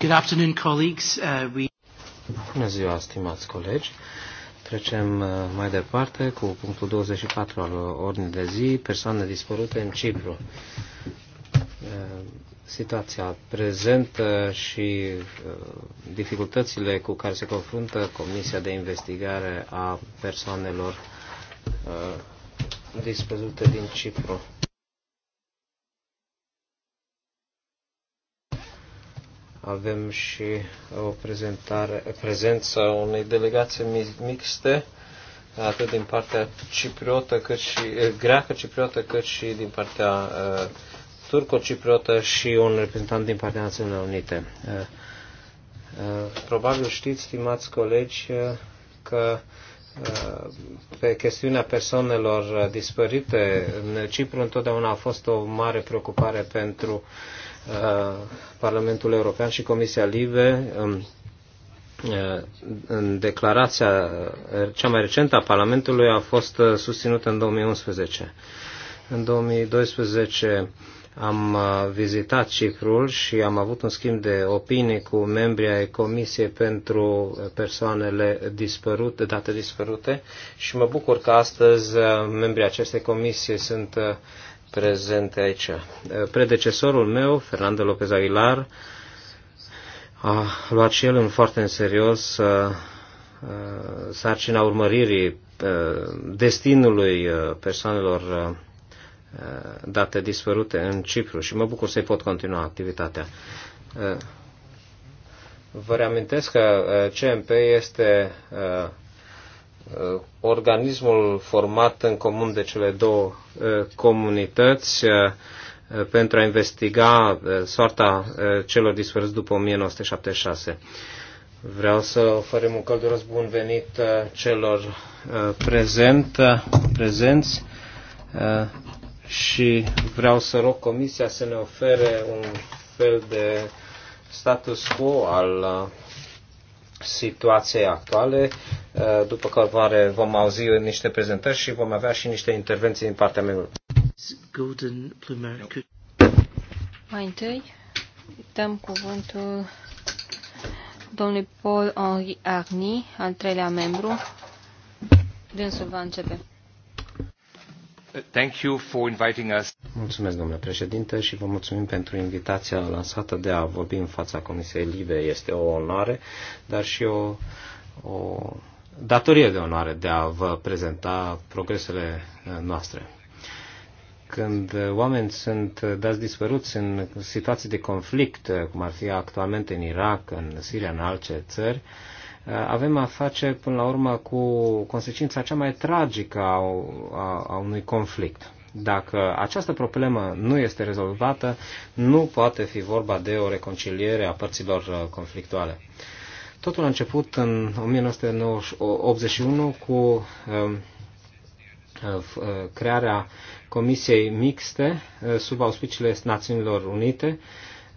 Good afternoon, colleagues. Uh, we... Bună ziua, stimați colegi. Trecem uh, mai departe cu punctul 24 al ordinii de zi, persoane dispărute în Cipru. Uh, situația prezentă și uh, dificultățile cu care se confruntă Comisia de Investigare a Persoanelor dispărute din Cipru. Avem și o prezentare, prezența unei delegații mixte, atât din partea cipriotă cât și eh, greacă cipriotă, cât și din partea uh, turco-cipriotă și un reprezentant din partea Națiunilor Unite. Uh, uh, probabil știți, stimați colegi, că pe chestiunea persoanelor dispărite în Cipru întotdeauna a fost o mare preocupare pentru Uh, Parlamentul European și Comisia Live um, uh, în declarația uh, cea mai recentă a Parlamentului a fost susținută în 2011. În 2012 am vizitat Ciprul și am avut un schimb de opinii cu membrii ai Comisiei pentru persoanele dispărute, date dispărute și mă bucur că astăzi membrii acestei comisii sunt prezente aici. Predecesorul meu, Fernando Lopez Aguilar, a luat și el în foarte în serios uh, uh, sarcina urmăririi uh, destinului persoanelor date dispărute în Cipru și mă bucur să-i pot continua activitatea. Vă reamintesc că CMP este Uh, organismul format în comun de cele două uh, comunități uh, pentru a investiga soarta celor dispărți după 1976. Vreau să oferim un călduros bun venit celor prezent, prezenți și vreau să rog Comisia să ne ofere un fel de status quo al situației actuale. Eh, după care vom auzi niște prezentări și vom avea și niște intervenții din partea mea. Golden Mai întâi dăm cuvântul domnului Paul Henri Arni, al treilea membru. Dânsul va începe. Thank you for inviting us. Mulțumesc, domnule președinte, și vă mulțumim pentru invitația lansată de a vorbi în fața Comisiei Libe. Este o onoare, dar și o, o datorie de onoare de a vă prezenta progresele eh, noastre. Când oameni sunt dați dispăruți în situații de conflict, eh, cum ar fi actualmente în Irak, în Siria, în alte țări, uh, avem a face până la urmă cu consecința cea mai tragică a, a, a unui conflict. Dacă această problemă nu este rezolvată, nu poate fi vorba de o reconciliere a părților uh, conflictuale. Totul a început în 1981 cu um, uh, uh, crearea Comisiei Mixte sub auspiciile Națiunilor Unite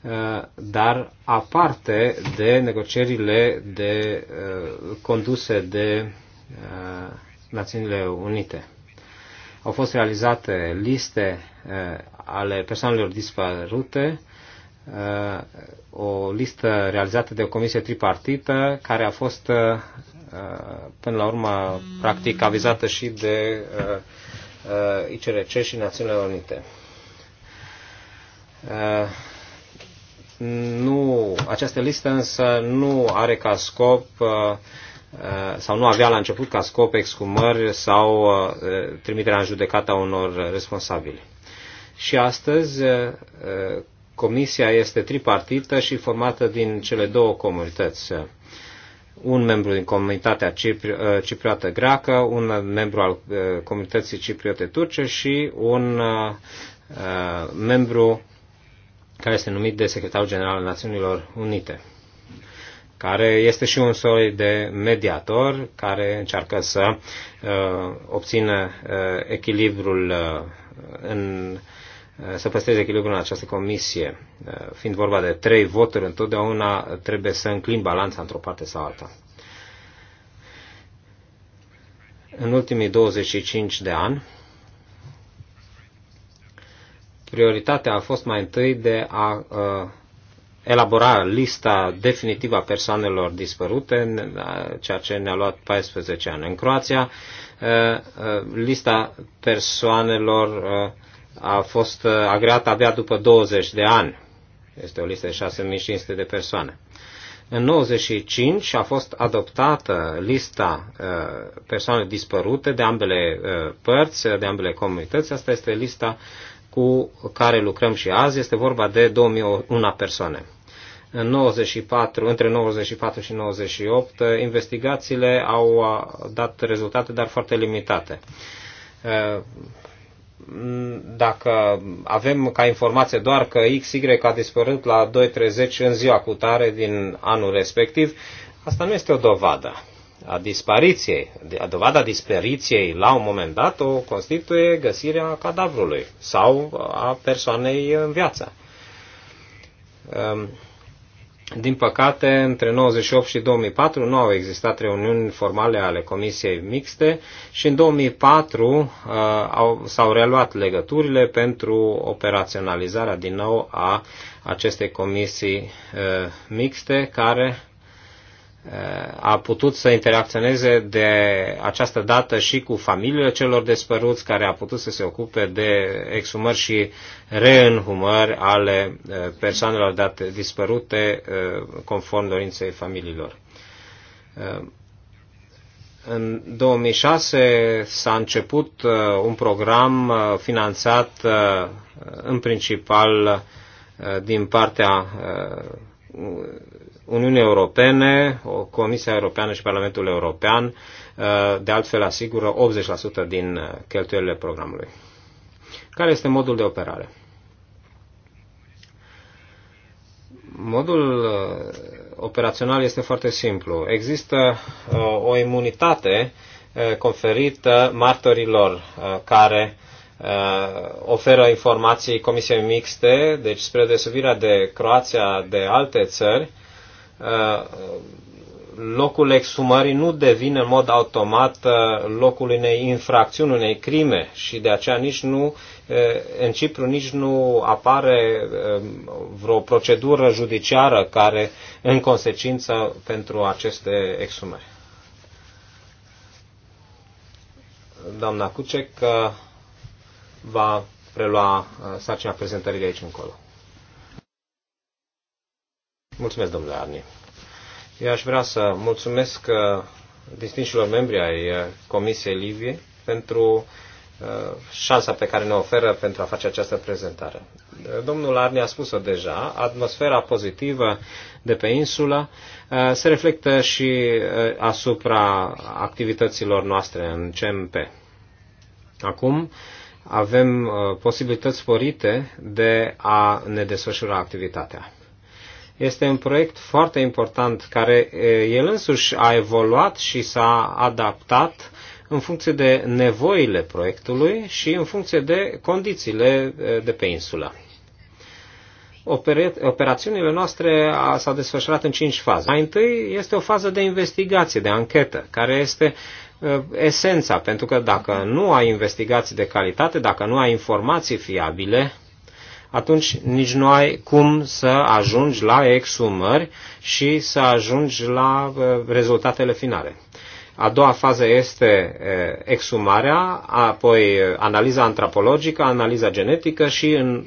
Eh, dar aparte de negocierile de, eh, conduse de eh, Națiunile Unite. Au fost realizate liste ale persoanelor dispărute, o listă realizată de o comisie tripartită care a fost până la urmă practic avizată și de ICRC și Națiunile Unite nu, această listă însă nu are ca scop uh, uh, sau nu avea la început ca scop excumări sau uh, trimiterea în judecată a unor responsabili. Și astăzi comisia este tripartită și formată din cele două comunități. Un membru din comunitatea cipri, cipriotă greacă, un membru al comunității cipriote turce și un membru care este numit de secretarul general al Națiunilor Unite, care este și un soi de mediator care încearcă să uh, obțină uh, echilibrul uh, în uh, să păstreze echilibrul în această comisie. Uh, fiind vorba de trei voturi, întotdeauna trebuie să înclin balanța într-o parte sau alta. În ultimii 25 de ani, prioritatea a fost mai întâi de a uh, elabora lista definitivă a persoanelor dispărute, uh, ceea ce ne-a luat 14 ani. În Croația, uh, lista persoanelor a fost agreată abia după 20 de ani. Este o listă de 6500 de persoane. În 95 a fost adoptată lista persoanelor dispărute de ambele părți, de ambele comunități. Asta este lista cu care lucrăm și azi. Este vorba de 2001 persoane. În 94, între 94 și 98, investigațiile au dat rezultate, dar foarte limitate dacă avem ca informație doar că XY a dispărut la 2.30 în ziua cutare din anul respectiv, asta nu este o dovadă a dispariției, a dovada dispariției la un moment dat o constituie găsirea cadavrului sau a persoanei în viață. Ehm, din păcate, între 98 și 2004 nu au existat reuniuni formale ale Comisiei Mixte și în 2004 uh, au, s-au reluat legăturile pentru operaționalizarea din nou a acestei comisii uh, mixte care a putut să interacționeze de această dată și cu familiile celor despăruți, care a putut să se ocupe de exumări și reînhumări ale uh, persoanelor date dispărute uh, conform dorinței familiilor. Uh, în 2006 s-a început un program finanțat în principal din partea Uniunii Europene, Comisia Europeană și Parlamentul European, uh, de altfel asigură 80% din uh, cheltuielile programului. Care este modul de operare? Modul uh, operațional este foarte simplu. Există o imunitate conferită martorilor care oferă informații Comisiei Mixte, deci spre desubirea de Croația de alte țări, Uh, locul exumării nu devine în mod automat uh, locul unei infracțiuni, unei crime și de aceea nici nu, uh, în Cipru nici nu apare vreo procedură judiciară care în consecință pentru aceste exumări. Doamna Cucec va prelua sarcina prezentării de aici încolo. Mulțumesc, domnule Arni. Eu aș vrea să mulțumesc uh, distinșilor membri ai uh, Comisiei Livie pentru uh, șansa pe care ne oferă pentru a face această prezentare. Domnul Arni a spus-o deja, atmosfera pozitivă de pe insulă se reflectă și asupra activităților noastre în CMP. Acum avem posibilități sporite de a ne desfășura activitatea. Este un proiect foarte important care el însuși a evoluat și s-a adaptat în funcție de nevoile proiectului și în funcție de condițiile de pe insulă. operațiunile noastre s-au desfășurat în cinci faze. Mai întâi este o fază de investigație, de anchetă, care este uh, esența, pentru că dacă nu ai investigații de calitate, dacă nu ai informații fiabile, atunci nici nu ai cum să ajungi la exumări și să ajungi la uh, rezultatele finale. A doua fază este uh, exumarea, apoi uh, analiza antropologică, analiza genetică și în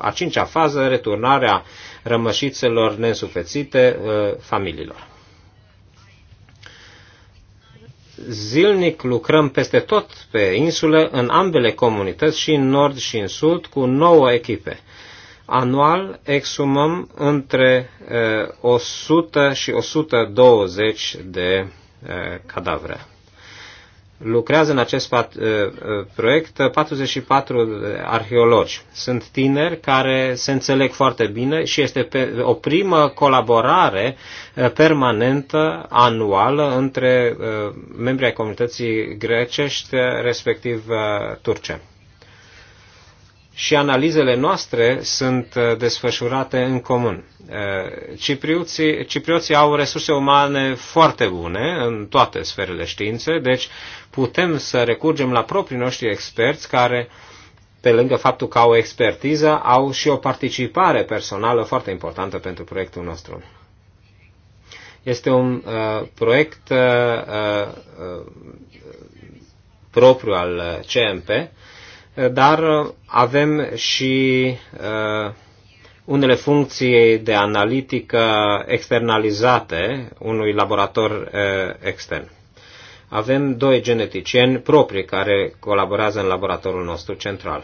a cincea fază returnarea rămășițelor nesufețite familiilor. zilnic lucrăm peste tot pe insulă, în ambele comunități, și în nord și în sud, cu nouă echipe. Anual exumăm între 100 eh, și 120 de eh, cadavre lucrează în acest uh, uh, proiect 44 uh, arheologi. Sunt tineri care se înțeleg foarte bine și este o primă colaborare permanentă, anuală, între membrii ai comunității grecești, respectiv turce și analizele noastre sunt uh, desfășurate în comun. Uh, cipriuții, ciprioții au resurse umane foarte bune în toate sferele științe, deci putem să recurgem la proprii noștri experți care, pe lângă faptul că au expertiză, au și o participare personală foarte importantă pentru proiectul nostru. Este un uh, proiect uh, uh, uh propriu al CMP, dar avem și uh, unele funcții de analitică externalizate unui laborator uh, extern. Avem doi geneticieni proprii care colaborează în laboratorul nostru central.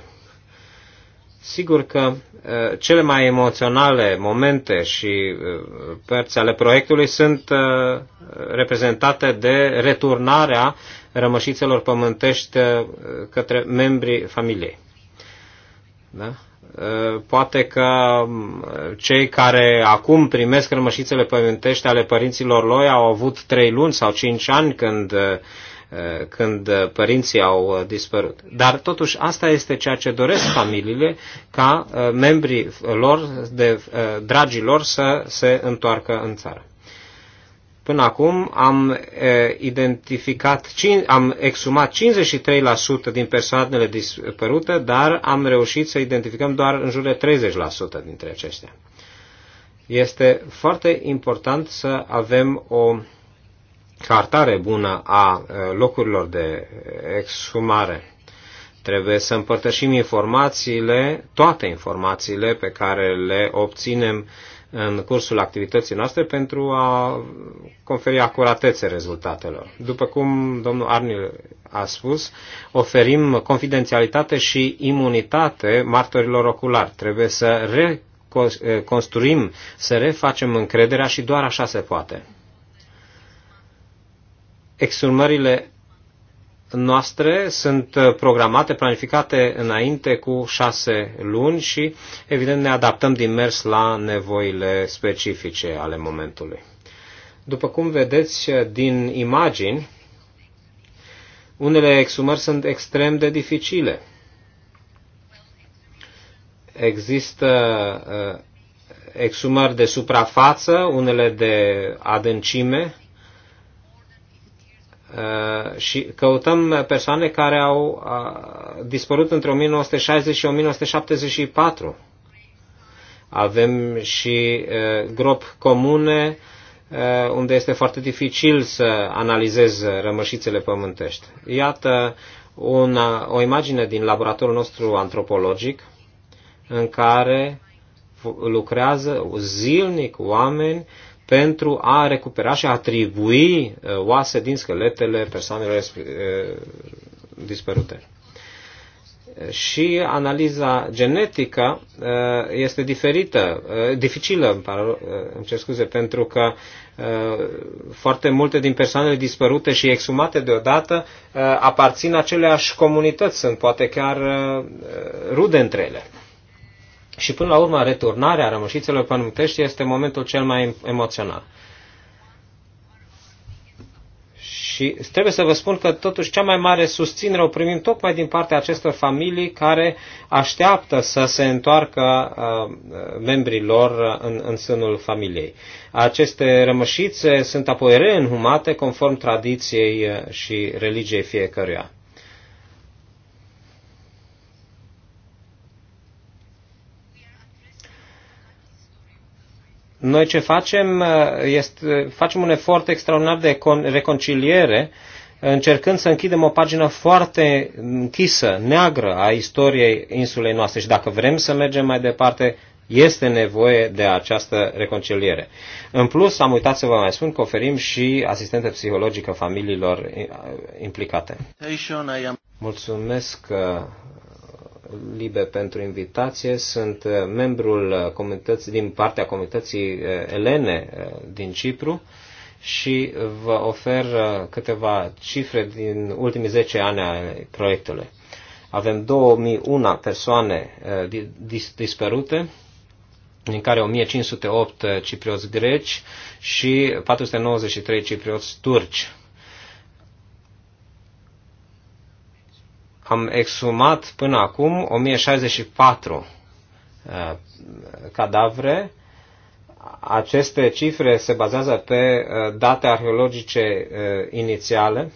Sigur că uh, cele mai emoționale momente și părți ale proiectului sunt reprezentate de returnarea rămășițelor pământești uh, către membrii familiei. Da? Uh, poate că um, cei care acum primesc rămășițele pământești ale părinților lor au avut trei luni sau cinci ani când, uh, când părinții au dispărut. Dar totuși asta este ceea ce doresc familiile ca membrii lor, de dragii lor, să se întoarcă în țară. Până acum am identificat, am exumat 53% din persoanele dispărute, dar am reușit să identificăm doar în jur de 30% dintre acestea. Este foarte important să avem o cartare bună a locurilor de exhumare. Trebuie să împărtășim informațiile, toate informațiile pe care le obținem uh, în cursul activității noastre pentru a conferi acuratețe rezultatelor. După cum domnul Arnil a spus, oferim confidențialitate și imunitate martorilor oculari. Trebuie să reconstruim, să refacem încrederea și doar așa se poate. Exurmările noastre sunt uh, programate, planificate înainte cu șase luni și, evident, ne adaptăm din mers la nevoile specifice ale momentului. După cum vedeți uh, din imagini, unele exumări sunt extrem de dificile. Există uh, exumări de suprafață, unele de adâncime, Uh, și căutăm persoane care au dispărut între 1960 și 1974. Avem și uh, gropi comune uh, unde este foarte dificil să analizez rămășițele pământești. Iată una, o imagine din laboratorul nostru antropologic în care lucrează zilnic oameni uh, pentru a recupera și a atribui uh, oase din scheletele persoanelor uh, dispărute. Și analiza genetică uh, este diferită, dificilă, îmi cer scuze, pentru că foarte multe din persoanele dispărute și exumate deodată aparțin aceleași comunități, sunt poate chiar rude între ele și până la urmă returnarea rămășițelor pământești este momentul cel mai emoțional. Și trebuie să vă spun că totuși cea mai mare susținere o primim tocmai din partea acestor familii care așteaptă să se întoarcă uh, membrii lor în, în sânul familiei. Aceste rămășițe sunt apoi reînhumate conform tradiției uh, și religiei fiecăruia. Noi ce facem uh, este, facem un efort extraordinar de reconciliere, încercând să închidem o pagină foarte închisă, neagră a istoriei insulei noastre și dacă vrem să mergem mai departe, este nevoie de această reconciliere. În plus, am uitat să vă mai spun că oferim și asistentă psihologică familiilor uh, implicate. Mulțumesc uh, Libe pentru invitație. Sunt uh, membrul uh, comunității, din partea comunității uh, elene din Cipru și vă ofer câteva cifre din ultimii 10 ani ale proiectului. Avem 2001 persoane dispărute din care 1508 ciprioți greci și 493 ciprioți turci am exumat până acum 1064 uh, cadavre. Aceste cifre se bazează pe uh, date arheologice uh, inițiale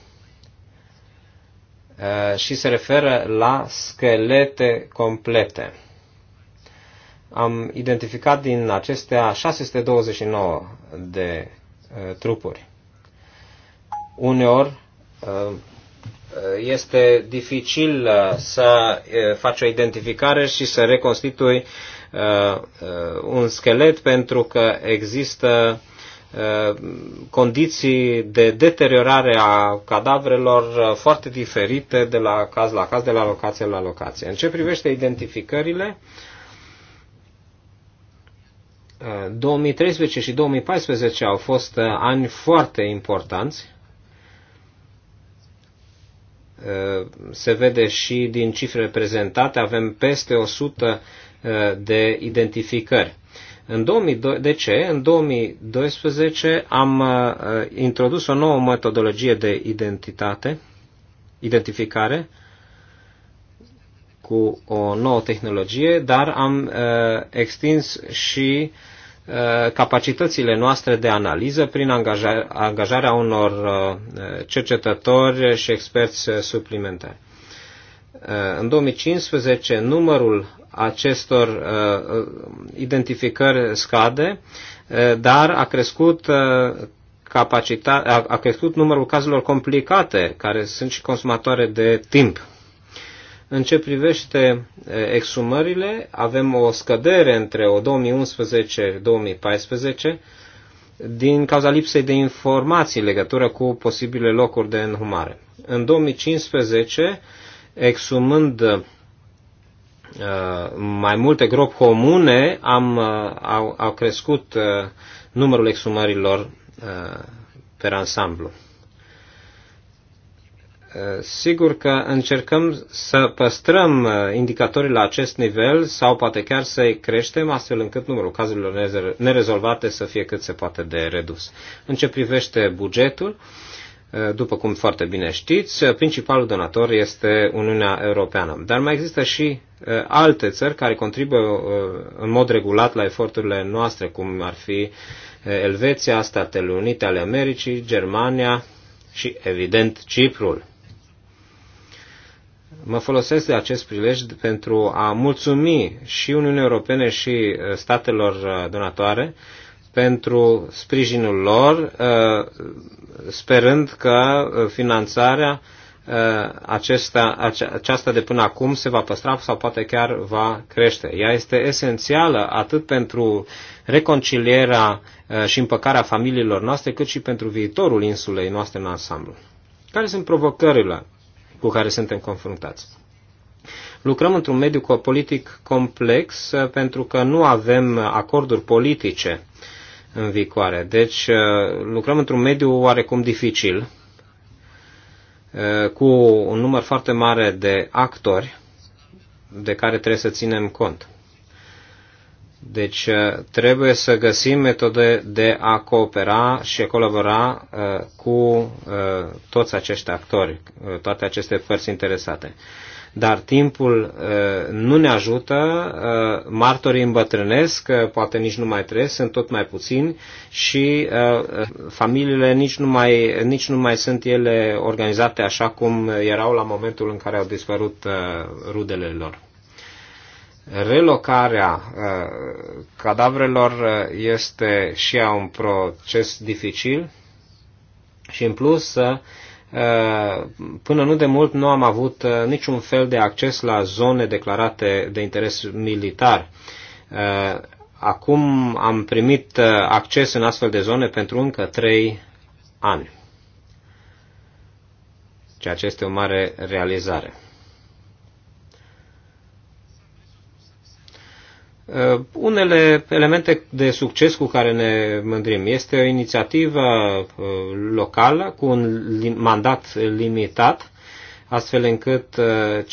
și se referă la schelete complete. Am identificat din acestea 629 de trupuri. Uneori Eh, este dificil eh, să eh, faci o identificare și să reconstitui un schelet pentru că există condiții de deteriorare a cadavrelor foarte diferite de la caz la caz, de la locație la locație. În ce privește identificările, 2013 și 2014 au fost ani foarte importanți Eh, se vede și din cifrele prezentate, avem peste 100 eh, de identificări. În 2002, de ce? În 2012 am eh, introdus o nouă metodologie de identitate, identificare, cu o nouă tehnologie, dar am extins și uh, Uh, capacitățile noastre de analiză prin angajarea unor uh, cercetători și experți suplimentari. Uh, în 2015 numărul acestor identificări scade, dar a crescut capacita- a, a crescut numărul cazurilor complicate care sunt și consumatoare de timp în ce privește exumările, avem o scădere între 2011-2014 din cauza lipsei de informații în legătură cu posibile locuri de înhumare. În 2015, exumând mai multe gropi comune, am, au, au crescut numărul exumărilor per ansamblu. Sigur că încercăm să păstrăm uh, indicatorii la acest nivel sau poate chiar să-i creștem astfel încât numărul cazurilor nerezolvate să fie cât se poate de redus. În ce privește bugetul, uh, după cum foarte bine știți, uh, principalul donator este Uniunea Europeană. Dar mai există și alte țări care contribuie în mod regulat la eforturile noastre, cum ar fi Elveția, Statele Unite ale Americii, Germania și, evident, Ciprul. Mă folosesc de acest prilej pentru a mulțumi și Uniunii Europene și uh, statelor uh, donatoare pentru sprijinul lor, uh, sperând că finanțarea acesta, aceasta de până acum se va păstra sau poate chiar va crește. Ea este esențială atât pentru reconcilierea și împăcarea familiilor noastre, cât și pentru viitorul insulei noastre în ansamblu. Care sunt provocările cu care suntem confruntați. Lucrăm într-un mediu politic complex uh, pentru că nu avem acorduri politice în vicoare. Deci uh, lucrăm într-un mediu oarecum dificil, uh, cu un număr foarte mare de actori de care trebuie să ținem cont. Deci uh, trebuie să găsim metode de a coopera și a colabora uh, cu uh, toți acești actori, toate aceste părți interesate. Dar timpul nu ne ajută, martorii îmbătrânesc, poate nici nu mai trăiesc, sunt tot mai puțini și familiile nici nu mai, nici nu mai sunt ele organizate așa cum erau la momentul în care au dispărut rudele lor relocarea uh, cadavrelor uh, este și ea un proces dificil și în plus uh, până nu de mult nu am avut niciun fel de acces la zone declarate de interes militar. Acum am primit acces în astfel de zone pentru încă trei ani, ceea ce este o mare realizare. Uh, unele elemente de succes cu care ne mândrim este o inițiativă uh, locală cu un mandat limitat, astfel încât uh,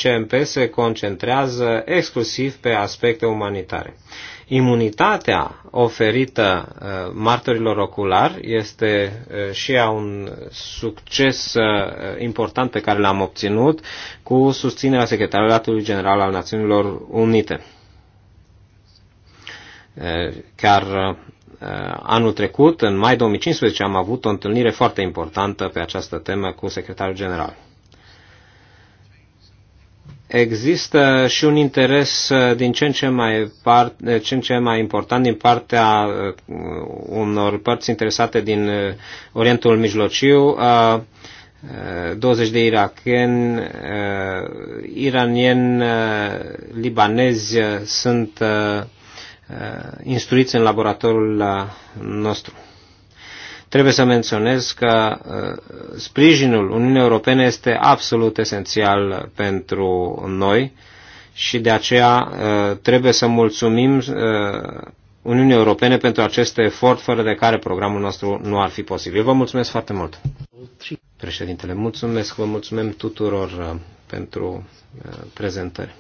CMP se concentrează exclusiv pe aspecte umanitare. Imunitatea oferită martorilor oculari este și ea un succes important pe care l-am obținut cu susținerea Secretariatului General al Națiunilor Unite. Chiar anul trecut, în mai 2015, am avut o întâlnire foarte importantă pe această temă cu secretarul general. Există și un interes din ce în ce mai, part, ce în ce mai important din partea unor părți interesate din Orientul Mijlociu, 20 de iracheni, iranieni, libanezi sunt Uh, instruiți în laboratorul nostru. Trebuie să menționez că uh, sprijinul Uniunii Europene este absolut esențial pentru noi și de aceea uh, trebuie să mulțumim Uniunii Europene pentru acest efort fără de care programul nostru nu ar fi posibil. Vă mulțumesc foarte mult. Președintele, mulțumesc, vă mulțumim tuturor pentru prezentări.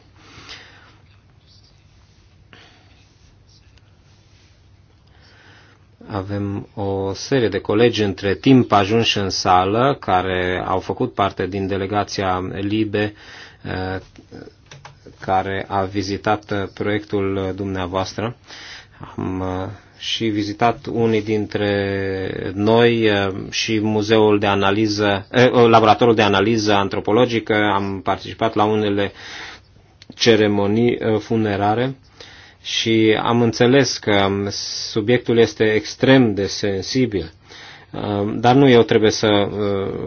Avem o serie de colegi între timp ajunși în sală care au făcut parte din delegația LIBE eh, care a vizitat proiectul dumneavoastră. Am eh, și vizitat unii dintre noi eh, și muzeul de analiză, oh, laboratorul de analiză antropologică, am participat la unele ceremonii funerare și am înțeles că subiectul este extrem de sensibil. Dar nu eu trebuie să uh,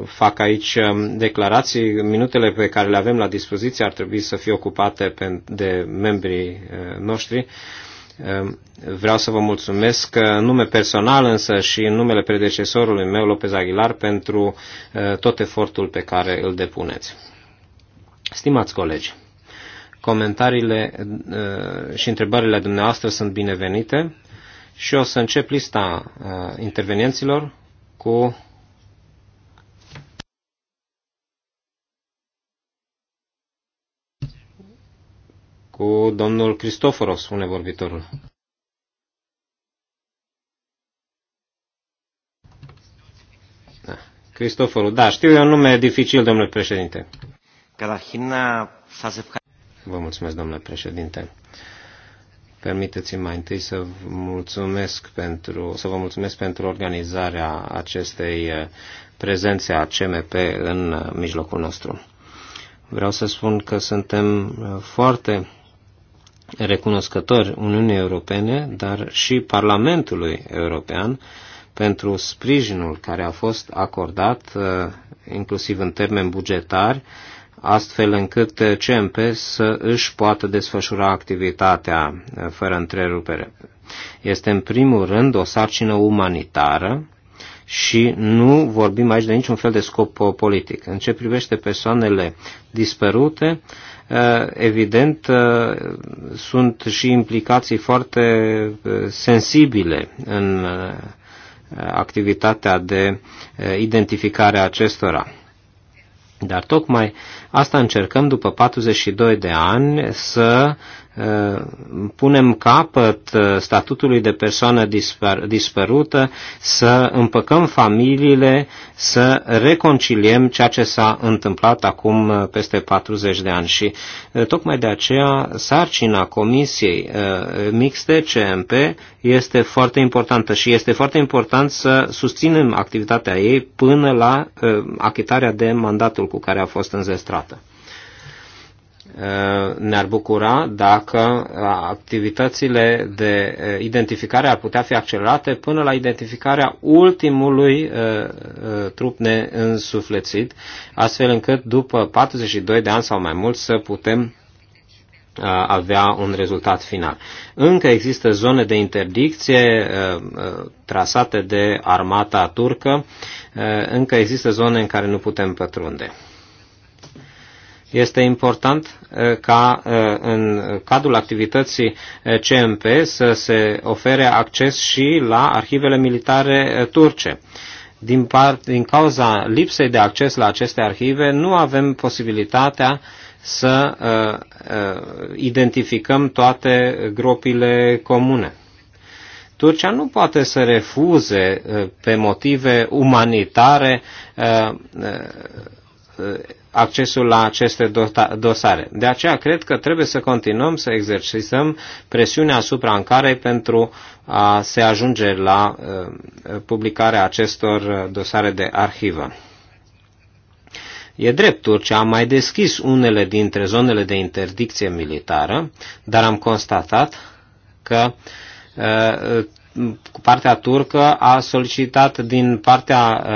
fac aici um, declarații. Minutele pe care le avem la dispoziție ar trebui să fie ocupate de membrii uh, noștri. Um, vreau să vă mulțumesc uh, în nume personal însă și în numele predecesorului meu, Lopez Aguilar, pentru tot efortul pe care îl depuneți. Stimați colegi, Comentariile uh, și întrebările dumneavoastră sunt binevenite și o să încep lista uh, intervenienților cu cu domnul Cristoforos, spune vorbitorul. Da. Cristoforul, da, știu, e un nume dificil, domnule președinte. Καταρχήν să se ευχαριστήσω Vă mulțumesc, domnule președinte. Permiteți-mi mai întâi să vă, mulțumesc pentru, să vă mulțumesc pentru organizarea acestei eh, prezențe a CMP în eh, mijlocul nostru. Vreau să spun că suntem eh, foarte recunoscători Uniunii Europene, dar și Parlamentului European pentru sprijinul care a fost acordat, inclusiv în termeni bugetari, astfel încât eh, CMP să își poată desfășura activitatea eh, fără întrerupere. Este în primul rând o sarcină umanitară și nu vorbim aici de niciun fel de scop eh, politic. În ce privește persoanele dispărute, evident sunt și implicații foarte sensibile în activitatea de identificare a acestora. Dar tocmai asta încercăm după 42 de ani să punem capăt uh, statutului de persoană dispărută, să împăcăm familiile, să reconciliem ceea ce s-a întâmplat acum uh, peste 40 de ani. Și uh, tocmai de aceea sarcina Comisiei Mixte CMP este foarte importantă și este foarte important să susținem activitatea ei până la achitarea de mandatul cu care a fost înzestrată. Uh, ne-ar bucura dacă uh, activitățile de uh, identificare ar putea fi accelerate până la identificarea ultimului trup neînsuflețit, astfel încât după 42 de ani sau mai mult să putem avea un rezultat final. Încă există zone de interdicție trasate de armata turcă, încă există zone în care nu putem pătrunde este important uh, ca uh, în cadrul activității uh, CMP să se ofere acces și la arhivele militare turce. Din, part, din cauza lipsei de acces la aceste arhive, nu avem posibilitatea să uh, uh, identificăm toate gropile comune. Turcia nu poate să refuze uh, pe motive umanitare uh, uh, accesul la aceste dosare. De aceea cred că trebuie să continuăm să exercităm presiunea asupra Ancarei pentru a se ajunge la uh, publicarea acestor uh, dosare de arhivă. E drept, Turcia a mai deschis unele dintre zonele de interdicție militară, dar am constatat că uh, cu partea turcă a solicitat din partea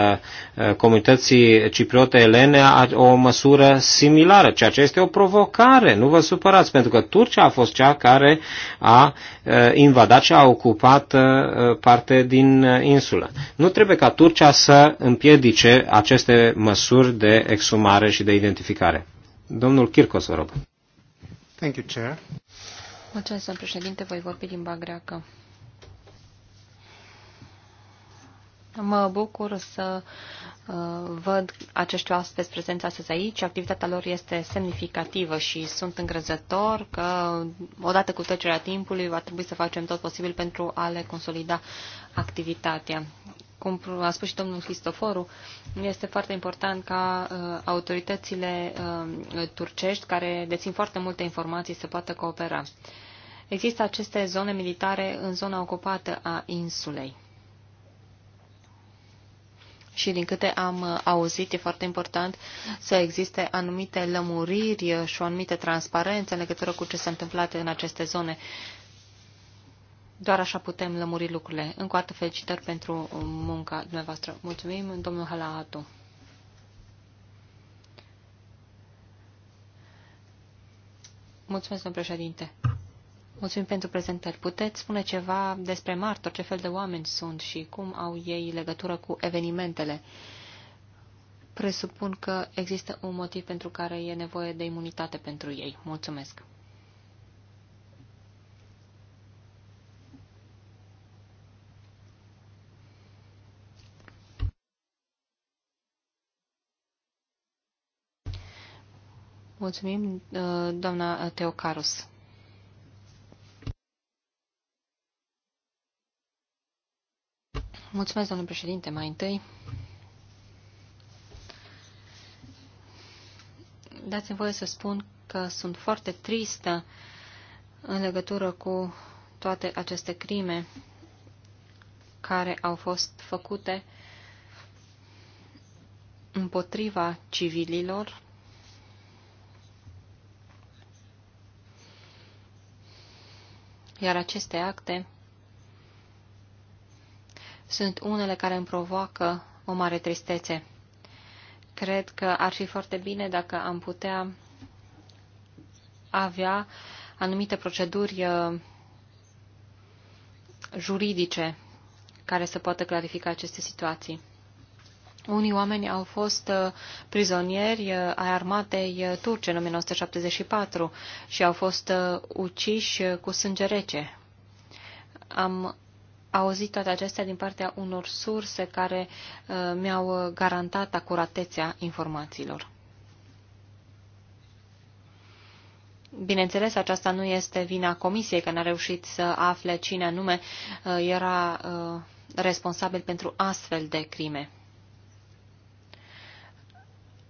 uh, uh, comunității cipriote elene o măsură similară, ceea ce este o provocare, nu vă supărați, pentru că Turcia a fost cea care a uh, invadat și a ocupat parte din insulă. Nu trebuie ca Turcia să împiedice aceste măsuri de exumare și de identificare. Domnul Kirkos, vă rog. Thank you, Chair. Mulțumesc, domnul președinte. Voi vorbi limba greacă. Mă bucur să uh, văd acești oaspeți prezenți astăzi aici. Activitatea lor este semnificativă și sunt îngrăzător că odată cu trecerea timpului va trebui să facem tot posibil pentru a le consolida activitatea. Cum a spus și domnul Cristoforu, este foarte important ca uh, autoritățile uh, turcești, care dețin foarte multe informații, să poată coopera. Există aceste zone militare în zona ocupată a insulei și din câte am uh, auzit, e foarte important să existe anumite lămuriri uh, și o anumită transparență în legătură cu ce s-a întâmplat în aceste zone. Doar așa putem lămuri lucrurile. Încă o dată felicitări pentru uh, munca dumneavoastră. Mulțumim, domnul Halaatu. Mulțumesc, domnul președinte. Mulțumim pentru prezentări. Puteți spune ceva despre martori, ce fel de oameni sunt și cum au ei legătură cu evenimentele? Presupun că există un motiv pentru care e nevoie de imunitate pentru ei. Mulțumesc. Mulțumim, doamna Teocarus. Mulțumesc, domnule președinte, mai întâi. Dați-mi voie să spun că sunt foarte tristă în legătură cu toate aceste crime care au fost făcute împotriva civililor, iar aceste acte sunt unele care îmi provoacă o mare tristețe. Cred că ar fi foarte bine dacă am putea avea anumite proceduri uh, juridice care să poată clarifica aceste situații. Unii oameni au fost uh, prizonieri uh, ai armatei turce în 1974 și au fost uciși cu sânge rece. Am auzit toate acestea din partea unor surse care uh, mi-au uh, garantat acuratețea informațiilor. Bineînțeles, aceasta nu este vina comisiei că n-a reușit să afle cine anume uh, era responsabil pentru astfel de crime.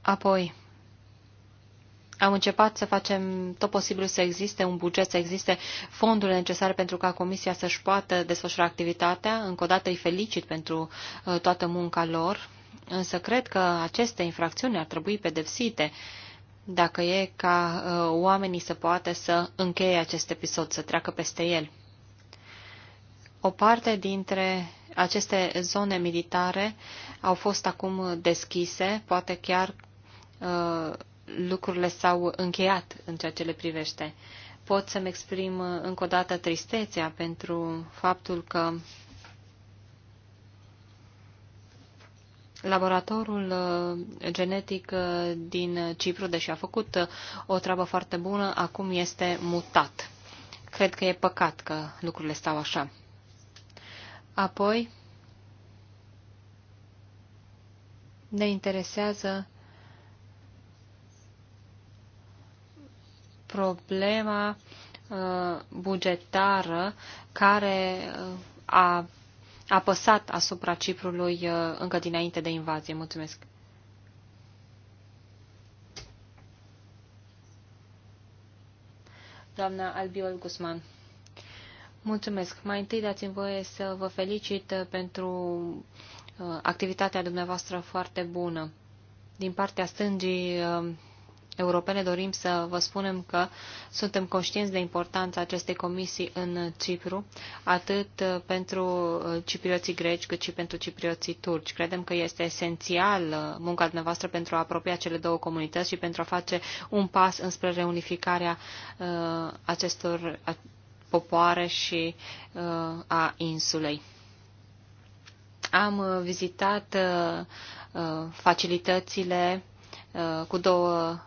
Apoi, am început să facem tot posibilul să existe un buget, să existe fondurile necesare pentru ca Comisia să-și poată desfășura activitatea. Încă o dată îi felicit pentru uh, toată munca lor, însă cred că aceste infracțiuni ar trebui pedepsite dacă e ca uh, oamenii să poată să încheie acest episod, să treacă peste el. O parte dintre aceste zone militare au fost acum deschise, poate chiar uh, lucrurile s-au încheiat în ceea ce le privește. Pot să-mi exprim uh, încă o dată tristețea pentru faptul că Laboratorul uh, genetic uh, din Cipru, deși a făcut o treabă foarte bună, acum este mutat. Cred că e păcat că lucrurile stau așa. Apoi, ne interesează problema uh, bugetară care uh, a apăsat asupra Ciprului uh, încă dinainte de invazie. Mulțumesc! Doamna Albiol Guzman. Mulțumesc. Mai întâi dați-mi voie să vă felicit pentru activitatea dumneavoastră foarte bună. Din partea stângii europene dorim să vă spunem că suntem conștienți de importanța acestei comisii în Cipru, atât pentru uh, ciprioții greci cât și pentru ciprioții turci. Credem că este esențial uh, munca dumneavoastră pentru a apropia cele două comunități și pentru a face un pas înspre reunificarea uh, acestor popoare și a insulei. Am vizitat facilitățile cu două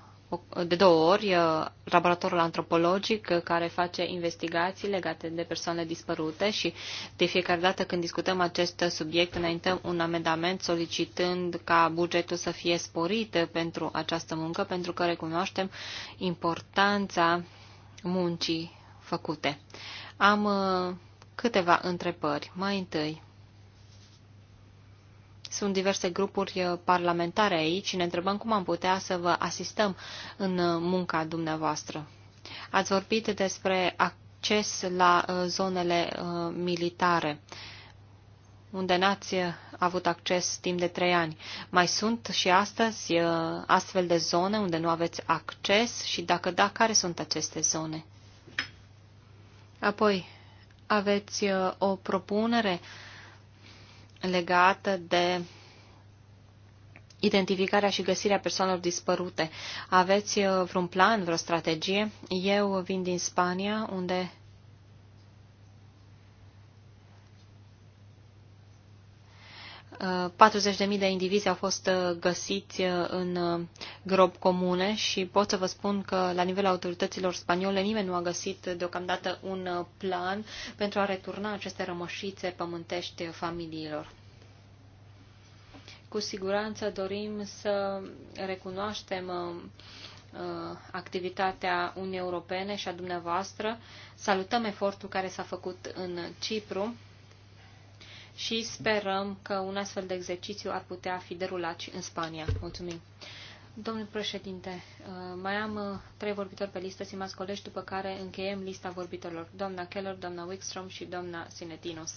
de două ori uh, laboratorul antropologic uh, care face investigații legate de persoane dispărute și de fiecare dată când discutăm acest subiect înaintăm un amendament solicitând ca bugetul să fie sporit uh, pentru această muncă pentru că recunoaștem importanța muncii făcute. Am câteva întrebări. Mai întâi, sunt diverse grupuri uh, parlamentare aici și ne întrebăm cum am putea să vă asistăm în uh, munca dumneavoastră. Ați vorbit despre acces la uh, zonele militare unde n-ați avut acces timp de trei ani. Mai sunt și astăzi astfel de zone unde nu aveți acces și dacă da, care sunt aceste zone? Apoi, aveți o propunere uh, legată de identificarea și găsirea persoanelor dispărute. Aveți uh, vreun plan, vreo strategie? Eu vin din Spania, unde 40.000 de indivizi au fost uh, găsiți uh, în uh, grob comune și pot să vă spun că la nivelul autorităților spaniole nimeni nu a găsit deocamdată un plan pentru a returna aceste rămășițe pământești familiilor. Cu siguranță dorim să recunoaștem activitatea Uniunii Europene și a dumneavoastră. Salutăm efortul care s-a făcut în Cipru și sperăm că un astfel de exercițiu ar putea fi derulat și în Spania. Mulțumim! Domnul președinte, uh, mai am uh, trei vorbitori pe listă, simați colegi, după care încheiem lista vorbitorilor. Doamna Keller, doamna Wickstrom și doamna Sinetinos.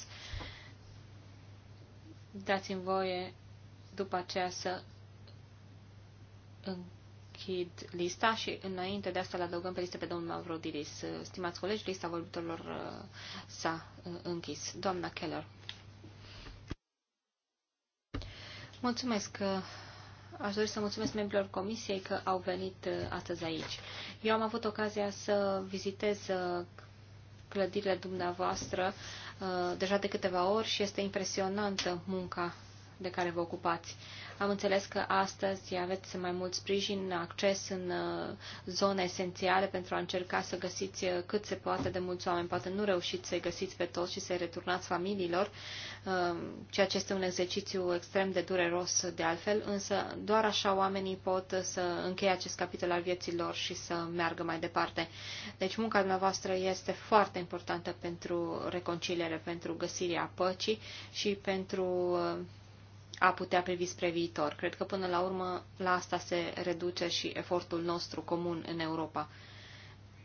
Dați-mi voie după aceea să închid lista și înainte de asta le adăugăm pe listă pe domnul Mavrodiris. Uh, stimați colegi, lista vorbitorilor s-a închis. Doamna Keller. Mulțumesc. Aș dori să mulțumesc membrilor comisiei că au venit uh, astăzi aici. Eu am avut ocazia să vizitez uh, clădirile dumneavoastră uh, deja de câteva ori și este impresionantă munca de care vă ocupați. Am înțeles că astăzi aveți mai mult sprijin, acces în uh, zone esențiale pentru a încerca să găsiți uh, cât se poate de mulți oameni. Poate nu reușiți să-i găsiți pe toți și să-i returnați familiilor, uh, ceea ce este un exercițiu extrem de dureros de altfel, însă doar așa oamenii pot să încheie acest capitol al vieții lor și să meargă mai departe. Deci munca dumneavoastră este foarte importantă pentru reconciliere, pentru găsirea păcii și pentru a putea privi spre viitor. Cred că până la urmă la asta se reduce și efortul nostru comun în Europa.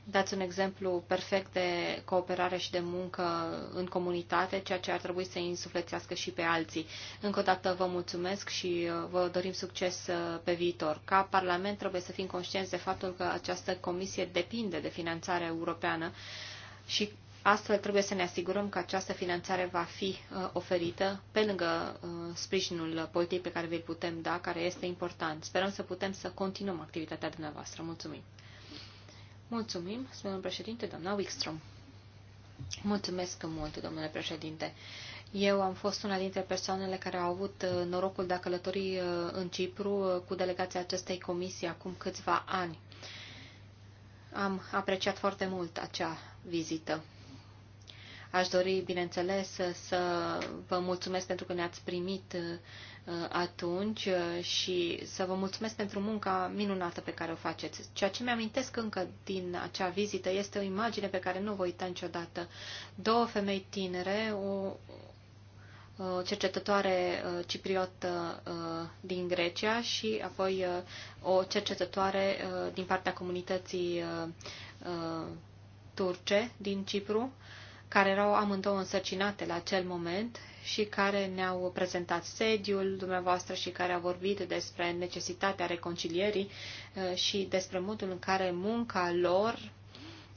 Dați un exemplu perfect de cooperare și de muncă în comunitate, ceea ce ar trebui să insuflețească și pe alții. Încă o dată vă mulțumesc și uh, vă dorim succes uh, pe viitor. Ca Parlament trebuie să fim conștienți de faptul că această comisie depinde de finanțarea europeană și Astfel trebuie să ne asigurăm că această finanțare va fi uh, oferită pe lângă uh, sprijinul politic pe care vi-l putem da, care este important. Sperăm să putem să continuăm activitatea dumneavoastră. Mulțumim! Mulțumim, domnule președinte, doamna Wickstrom. Mulțumesc mult, domnule președinte. Eu am fost una dintre persoanele care au avut uh, norocul de a călători în Cipru cu delegația acestei comisii acum câțiva ani. Am apreciat foarte mult acea vizită. Aș dori, bineînțeles, să vă mulțumesc pentru că ne-ați primit uh, atunci uh, și să vă mulțumesc pentru munca minunată pe care o faceți. Ceea ce mi-amintesc încă din acea vizită este o imagine pe care nu o voi uita niciodată. Două femei tinere, o, o cercetătoare uh, cipriotă din Grecia și apoi o cercetătoare din partea comunității turce din Cipru, care erau amândouă însărcinate la acel moment și care ne-au prezentat sediul dumneavoastră și care au vorbit despre necesitatea reconcilierii uh, și despre modul în care munca lor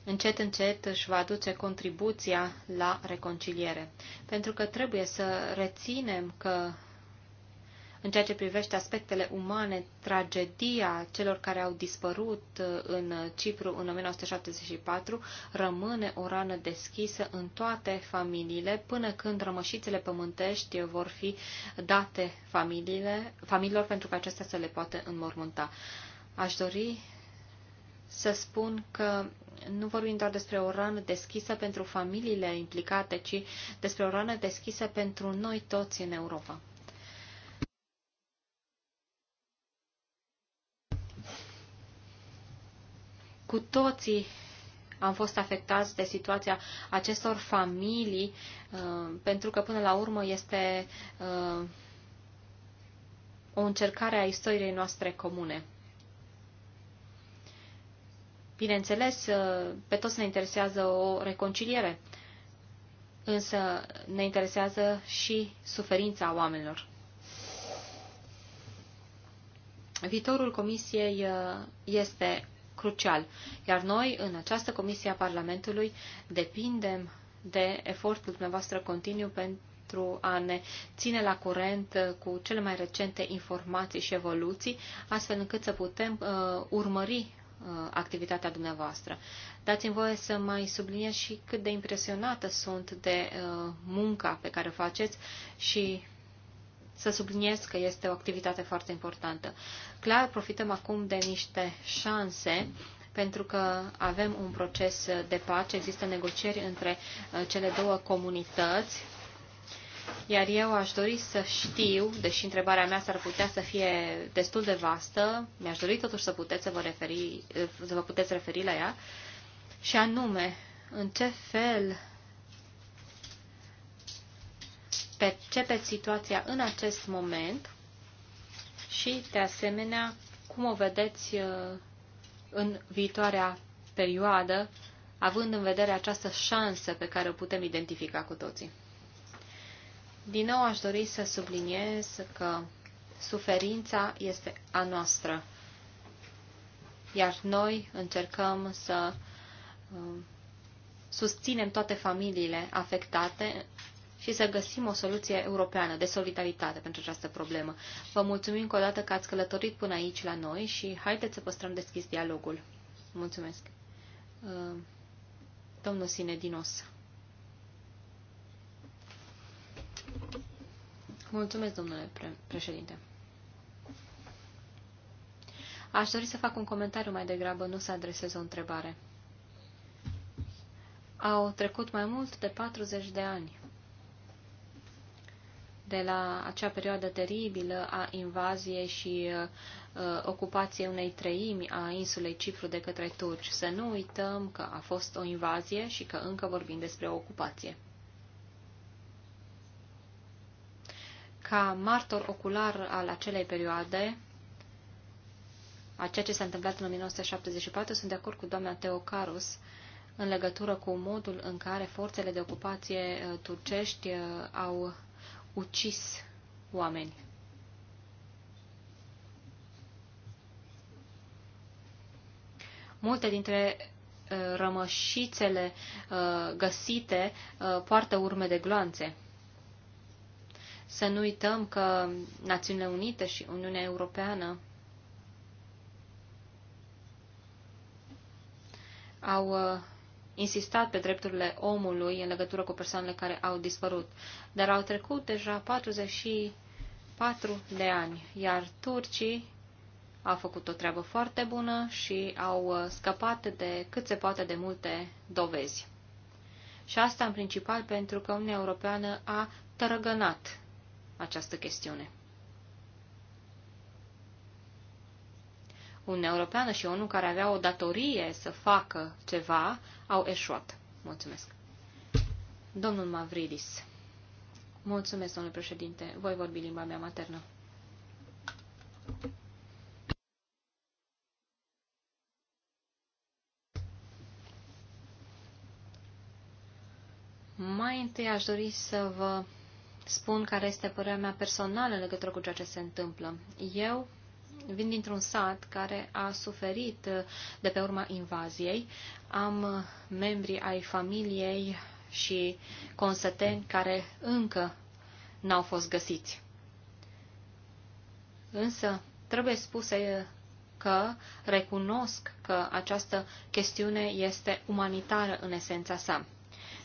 încet, încet își va aduce contribuția la reconciliere. Pentru că trebuie să reținem că în ceea ce privește aspectele umane, tragedia celor care au dispărut uh, în Cipru în 1974 rămâne o rană deschisă în toate familiile până când rămășițele pământești vor fi date familiile, familiilor pentru că acestea să le poată înmormânta. Aș dori să spun că nu vorbim doar despre o rană deschisă pentru familiile implicate, ci despre o rană deschisă pentru noi toți în Europa. Cu toții am fost afectați de situația acestor familii, uh, pentru că până la urmă este uh, o încercare a istoriei noastre comune. Bineînțeles, uh, pe toți ne interesează o reconciliere, însă ne interesează și suferința oamenilor. Viitorul Comisiei este crucial, iar noi, în această comisie a Parlamentului, depindem de efortul dumneavoastră continuu pentru a ne ține la curent uh, cu cele mai recente informații și evoluții, astfel încât să putem uh, urmări uh, activitatea dumneavoastră. Dați-mi voie să mai subliniez și cât de impresionată sunt de uh, munca pe care o faceți și să subliniez că este o activitate foarte importantă. Clar, profităm acum de niște șanse pentru că avem un proces de pace, există negocieri între uh, cele două comunități, iar eu aș dori să știu, deși întrebarea mea s-ar putea să fie destul de vastă, mi-aș dori totuși să puteți să vă, referi, uh, să vă puteți referi la ea, și anume, în ce fel percepeți situația în acest moment și, de asemenea, cum o vedeți uh, în viitoarea perioadă, având în vedere această șansă pe care o putem identifica cu toții. Din nou aș dori să subliniez că suferința este a noastră, iar noi încercăm să uh, susținem toate familiile afectate și să găsim o soluție europeană de solidaritate pentru această problemă. Vă mulțumim încă o dată că ați călătorit până aici la noi și haideți să păstrăm deschis dialogul. Mulțumesc. Uh, domnul Sinedinos. Mulțumesc, domnule pre președinte. Aș dori să fac un comentariu mai degrabă, nu să adresez o întrebare. Au trecut mai mult de 40 de ani de la acea perioadă teribilă a invaziei și uh, ocupației unei treimi a insulei Cipru de către turci. Să nu uităm că a fost o invazie și că încă vorbim despre o ocupație. Ca martor ocular al acelei perioade, a ceea ce s-a întâmplat în 1974, sunt de acord cu doamna Teocarus în legătură cu modul în care forțele de ocupație uh, turcești uh, au ucis oameni. Multe dintre uh, rămășițele uh, găsite uh, poartă urme de gloanțe. Să nu uităm că Națiunile Unite și Uniunea Europeană au insistat pe drepturile omului în legătură cu persoanele care au dispărut. Dar au trecut deja 44 de ani, iar turcii au făcut o treabă foarte bună și au uh, scăpat de cât se poate de multe dovezi. Și asta în principal pentru că Uniunea Europeană a tărăgănat această chestiune. Uniunea Europeană și ONU, care avea o datorie să facă ceva, au eșuat. Mulțumesc. Domnul Mavridis. Mulțumesc, domnule președinte. Voi vorbi limba mea maternă. Mai întâi aș dori să vă spun care este părerea mea personală în legătură cu ceea ce se întâmplă. Eu Vin dintr-un sat care a suferit uh, de pe urma invaziei. Am uh, membri ai familiei și consăteni care încă n-au fost găsiți. Însă, trebuie spuse uh, că recunosc că această chestiune este umanitară în esența sa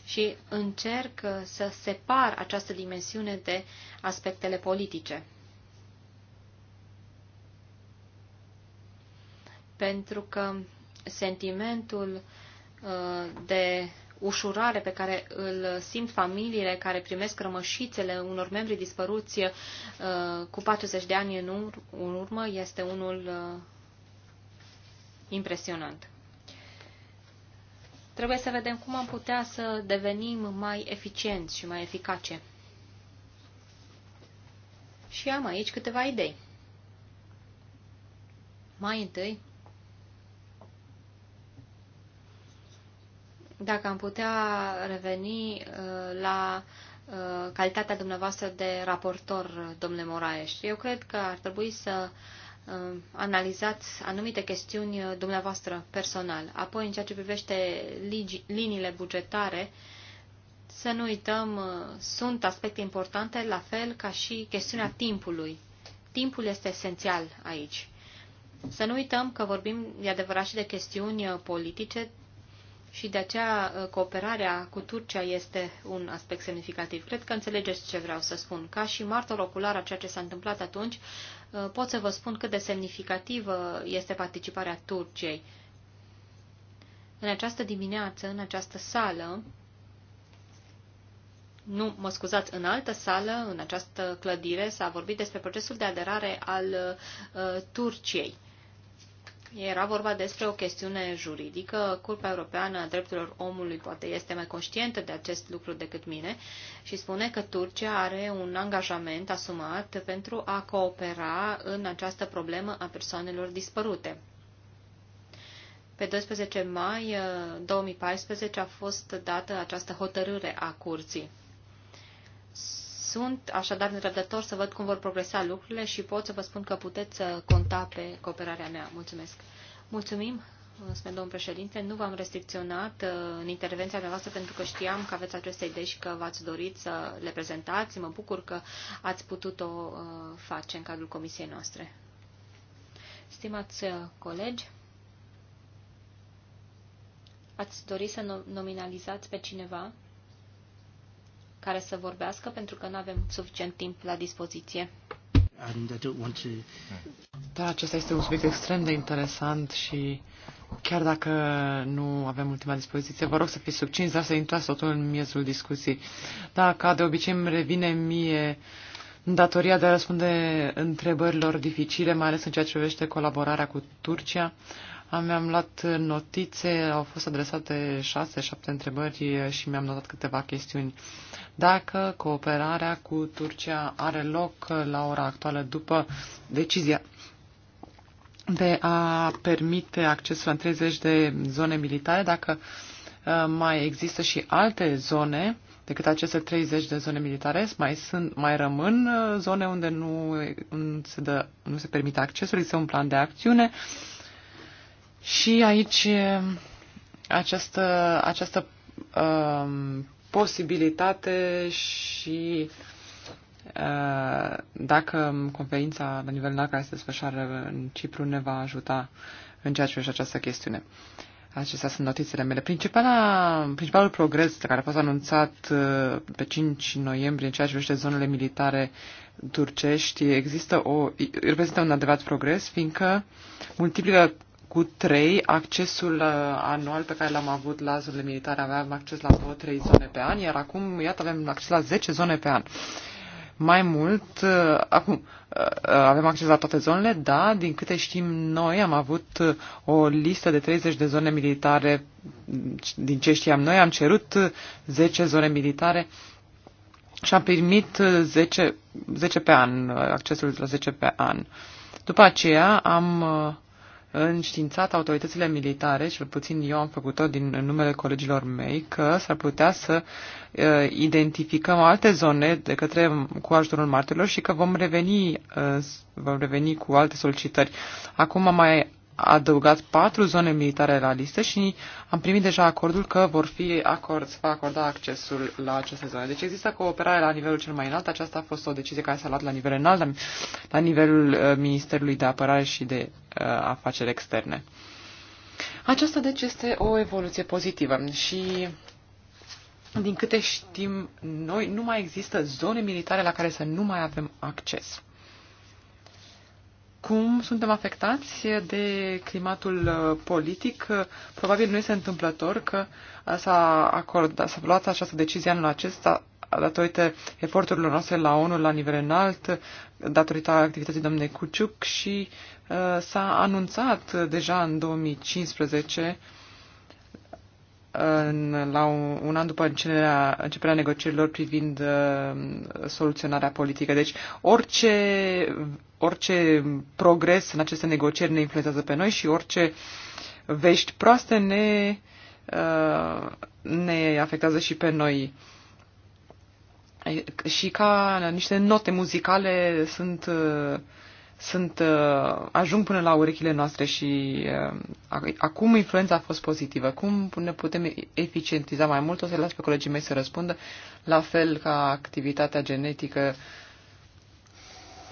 și încerc să separ această dimensiune de aspectele politice. pentru că sentimentul uh, de ușurare pe care îl simt familiile care primesc rămășițele unor membri dispăruți uh, cu 40 de ani în urmă este unul uh, impresionant. Trebuie să vedem cum am putea să devenim mai eficienți și mai eficace. Și am aici câteva idei. Mai întâi, Dacă am putea reveni uh, la uh, calitatea dumneavoastră de raportor, domnule Moraes, eu cred că ar trebui să uh, analizați anumite chestiuni dumneavoastră personal. Apoi, în ceea ce privește liniile bugetare, să nu uităm, sunt aspecte importante, la fel ca și chestiunea timpului. Timpul este esențial aici. Să nu uităm că vorbim, de adevărat, și de chestiuni politice, și de aceea uh, cooperarea cu Turcia este un aspect semnificativ. Cred că înțelegeți ce vreau să spun. Ca și martor ocular a ceea ce s-a întâmplat atunci, uh, pot să vă spun cât de semnificativă este participarea Turciei. În această dimineață, în această sală, nu, mă scuzați, în altă sală, în această clădire, s-a vorbit despre procesul de aderare al uh, Turciei. Era vorba despre o chestiune juridică. Curtea Europeană a Drepturilor Omului poate este mai conștientă de acest lucru decât mine și spune că Turcia are un angajament asumat pentru a coopera în această problemă a persoanelor dispărute. Pe 12 mai 2014 uh, a fost dată această hotărâre a curții. Sunt așadar nerăbdător să văd cum vor progresa lucrurile și pot să vă spun că puteți uh, conta pe cooperarea mea. Mulțumesc! Mulțumim, uh, spune domnul președinte. Nu v-am restricționat uh, în intervenția noastră pentru că știam că aveți aceste idei și că v-ați dorit să le prezentați. Mă bucur că ați putut-o face în cadrul comisiei noastre. Stimați colegi, ați dori să nominalizați pe cineva? care să vorbească, pentru că nu avem suficient timp la dispoziție. Da, acesta este un subiect extrem de interesant și chiar dacă nu avem ultima dispoziție, vă rog să fiți succinți, dar să intrați totul în miezul discuției. Da, ca de obicei îmi revine mie datoria de a răspunde întrebărilor dificile, mai ales în ceea ce privește colaborarea cu Turcia. Mi-am luat notițe, au fost adresate șase, șapte întrebări și mi-am notat câteva chestiuni. Uh, dacă cooperarea cu Turcia are loc la ora actuală după decizia de a permite accesul în 30 de zone militare, dacă uh, mai există și alte zone decât aceste 30 de zone militare, mai, sunt, mai rămân uh, zone unde nu, nu, se, dă, nu se permite accesul, există un plan de acțiune și aici uh, această, această uh, posibilitate și uh, dacă conferința la nivel înalt care se desfășoară în Cipru ne va ajuta în ceea ce privește această chestiune. Acestea sunt notițele mele. Principala, principalul progres care a fost anunțat uh, pe 5 noiembrie în ceea ce privește zonele militare turcești există o, reprezintă un adevărat progres, fiindcă multiplică cu 3, accesul uh, anual pe care l-am avut la zonele militare, aveam acces la 2-3 zone pe an, iar acum, iată, avem acces la 10 zone pe an. Mai mult, uh, acum, uh, avem acces la toate zonele, da, din câte știm noi, am avut o listă de 30 de zone militare, mm, din ce știam noi, am cerut 10 zone militare și am primit 10, 10 pe an, accesul la 10 pe an. După aceea am uh, înștiințat autoritățile militare, și puțin eu am făcut-o din numele colegilor mei, că s-ar putea să uh, identificăm alte zone de către, cu ajutorul martelor și că vom reveni, uh, vom reveni cu alte solicitări. Acum mai adăugat patru zone militare la listă și am primit deja acordul că vor fi acord, va acorda accesul la aceste zone. Deci există cooperare la nivelul cel mai înalt. Aceasta a fost o decizie care s-a luat la nivel înalt, la, la nivelul uh, Ministerului de Apărare și de uh, Afaceri Externe. Aceasta deci este o evoluție pozitivă și din câte știm noi, nu mai există zone militare la care să nu mai avem acces cum suntem afectați de climatul uh, politic. Probabil nu este întâmplător că s-a acordat, s-a luat această decizie anul acesta datorită eforturilor noastre la ONU la nivel înalt, datorită activității domnului Cuciuc și uh, s-a anunțat deja în 2015 în, la un, un an după începerea, începerea negocierilor privind uh, soluționarea politică. Deci orice, orice progres în aceste negocieri ne influențează pe noi și orice vești proaste ne, uh, ne afectează și pe noi. Și ca niște note muzicale sunt uh, sunt, uh, ajung până la urechile noastre și uh, acum influența a fost pozitivă. Cum ne putem eficientiza mai mult? O să las pe colegii mei să răspundă, la fel ca activitatea genetică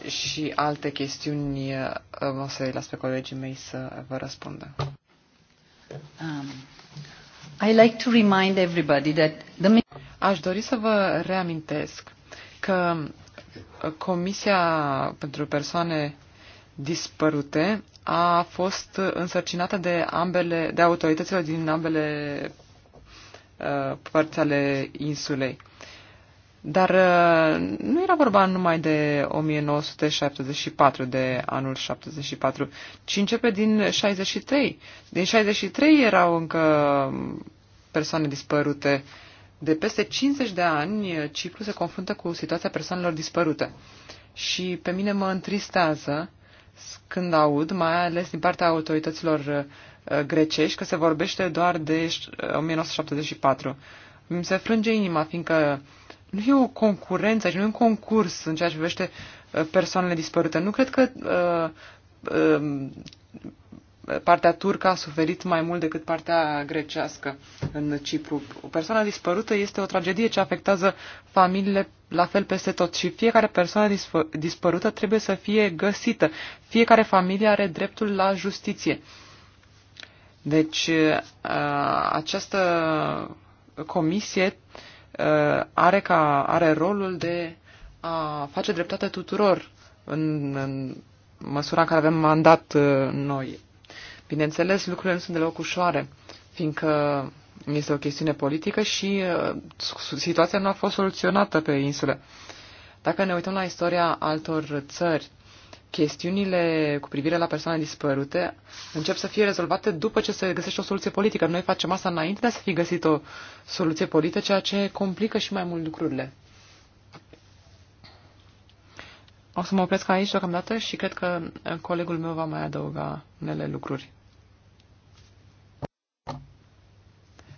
și alte chestiuni, uh, o să las pe colegii mei să vă răspundă. Um, I like to remind everybody that the... Aș dori să vă reamintesc că Comisia pentru persoane dispărute a fost însărcinată de ambele, de autoritățile din ambele uh, părți ale insulei. Dar uh, nu era vorba numai de 1974, de anul 74, ci începe din 63. Din 63 erau încă persoane dispărute uh, de peste 50 de ani, eh, Cipru se confruntă cu situația persoanelor dispărute. Și pe mine mă întristează când aud, mai ales din partea autorităților eh, eh, grecești, că se vorbește doar de 1974. Mi se frânge inima, fiindcă nu e o concurență, nu e un concurs în ceea ce privește persoanele dispărute. Nu cred că uh, uh, partea turcă a suferit mai mult decât partea grecească în Cipru. O persoană dispărută este o tragedie ce afectează familiile la fel peste tot și fiecare persoană dispărută trebuie să fie găsită. Fiecare familie are dreptul la justiție. Deci uh, această comisie uh, are, ca, are rolul de a face dreptate tuturor în, în măsura în care avem mandat uh, noi. Bineînțeles, lucrurile nu sunt deloc ușoare, fiindcă este o chestiune politică și uh, situația nu a fost soluționată pe insulă. Dacă ne uităm la istoria altor țări, chestiunile cu privire la persoane dispărute încep să fie rezolvate după ce se găsește o soluție politică. Noi facem asta înainte de a să fi găsit o soluție politică, ceea ce complică și mai mult lucrurile. O să mă opresc aici deocamdată și cred că colegul meu va mai adăuga unele lucruri.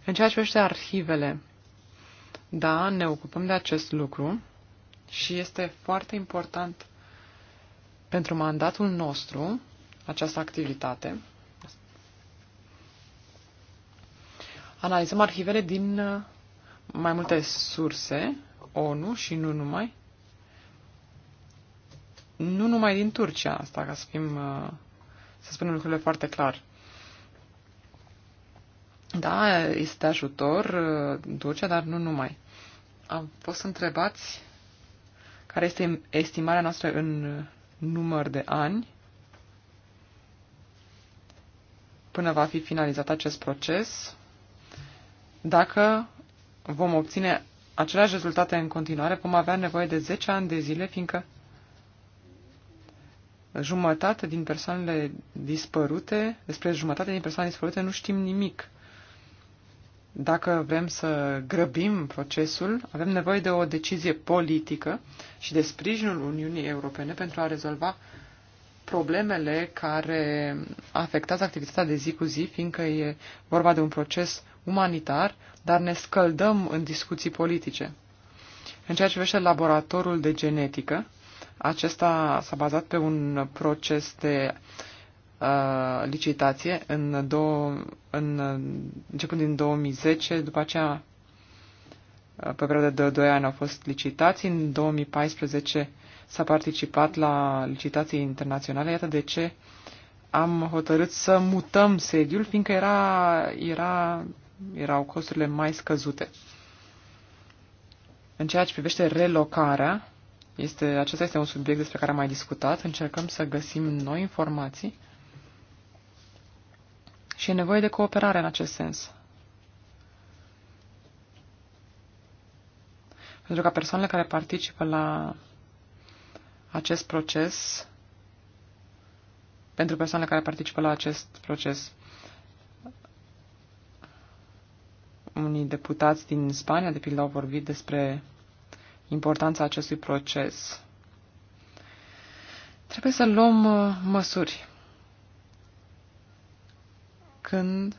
În ceea ce privește arhivele, da, ne ocupăm de acest lucru și este foarte important pentru mandatul nostru această activitate. Analizăm arhivele din uh, mai multe surse, ONU și nu numai. Nu numai din Turcia, asta ca să fim, uh, să spunem lucrurile foarte clar. Da, este ajutor, uh, duce, dar nu numai. Am fost întrebați care este estimarea noastră în uh, număr de ani până va fi finalizat acest proces, dacă vom obține aceleași rezultate în continuare, vom avea nevoie de 10 ani de zile, fiindcă jumătate din persoanele dispărute, despre jumătate din persoanele dispărute nu știm nimic. Dacă vrem să grăbim procesul, avem nevoie de o decizie politică și de sprijinul Uniunii Europene pentru a rezolva problemele care afectează activitatea de zi cu zi, fiindcă e vorba de un proces umanitar, dar ne scăldăm în discuții politice. În ceea ce privește laboratorul de genetică, acesta s-a bazat pe un proces de uh, Uh, licitație în, două, în începând din 2010, după aceea uh, pe perioada de 2 ani au fost licitații, în 2014 s-a participat la licitații internaționale, iată de ce am hotărât să mutăm sediul, fiindcă era, era, erau costurile mai scăzute. În ceea ce privește relocarea, este, acesta este un subiect despre care am mai discutat, încercăm să găsim noi informații și e nevoie de cooperare în acest sens. Pentru ca persoanele care participă la acest proces, pentru persoanele care participă la acest proces, unii deputați din Spania, de pildă, au vorbit despre importanța acestui proces. Trebuie să luăm uh, măsuri. Când,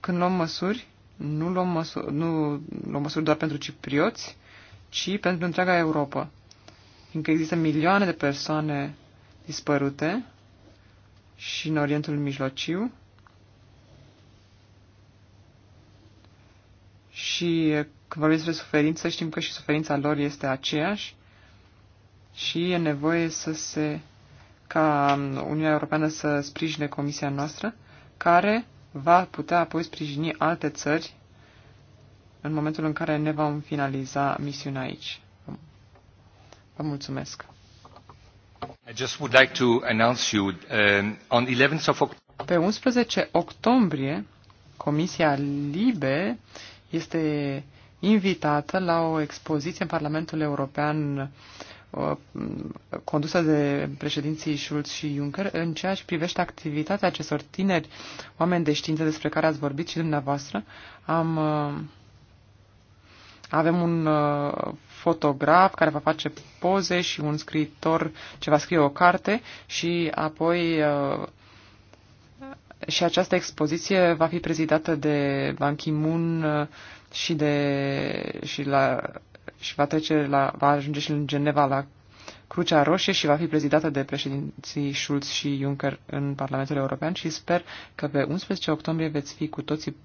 când luăm măsuri, nu luăm măsuri, nu luăm măsuri doar pentru ciprioți, ci pentru întreaga Europa. Fiindcă există milioane de persoane dispărute și în Orientul Mijlociu și când vorbim despre suferință, știm că și suferința lor este aceeași și e nevoie să se ca Uniunea Europeană să sprijine comisia noastră, care va putea apoi sprijini alte țări în momentul în care ne vom finaliza misiunea aici. Vă mulțumesc. I just would like to announce you um, on 11th of Pe 11 octombrie, Comisia Libe este invitată la o expoziție în Parlamentul European Uh, condusă de președinții Schulz și Juncker în ceea ce privește activitatea acestor tineri oameni de știință despre care ați vorbit și dumneavoastră. Am, uh, avem un uh, fotograf care va face poze și un scriitor ce va scrie o carte și apoi și această expoziție va fi prezidată de Ban Ki-moon și, de, și la și va, trece la, va ajunge și în Geneva la Crucea Roșie și va fi prezidată de președinții Schulz și Juncker în Parlamentul European și sper că pe 11 octombrie veți fi cu toții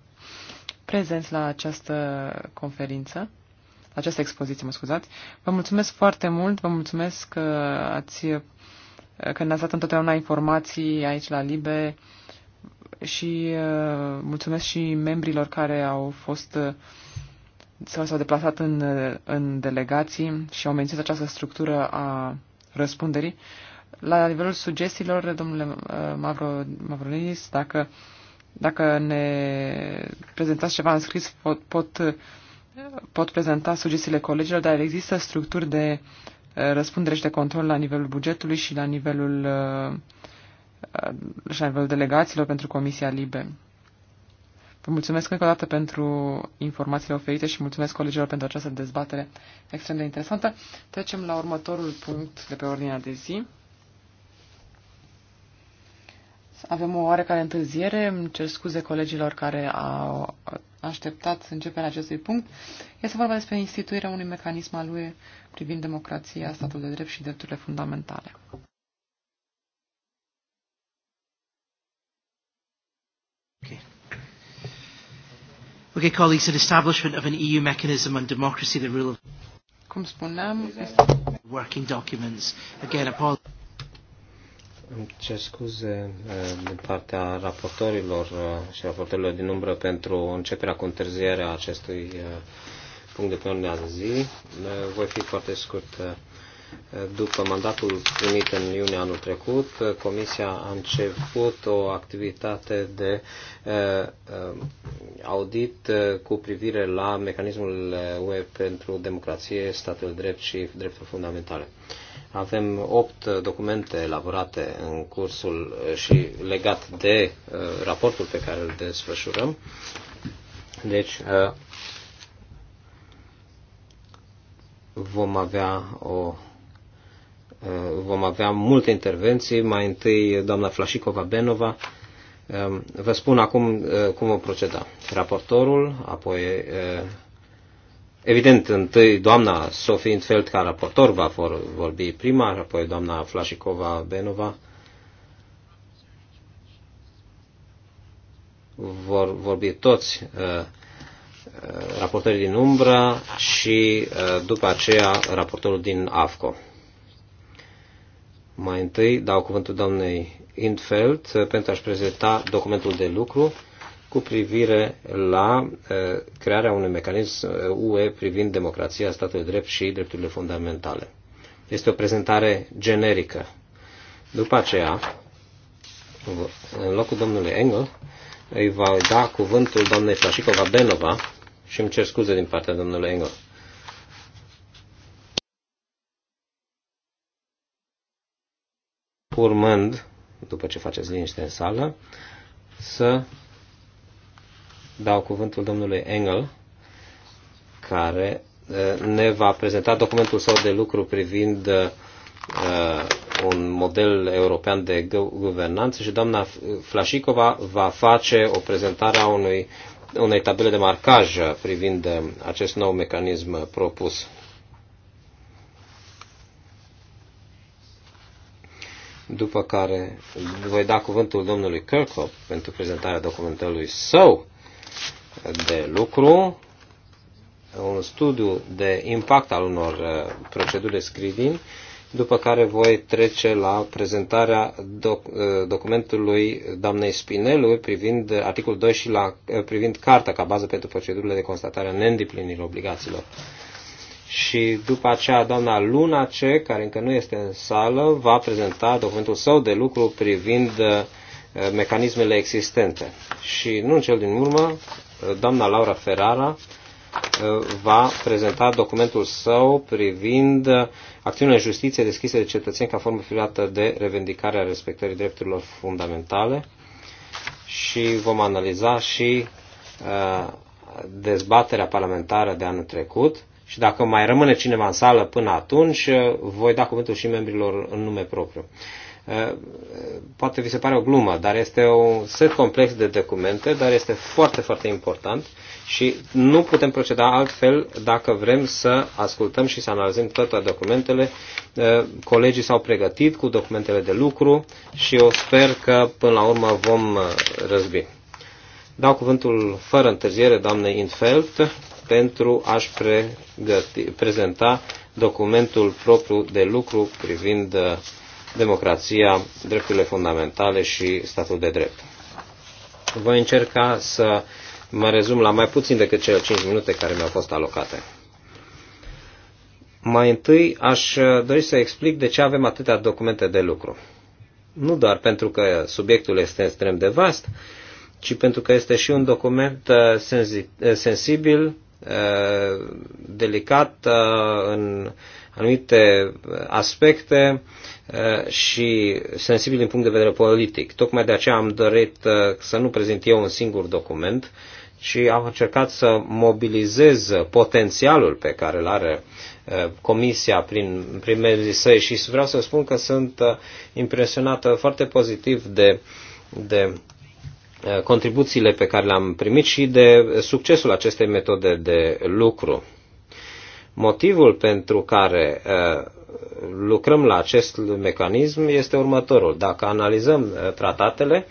prezenți la această conferință, la această expoziție, mă scuzați. Vă mulțumesc foarte mult, vă mulțumesc că ați că ne-ați dat întotdeauna informații aici la Libe și uh, mulțumesc și membrilor care au fost uh, sau s-au deplasat în, în delegații și au menținut această structură a răspunderii. La nivelul sugestiilor, domnule uh, Mavro, Mavronis, dacă, dacă ne prezentați ceva în scris, pot, pot, pot prezenta sugestiile colegilor, dar există structuri de uh, răspundere și de control la nivelul bugetului și la nivelul, și uh, la nivelul delegațiilor pentru Comisia Libe. Vă mulțumesc încă o dată pentru informațiile oferite și mulțumesc colegilor pentru această dezbatere extrem de interesantă. Trecem la următorul punct de pe ordinea de zi. Avem o oarecare întârziere, îmi cer scuze colegilor care au așteptat începerea acestui punct. Este vorba despre instituirea unui mecanism al lui privind democrația, statul de drept și drepturile fundamentale. Okay, colleagues, an establishment of an EU mechanism on democracy, the rule of cum spuneam, working documents. Again, apologies. Îmi cer scuze eh, din partea raportorilor eh, și raportorilor din umbră pentru începerea cu întârzierea acestui eh, punct de pe ordinea de zi. Voi fi foarte scurt după mandatul primit în iunie anul trecut, Comisia a început o activitate de eh, eh, audit eh, cu privire la mecanismul UE pentru democrație, statul drept și drepturi fundamentale. Avem opt documente elaborate în cursul și legat de raportul pe care îl desfășurăm. Deci, vom avea o Uh, vom avea multe intervenții. Mai întâi doamna Flașicova Benova. Um, vă spun acum uh, cum vom proceda. Raportorul, apoi uh, evident întâi doamna Sofie Intfeld ca raportor va vorbi prima, apoi doamna Flașicova Benova. Vor vorbi toți raportorii din umbra și după aceea raportorul din AFCO. Mai întâi dau cuvântul doamnei Infeld uh, pentru a-și prezenta documentul de lucru cu privire la uh, crearea unui mecanism UE uh, privind democrația, statul de drept și drepturile fundamentale. Este o prezentare generică. După aceea, în locul domnului Engel, îi va da cuvântul doamnei Flașicova Benova și îmi cer scuze din partea domnului Engel. urmând, după ce faceți liniște în sală, să dau cuvântul domnului Engel, care uh, ne va prezenta documentul său de lucru privind uh, uh, un model european de guvernanță și doamna Flașicova va face o prezentare a unui, unei tabele de marcaj privind acest nou mecanism propus. după care voi da cuvântul domnului Kirchhoff pentru prezentarea documentului său de lucru, un studiu de impact al unor uh, proceduri de screening, după care voi trece la prezentarea doc- uh, documentului doamnei Spinelu privind articolul 2 și la, uh, privind carta ca bază pentru procedurile de constatare a neîndeplinirii obligațiilor și după aceea doamna Luna C, care încă nu este în sală, va prezenta documentul său de lucru privind uh, mecanismele existente. Și nu în cel din urmă, uh, doamna Laura Ferrara uh, va prezenta documentul său privind acțiunile în justiție deschise de cetățeni ca formă filată de revendicare a respectării drepturilor fundamentale și vom analiza și dezbaterea parlamentară de anul trecut și dacă mai rămâne cineva în sală până atunci, voi da cuvântul și membrilor în nume propriu. Eh, poate vi se pare o glumă, dar este un set complex de documente, dar este foarte, foarte important și nu putem proceda altfel dacă vrem să ascultăm și să analizăm toate documentele. Eh, colegii s-au pregătit cu documentele de lucru și eu sper că până la urmă vom eh, răzbi. Dau cuvântul fără întârziere doamnei Infeld pentru a-și pregăti, prezenta documentul propriu de lucru privind uh, democrația, drepturile fundamentale și statul de drept. Voi încerca să mă rezum la mai puțin decât cele 5 minute care mi-au fost alocate. Mai întâi aș uh, dori să explic de ce avem atâtea documente de lucru. Nu doar pentru că subiectul este extrem de vast, ci pentru că este și un document uh, sensibil Uh, delicată uh, în anumite aspecte uh, și sensibil din punct de vedere politic. Tocmai de aceea am dorit să nu prezint eu un singur document, ci am încercat să mobilizez potențialul pe care îl are comisia prin primerii săi și vreau să spun că sunt impresionată foarte pozitiv de, de Eh, contribuțiile pe care le-am primit și de succesul acestei metode de lucru. Motivul pentru care eh, lucrăm la acest mecanism este următorul. Dacă analizăm eh, tratatele,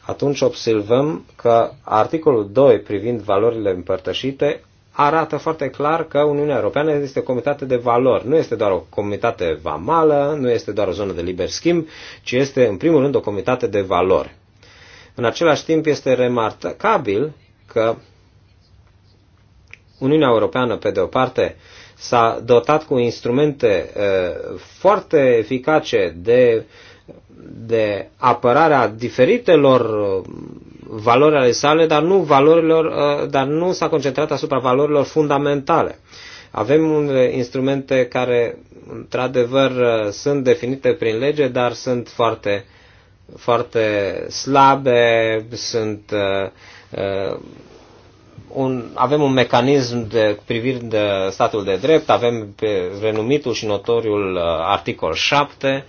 atunci observăm că articolul 2 privind valorile împărtășite arată foarte clar că Uniunea Europeană este o comunitate de valori. Nu este doar o comunitate vamală, nu este doar o zonă de liber schimb, ci este în primul rând o comunitate de valori. În același timp este remarcabil că Uniunea Europeană, pe de o parte, s-a dotat cu instrumente uh, foarte eficace de, de apărarea diferitelor uh, valori ale sale, dar nu, valorilor, uh, dar nu s-a concentrat asupra valorilor fundamentale. Avem unele instrumente care, într-adevăr, sunt definite prin lege, dar sunt foarte uh, foarte slabe, sunt uh, uh, un, avem un mecanism de, privind de statul de drept, avem pe renumitul și notoriul uh, articol 7,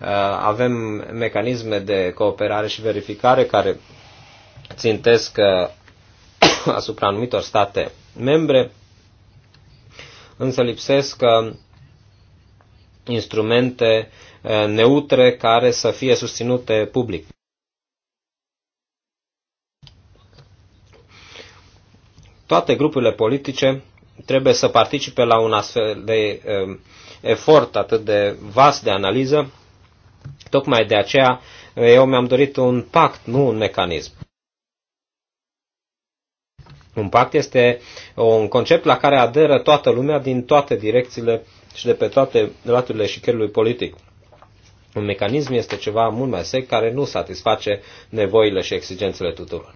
uh, avem mecanisme de cooperare și verificare care țintesc uh, asupra anumitor state membre, însă lipsesc uh, instrumente eh, neutre care să fie susținute public. Toate grupurile politice trebuie să participe la un astfel de eh, efort atât de vast de analiză. Tocmai de aceea eh, eu mi-am dorit un pact, nu un mecanism. Un pact este un concept la care aderă toată lumea din toate direcțiile și de pe toate laturile șicherului politic. Un mecanism este ceva mult mai sec care nu satisface nevoile și exigențele tuturor.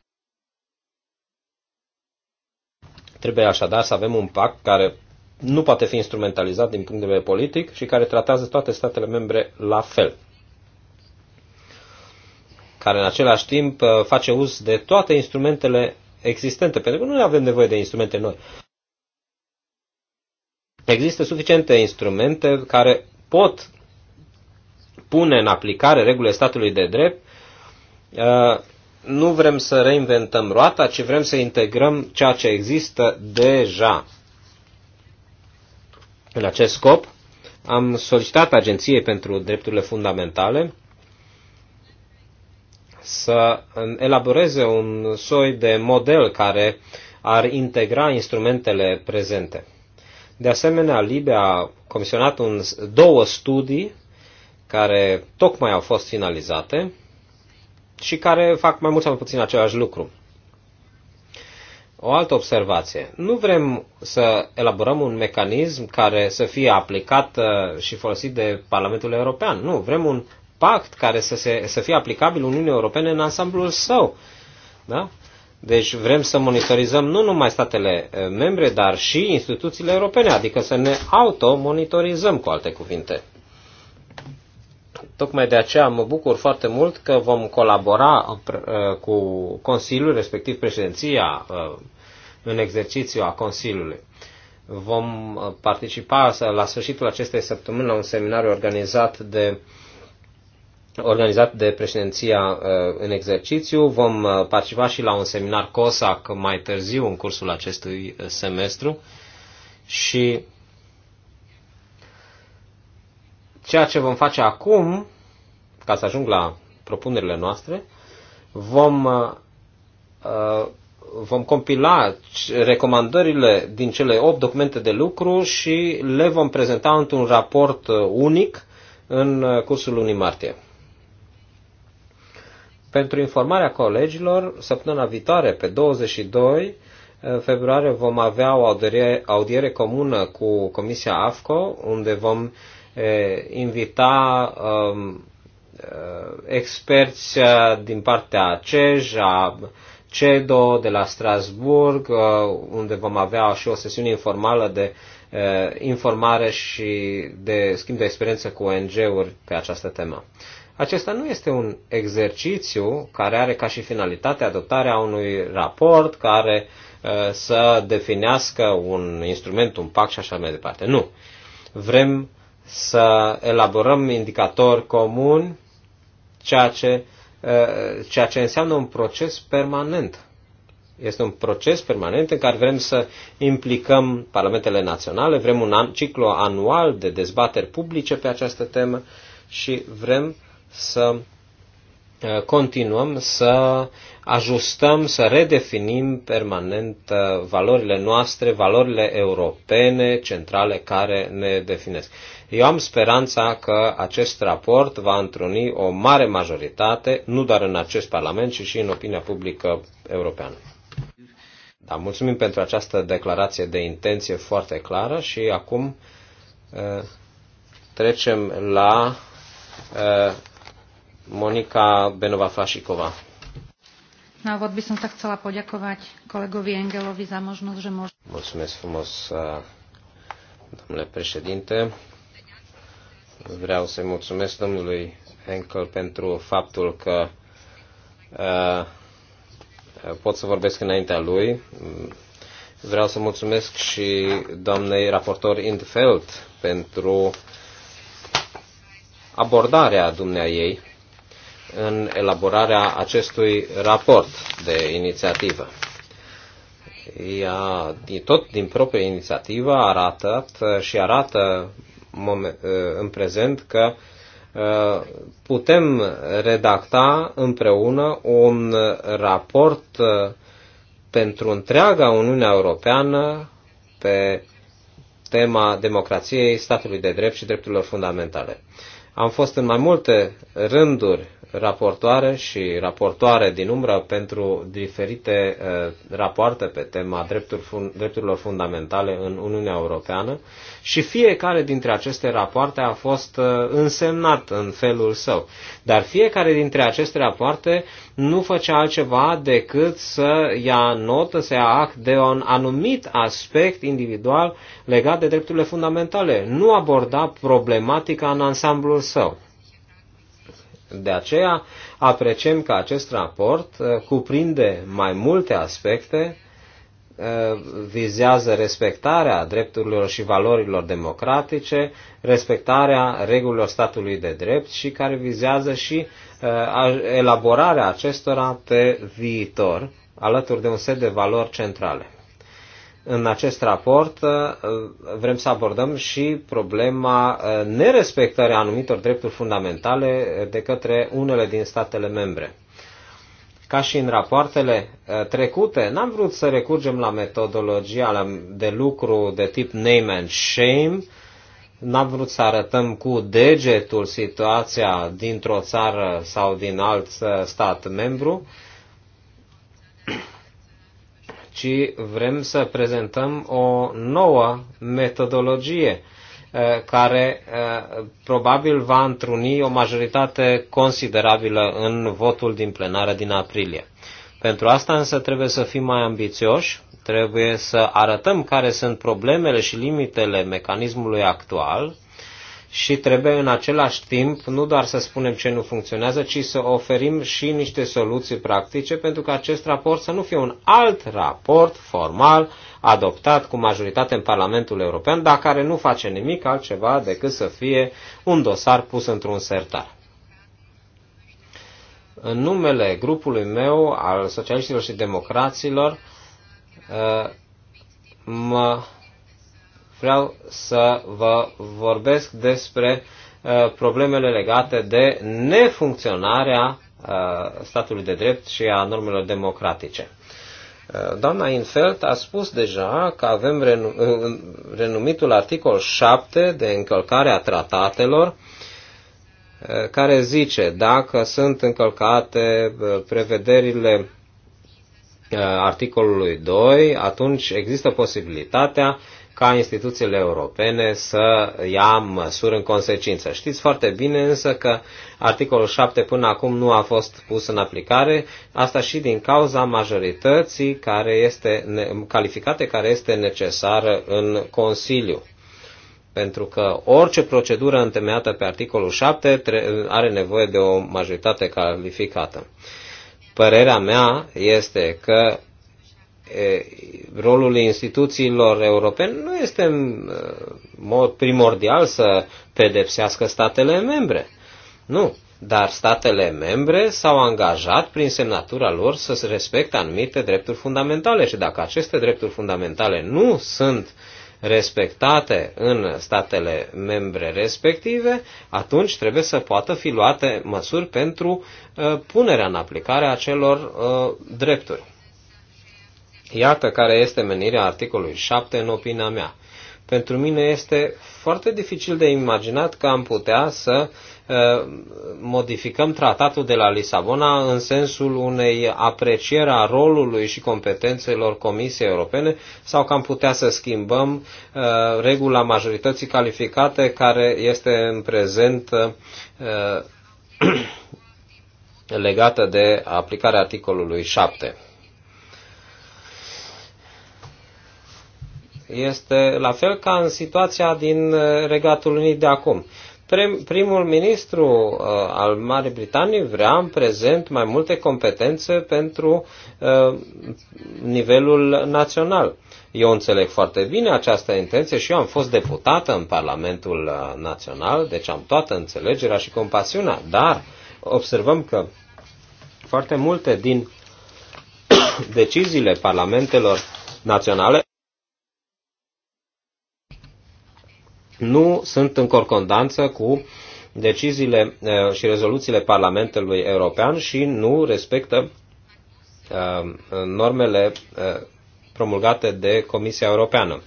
Trebuie așadar să avem un pact care nu poate fi instrumentalizat din punct de vedere politic și care tratează toate statele membre la fel care în același timp uh, face uz de toate instrumentele existente, pentru că nu avem nevoie de instrumente noi. Există suficiente instrumente care pot pune în aplicare regulile statului de drept. Uh, nu vrem să reinventăm roata, ci vrem să integrăm ceea ce există deja. În acest scop, am solicitat Agenției pentru Drepturile Fundamentale să elaboreze un soi de model care ar integra instrumentele prezente. De asemenea, Libe a comisionat un, două studii care tocmai au fost finalizate și care fac mai mult sau mai puțin același lucru. O altă observație. Nu vrem să elaborăm un mecanism care să fie aplicat uh, și folosit de Parlamentul European. Nu, vrem un pact care să, se, să fie aplicabil Uniunii Europene în ansamblul său. Da? Deci vrem să monitorizăm nu numai statele membre, dar și instituțiile europene, adică să ne automonitorizăm, cu alte cuvinte. Tocmai de aceea mă bucur foarte mult că vom colabora cu Consiliul, respectiv președinția în exercițiu a Consiliului. Vom participa la sfârșitul acestei săptămâni la un seminar organizat de uh, organizat de președinția uh, în exercițiu. Vom uh, participa și la un seminar COSAC mai târziu în cursul acestui uh, semestru și ceea ce vom face acum, ca să ajung la propunerile noastre, vom, vom compila recomandările din cele 8 documente de lucru și le vom prezenta într-un raport unic în cursul lunii martie. Pentru informarea colegilor, săptămâna viitoare, pe 22 eh, februarie, vom avea o audiere, audiere comună cu Comisia AFCO, unde vom eh, invita um, experți din partea CEJ, a CEDO de la Strasburg, unde vom avea și o sesiune informală de informare și de schimb de experiență cu ONG-uri pe această temă. Acesta nu este un exercițiu care are ca și finalitate adoptarea unui raport care uh, să definească un instrument, un pact și așa mai departe. Nu. Vrem să elaborăm indicatori comuni, ceea ce, uh, ceea ce înseamnă un proces permanent. Este un proces permanent în care vrem să implicăm parlamentele naționale, vrem un an, ciclu anual de dezbateri publice pe această temă și vrem să uh, continuăm să ajustăm, să redefinim permanent uh, valorile noastre, valorile europene, centrale care ne definesc. Eu am speranța că acest raport va întruni o mare majoritate, nu doar în acest Parlament, ci și în opinia publică europeană. Da, mulțumim pentru această declarație de intenție foarte clară și acum uh, trecem la Monika Benova-Flašíková. Na úvod by som sa chcela poďakovať kolegovi Engelovi za možnosť, že môžem... Mulțumesc frumos, eh, domnule președinte. Vreau să-i mulțumesc domnului Henkel pentru faptul că eh, uh, eh, pot să vorbesc înaintea lui. Vreau să mulțumesc și doamnei raportor Indfeld pentru abordarea dumnea ei în elaborarea acestui raport de inițiativă. Ea, tot din proprie inițiativă, a și arată ă, în prezent că ă, putem redacta împreună un raport ă, pentru întreaga Uniunea Europeană pe tema democrației, statului de drept și drepturilor fundamentale. Am fost în mai multe rânduri raportoare și raportoare din umbră pentru diferite uh, rapoarte pe tema drepturi fun- drepturilor fundamentale în Uniunea Europeană și fiecare dintre aceste rapoarte a fost uh, însemnat în felul său. Dar fiecare dintre aceste rapoarte nu făcea altceva decât să ia notă, să ia act de un anumit aspect individual legat de drepturile fundamentale. Nu aborda problematica în ansamblul său. De aceea apreciem că acest raport uh, cuprinde mai multe aspecte, uh, vizează respectarea drepturilor și valorilor democratice, respectarea regulilor statului de drept și care vizează și elaborarea acestora pe viitor, alături de un set de valori centrale. În acest raport vrem să abordăm și problema nerespectării anumitor drepturi fundamentale de către unele din statele membre. Ca și în rapoartele trecute, n-am vrut să recurgem la metodologia de lucru de tip name and shame, N-am vrut să arătăm cu degetul situația dintr-o țară sau din alt uh, stat membru, ci vrem să prezentăm o nouă metodologie uh, care uh, probabil va întruni o majoritate considerabilă în votul din plenară din aprilie. Pentru asta însă trebuie să fim mai ambițioși Trebuie să arătăm care sunt problemele și limitele mecanismului actual și trebuie în același timp nu doar să spunem ce nu funcționează, ci să oferim și niște soluții practice pentru că acest raport să nu fie un alt raport formal adoptat cu majoritate în Parlamentul European, dar care nu face nimic altceva decât să fie un dosar pus într-un sertar. În numele grupului meu al socialiștilor și democraților, Uh, mă vreau să vă vorbesc despre uh, problemele legate de nefuncționarea uh, statului de drept și a normelor democratice. Doamna Infeld a spus deja că avem renumitul articol 7 de încălcare a tratatelor, care zice dacă sunt încălcate prevederile Uh, articolului 2, atunci există posibilitatea ca instituțiile europene să ia măsuri în consecință. Știți foarte bine însă că articolul 7 până acum nu a fost pus în aplicare, asta și din cauza majorității care este calificate care este necesară în Consiliu. Pentru că orice procedură întemeiată pe articolul 7 are nevoie de o majoritate calificată. Părerea mea este că rolul instituțiilor europene nu este în mod primordial să pedepsească statele membre. Nu, dar statele membre s-au angajat prin semnatura lor să respecte anumite drepturi fundamentale și dacă aceste drepturi fundamentale nu sunt respectate în statele membre respective, atunci trebuie să poată fi luate măsuri pentru uh, punerea în aplicare a celor uh, drepturi. Iată care este menirea articolului 7 în opinia mea. Pentru mine este foarte dificil de imaginat că am putea să uh, Uh, modificăm tratatul de la Lisabona în sensul unei aprecieri a rolului și competențelor Comisiei Europene sau că am putea să schimbăm uh, regula majorității calificate care este în prezent uh, legată de aplicarea articolului 7. Este la fel ca în situația din Regatul Unit de acum primul ministru uh, al Marii Britanii vrea în prezent mai multe competențe pentru uh, nivelul național. Eu înțeleg foarte bine această intenție și eu am fost deputată în Parlamentul uh, Național, deci am toată înțelegerea și compasiunea, dar observăm că foarte multe din deciziile parlamentelor naționale nu sunt în corcondanță cu deciziile eh, și rezoluțiile Parlamentului European și nu respectă eh, normele eh, promulgate de Comisia Europeană.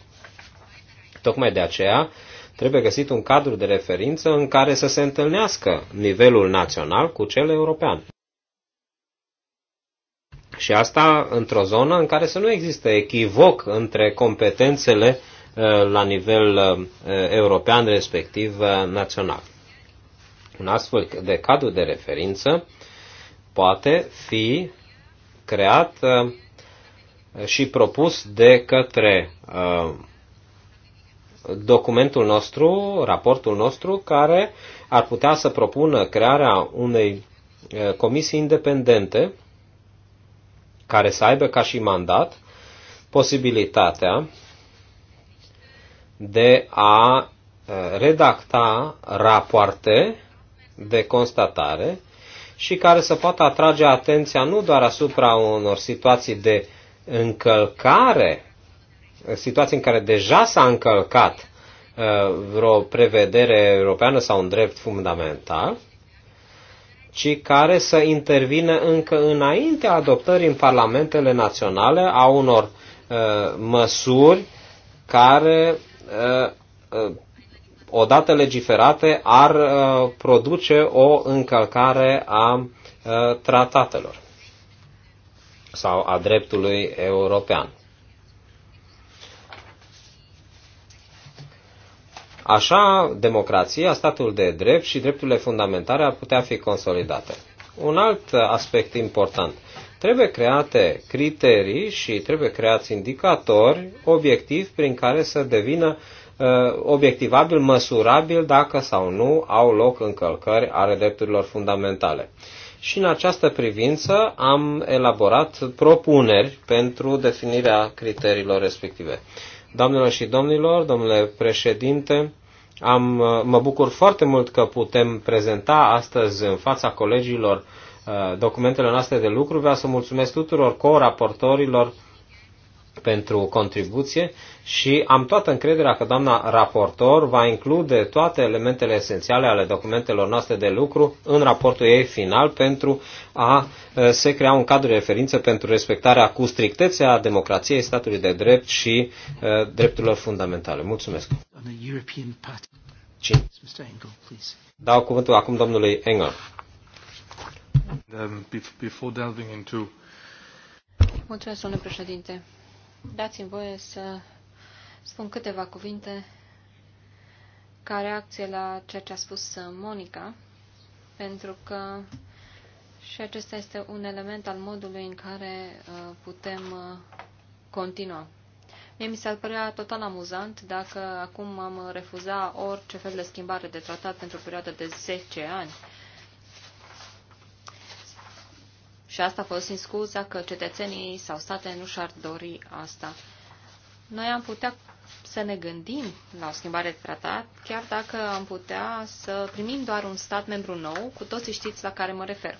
Tocmai de aceea trebuie găsit un cadru de referință în care să se întâlnească nivelul național cu cel european. Și asta într-o zonă în care să nu există echivoc între competențele uh, Eh, la nivel eh, european, respectiv eh, național. Un astfel de cadru de referință poate fi creat și propus de către documentul nostru, raportul nostru, care ar putea să propună crearea unei comisii independente care să aibă ca și mandat posibilitatea de a redacta rapoarte de constatare și care să poată atrage atenția nu doar asupra unor situații de încălcare, situații în care deja s-a încălcat vreo prevedere europeană sau un drept fundamental, ci care să intervină încă înaintea adoptării în parlamentele naționale a unor uh, măsuri care Uh, uh, odată legiferate, ar uh, produce o încălcare a tratatelor sau a dreptului european. Așa, democrația, statul de drept și drepturile fundamentale ar putea fi consolidate. Un alt aspect important – Trebuie create criterii și trebuie creați indicatori obiectivi prin care să devină uh, obiectivabil, măsurabil dacă sau nu au loc încălcări ale drepturilor fundamentale. Și în această privință am elaborat propuneri pentru definirea criteriilor respective. Doamnelor și domnilor, domnule președinte, am, uh, mă bucur foarte mult că putem prezenta astăzi în fața colegilor Uh, documentele noastre de lucru. Vreau să mulțumesc tuturor co-raportorilor pentru contribuție și am toată încrederea că doamna raportor va include toate elementele esențiale ale documentelor noastre de lucru în raportul ei final pentru a uh, se crea un cadru de referință pentru respectarea cu strictețe a democrației, statului de drept și uh, drepturilor fundamentale. Mulțumesc! Dau cuvântul acum domnului Engel. Um, Mulțumesc, domnule președinte. Dați-mi voie să spun câteva cuvinte ca reacție la ceea ce a spus Monica, pentru că și acesta este un element al modului în care uh, putem uh, continua. Mie mi s-ar părea total amuzant dacă acum am refuza orice fel de schimbare de tratat pentru o perioadă de 10 ani. Și asta folosind scuza că cetățenii sau statele nu și-ar dori asta. Noi am putea să ne gândim la o schimbare de tratat, chiar dacă am putea să primim doar un stat membru nou, cu toții știți la care mă refer.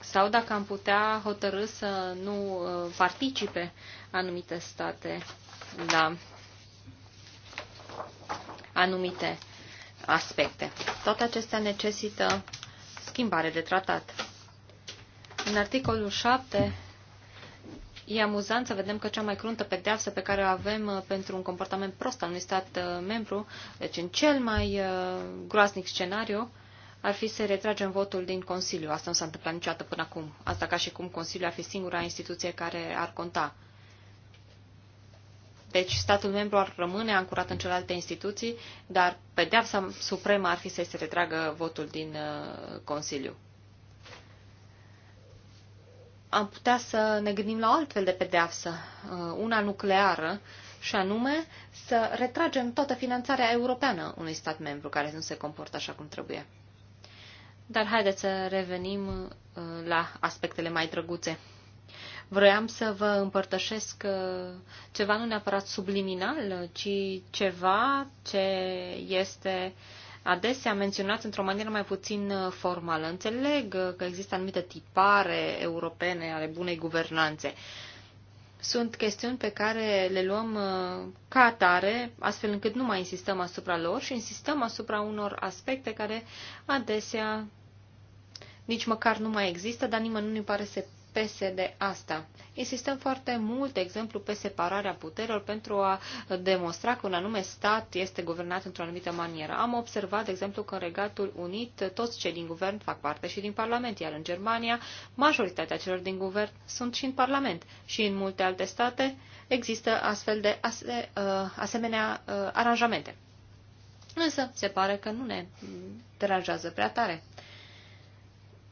Sau dacă am putea hotărâ să nu uh, participe anumite state la anumite aspecte. Toate acestea necesită schimbare de tratat. În articolul 7 E amuzant să vedem că cea mai cruntă pedeapsă pe care o avem uh, pentru un comportament prost al unui stat uh, membru, deci în cel mai uh, groaznic scenariu, ar fi să retragem votul din Consiliu. Asta nu s-a întâmplat niciodată până acum. Asta ca și cum Consiliul ar fi singura instituție care ar conta. Deci statul membru ar rămâne ancorat în celelalte instituții, dar pedeapsa supremă ar fi să se retragă votul din uh, Consiliu. Am putea să ne gândim la o altfel de pedeapsă, uh, una nucleară, și anume să retragem toată finanțarea europeană unui stat membru care nu se comportă așa cum trebuie. Dar haideți să revenim uh, la aspectele mai drăguțe. Vroiam să vă împărtășesc uh, ceva nu neapărat subliminal, ci ceva ce este adesea menționat într-o manieră mai puțin uh, formală. Înțeleg uh, că există anumite tipare europene ale bunei guvernanțe. Sunt chestiuni pe care le luăm ca atare, astfel încât nu mai insistăm asupra lor și insistăm asupra unor aspecte care adesea nici măcar nu mai există, dar nimănui nu pare să PSD asta. Insistăm foarte mult, de exemplu, pe separarea puterilor pentru a demonstra că un anume stat este guvernat într-o anumită manieră. Am observat, de exemplu, că în Regatul Unit toți cei din guvern fac parte și din Parlament, iar în Germania majoritatea celor din guvern sunt și în Parlament. Și în multe alte state există astfel de ase, uh, asemenea uh, aranjamente. Însă, se pare că nu ne deranjează prea tare.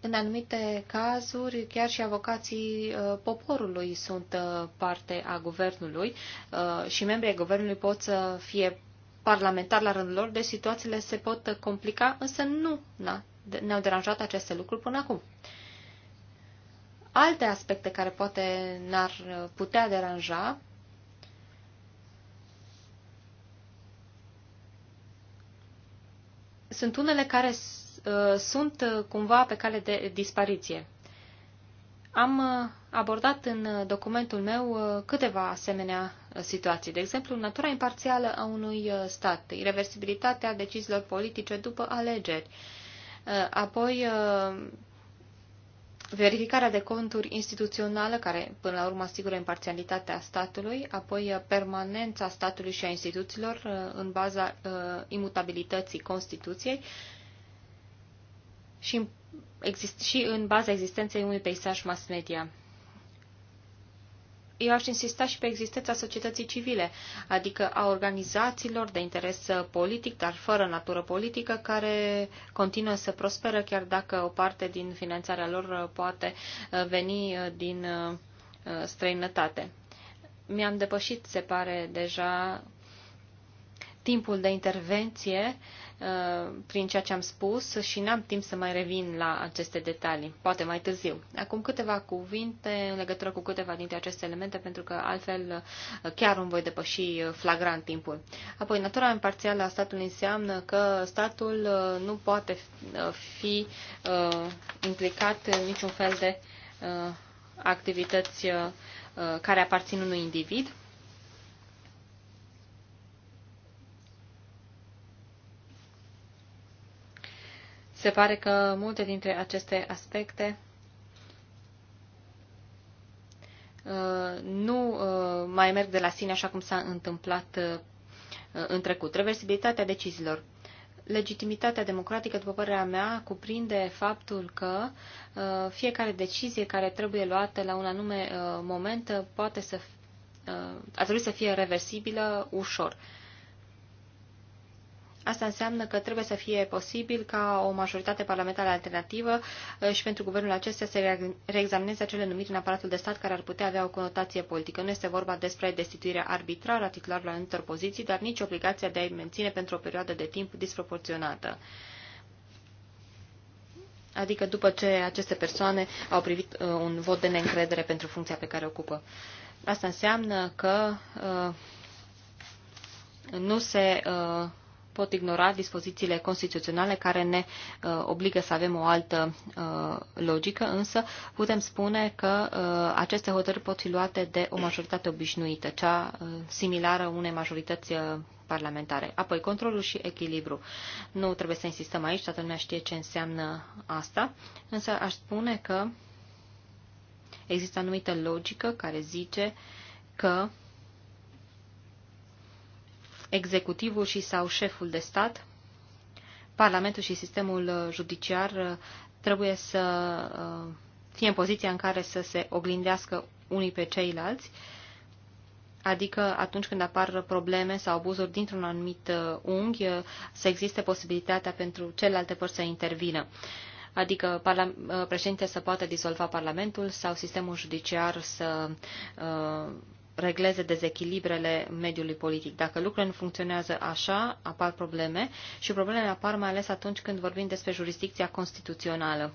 În anumite cazuri, chiar și avocații uh, poporului sunt uh, parte a guvernului uh, și membrii guvernului pot să fie parlamentari la rândul lor, deci situațiile se pot complica, însă nu ne-au deranjat aceste lucruri până acum. Alte aspecte care poate n-ar putea deranja sunt unele care Uh, sunt uh, cumva pe cale de dispariție. Am uh, abordat în documentul meu câteva asemenea situații. De exemplu, natura imparțială a unui stat, irreversibilitatea deciziilor politice după alegeri, apoi verificarea de conturi instituțională, care până la urmă asigură imparțialitatea statului, apoi permanența statului și a instituțiilor în baza imutabilității Constituției și în, exist, și în baza existenței unui peisaj mass media. Eu aș insista și pe existența societății civile, adică a organizațiilor de interes politic, dar fără natură politică, care continuă să prosperă, chiar dacă o parte din finanțarea lor poate uh, veni uh, din uh, străinătate. Mi-am depășit, se pare, deja timpul de intervenție Uh, prin ceea ce am spus și n-am timp să mai revin la aceste detalii, poate mai târziu. Acum câteva cuvinte în legătură cu câteva dintre aceste elemente, pentru că altfel uh, chiar îmi voi depăși uh, flagrant timpul. Apoi, natura imparțială a statului înseamnă că statul nu poate fi implicat în niciun fel de activități care aparțin unui individ Se pare că multe dintre aceste aspecte uh, nu uh, mai merg de la sine așa cum s-a întâmplat uh, în trecut. Reversibilitatea deciziilor. Legitimitatea democratică, după părerea mea, cuprinde faptul că fiecare decizie care trebuie luată la un anume moment poate să, ar trebui să fie reversibilă ușor. Asta înseamnă că trebuie să fie posibil ca o majoritate parlamentară alternativă eh, și pentru guvernul acesta să reexamineze acele numiri în aparatul de stat care ar putea avea o conotație politică. Nu este vorba despre destituirea arbitrară a titularului anumitor poziții, dar nici obligația de a-i menține pentru o perioadă de timp disproporționată. Adică după ce aceste persoane au privit uh, un vot de neîncredere pentru funcția pe care o ocupă. Asta înseamnă că uh, nu se uh, pot ignora dispozițiile constituționale care ne uh, obligă să avem o altă uh, logică, însă putem spune că uh, aceste hotărâri pot fi luate de o majoritate obișnuită, cea uh, similară unei majorități uh, parlamentare. Apoi, controlul și echilibru. Nu trebuie să insistăm aici, toată lumea știe ce înseamnă asta, însă aș spune că există anumită logică care zice că uh, executivul și sau șeful de stat, Parlamentul și sistemul uh, judiciar uh, trebuie să uh, fie în poziția în care să se oglindească unii pe ceilalți, adică atunci când apar probleme sau abuzuri dintr-un anumit unghi, să existe posibilitatea pentru celelalte părți să intervină adică președinte să poată dizolva Parlamentul sau sistemul judiciar să uh, regleze dezechilibrele mediului politic. Dacă lucrurile nu funcționează așa, apar probleme și problemele apar mai ales atunci când vorbim despre jurisdicția constituțională.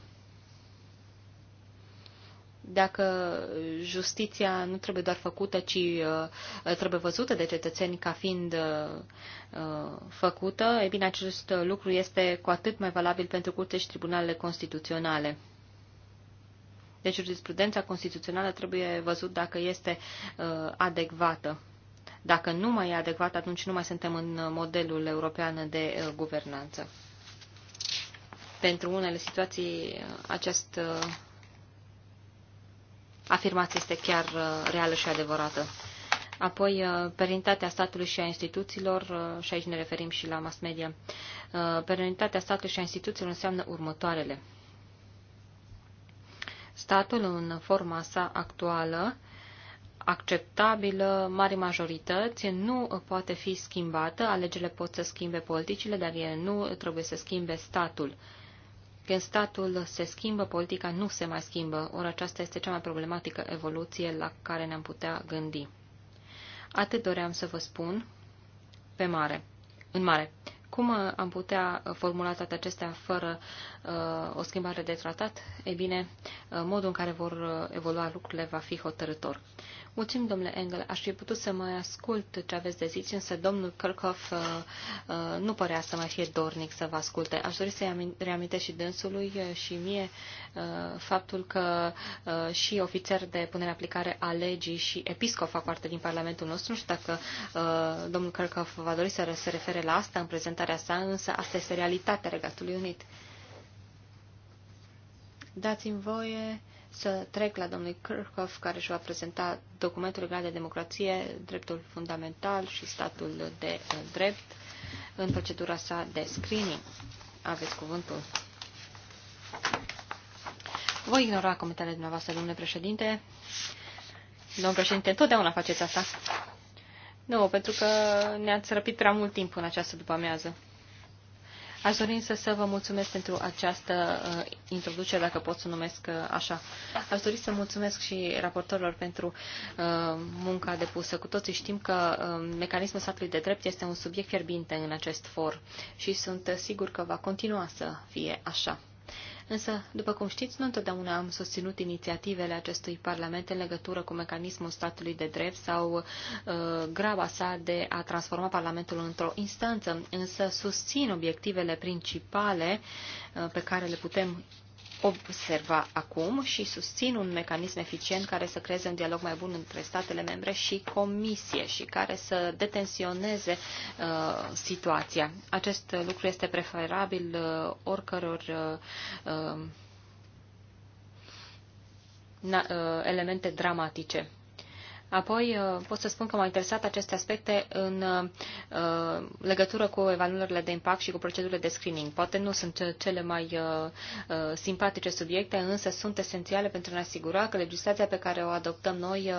Dacă justiția nu trebuie doar făcută, ci uh, trebuie văzută de cetățeni ca fiind uh, uh făcută, e bine, acest lucru este cu atât mai valabil pentru curte și tribunalele constituționale. Deci jurisprudența constituțională trebuie văzut dacă este uh, adecvată. Dacă nu mai e adecvat, atunci nu mai suntem în modelul european de uh, guvernanță. Pentru unele situații, uh, uh afirmație este chiar reală și adevărată. Apoi, perenitatea statului și a instituțiilor, și aici ne referim și la mass media, perenitatea statului și a instituțiilor înseamnă următoarele – statul în forma sa actuală, acceptabilă mari majorități, nu poate fi schimbată, alegerile pot să schimbe politicile, dar ele nu trebuie să schimbe statul. Când statul se schimbă, politica nu se mai schimbă, ori aceasta este cea mai problematică evoluție la care ne-am putea gândi. Atât doream să vă spun pe mare, în mare. Cum am putea formula toate acestea fără o schimbare de tratat, e bine, uh, modul în care vor uh, evolua lucrurile va fi hotărător. Mulțumim, domnule Engel. Aș fi putut să mai ascult ce aveți de zis, însă domnul Kirchhoff uh, uh, nu părea să mai fie dornic să vă asculte. Aș dori să-i reamintesc și dânsului uh, și mie uh, faptul că uh, și ofițer de punere aplicare a legii și episcop fac parte din Parlamentul nostru. Nu știu dacă uh, domnul Kirchhoff va dori să se refere la asta în prezentarea sa, însă asta este realitatea Regatului Unit. Dați-mi voie să trec la domnul Kirchhoff, care și va prezenta documentul legat de democrație, dreptul fundamental și statul de uh, drept în procedura sa de screening. Aveți cuvântul. Voi ignora comentariile dumneavoastră, domnule președinte. Domnul președinte, întotdeauna faceți asta. Nu, pentru că ne-ați răpit prea mult timp în această după-amiază. Aș dori să, să vă mulțumesc pentru această uh, introducere, dacă pot să numesc uh, așa. Aș dori să mulțumesc și raportorilor pentru uh, munca depusă. Cu toții știm că mecanismul statului de drept este un subiect fierbinte în acest for și sunt sigur că va continua să fie așa însă, după cum știți, nu întotdeauna am susținut inițiativele acestui Parlament în legătură cu mecanismul statului de drept sau uh, graba sa de a transforma Parlamentul într-o instanță, însă susțin obiectivele principale uh, pe care le putem observa acum și susțin un mecanism eficient care să creeze un dialog mai bun între statele membre și comisie și care să detensioneze uh, situația. Acest lucru este preferabil uh, oricăror uh, uh na, uh, elemente dramatice. Apoi uh, pot să spun că m-au interesat aceste aspecte în uh, legătură cu evaluările de impact și cu procedurile de screening. Poate nu sunt cele mai uh, simpatice subiecte, însă sunt esențiale pentru a ne asigura că legislația pe care o adoptăm noi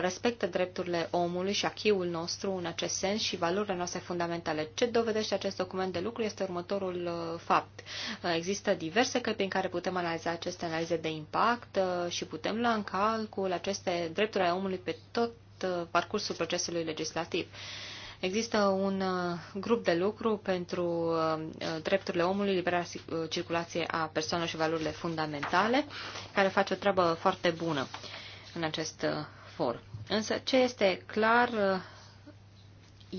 respectă drepturile omului și achiul nostru în acest sens și valorile noastre fundamentale. Ce dovedește acest document de lucru este următorul fapt. Există diverse căi prin care putem analiza aceste analize de impact și putem lua în calcul aceste drepturi ale omului pe tot uh, parcursul procesului legislativ. Există un uh, grup de lucru pentru uh, drepturile omului, libera circulație a persoanelor și valorile fundamentale, care face o treabă foarte bună în acest for. Însă ce este clar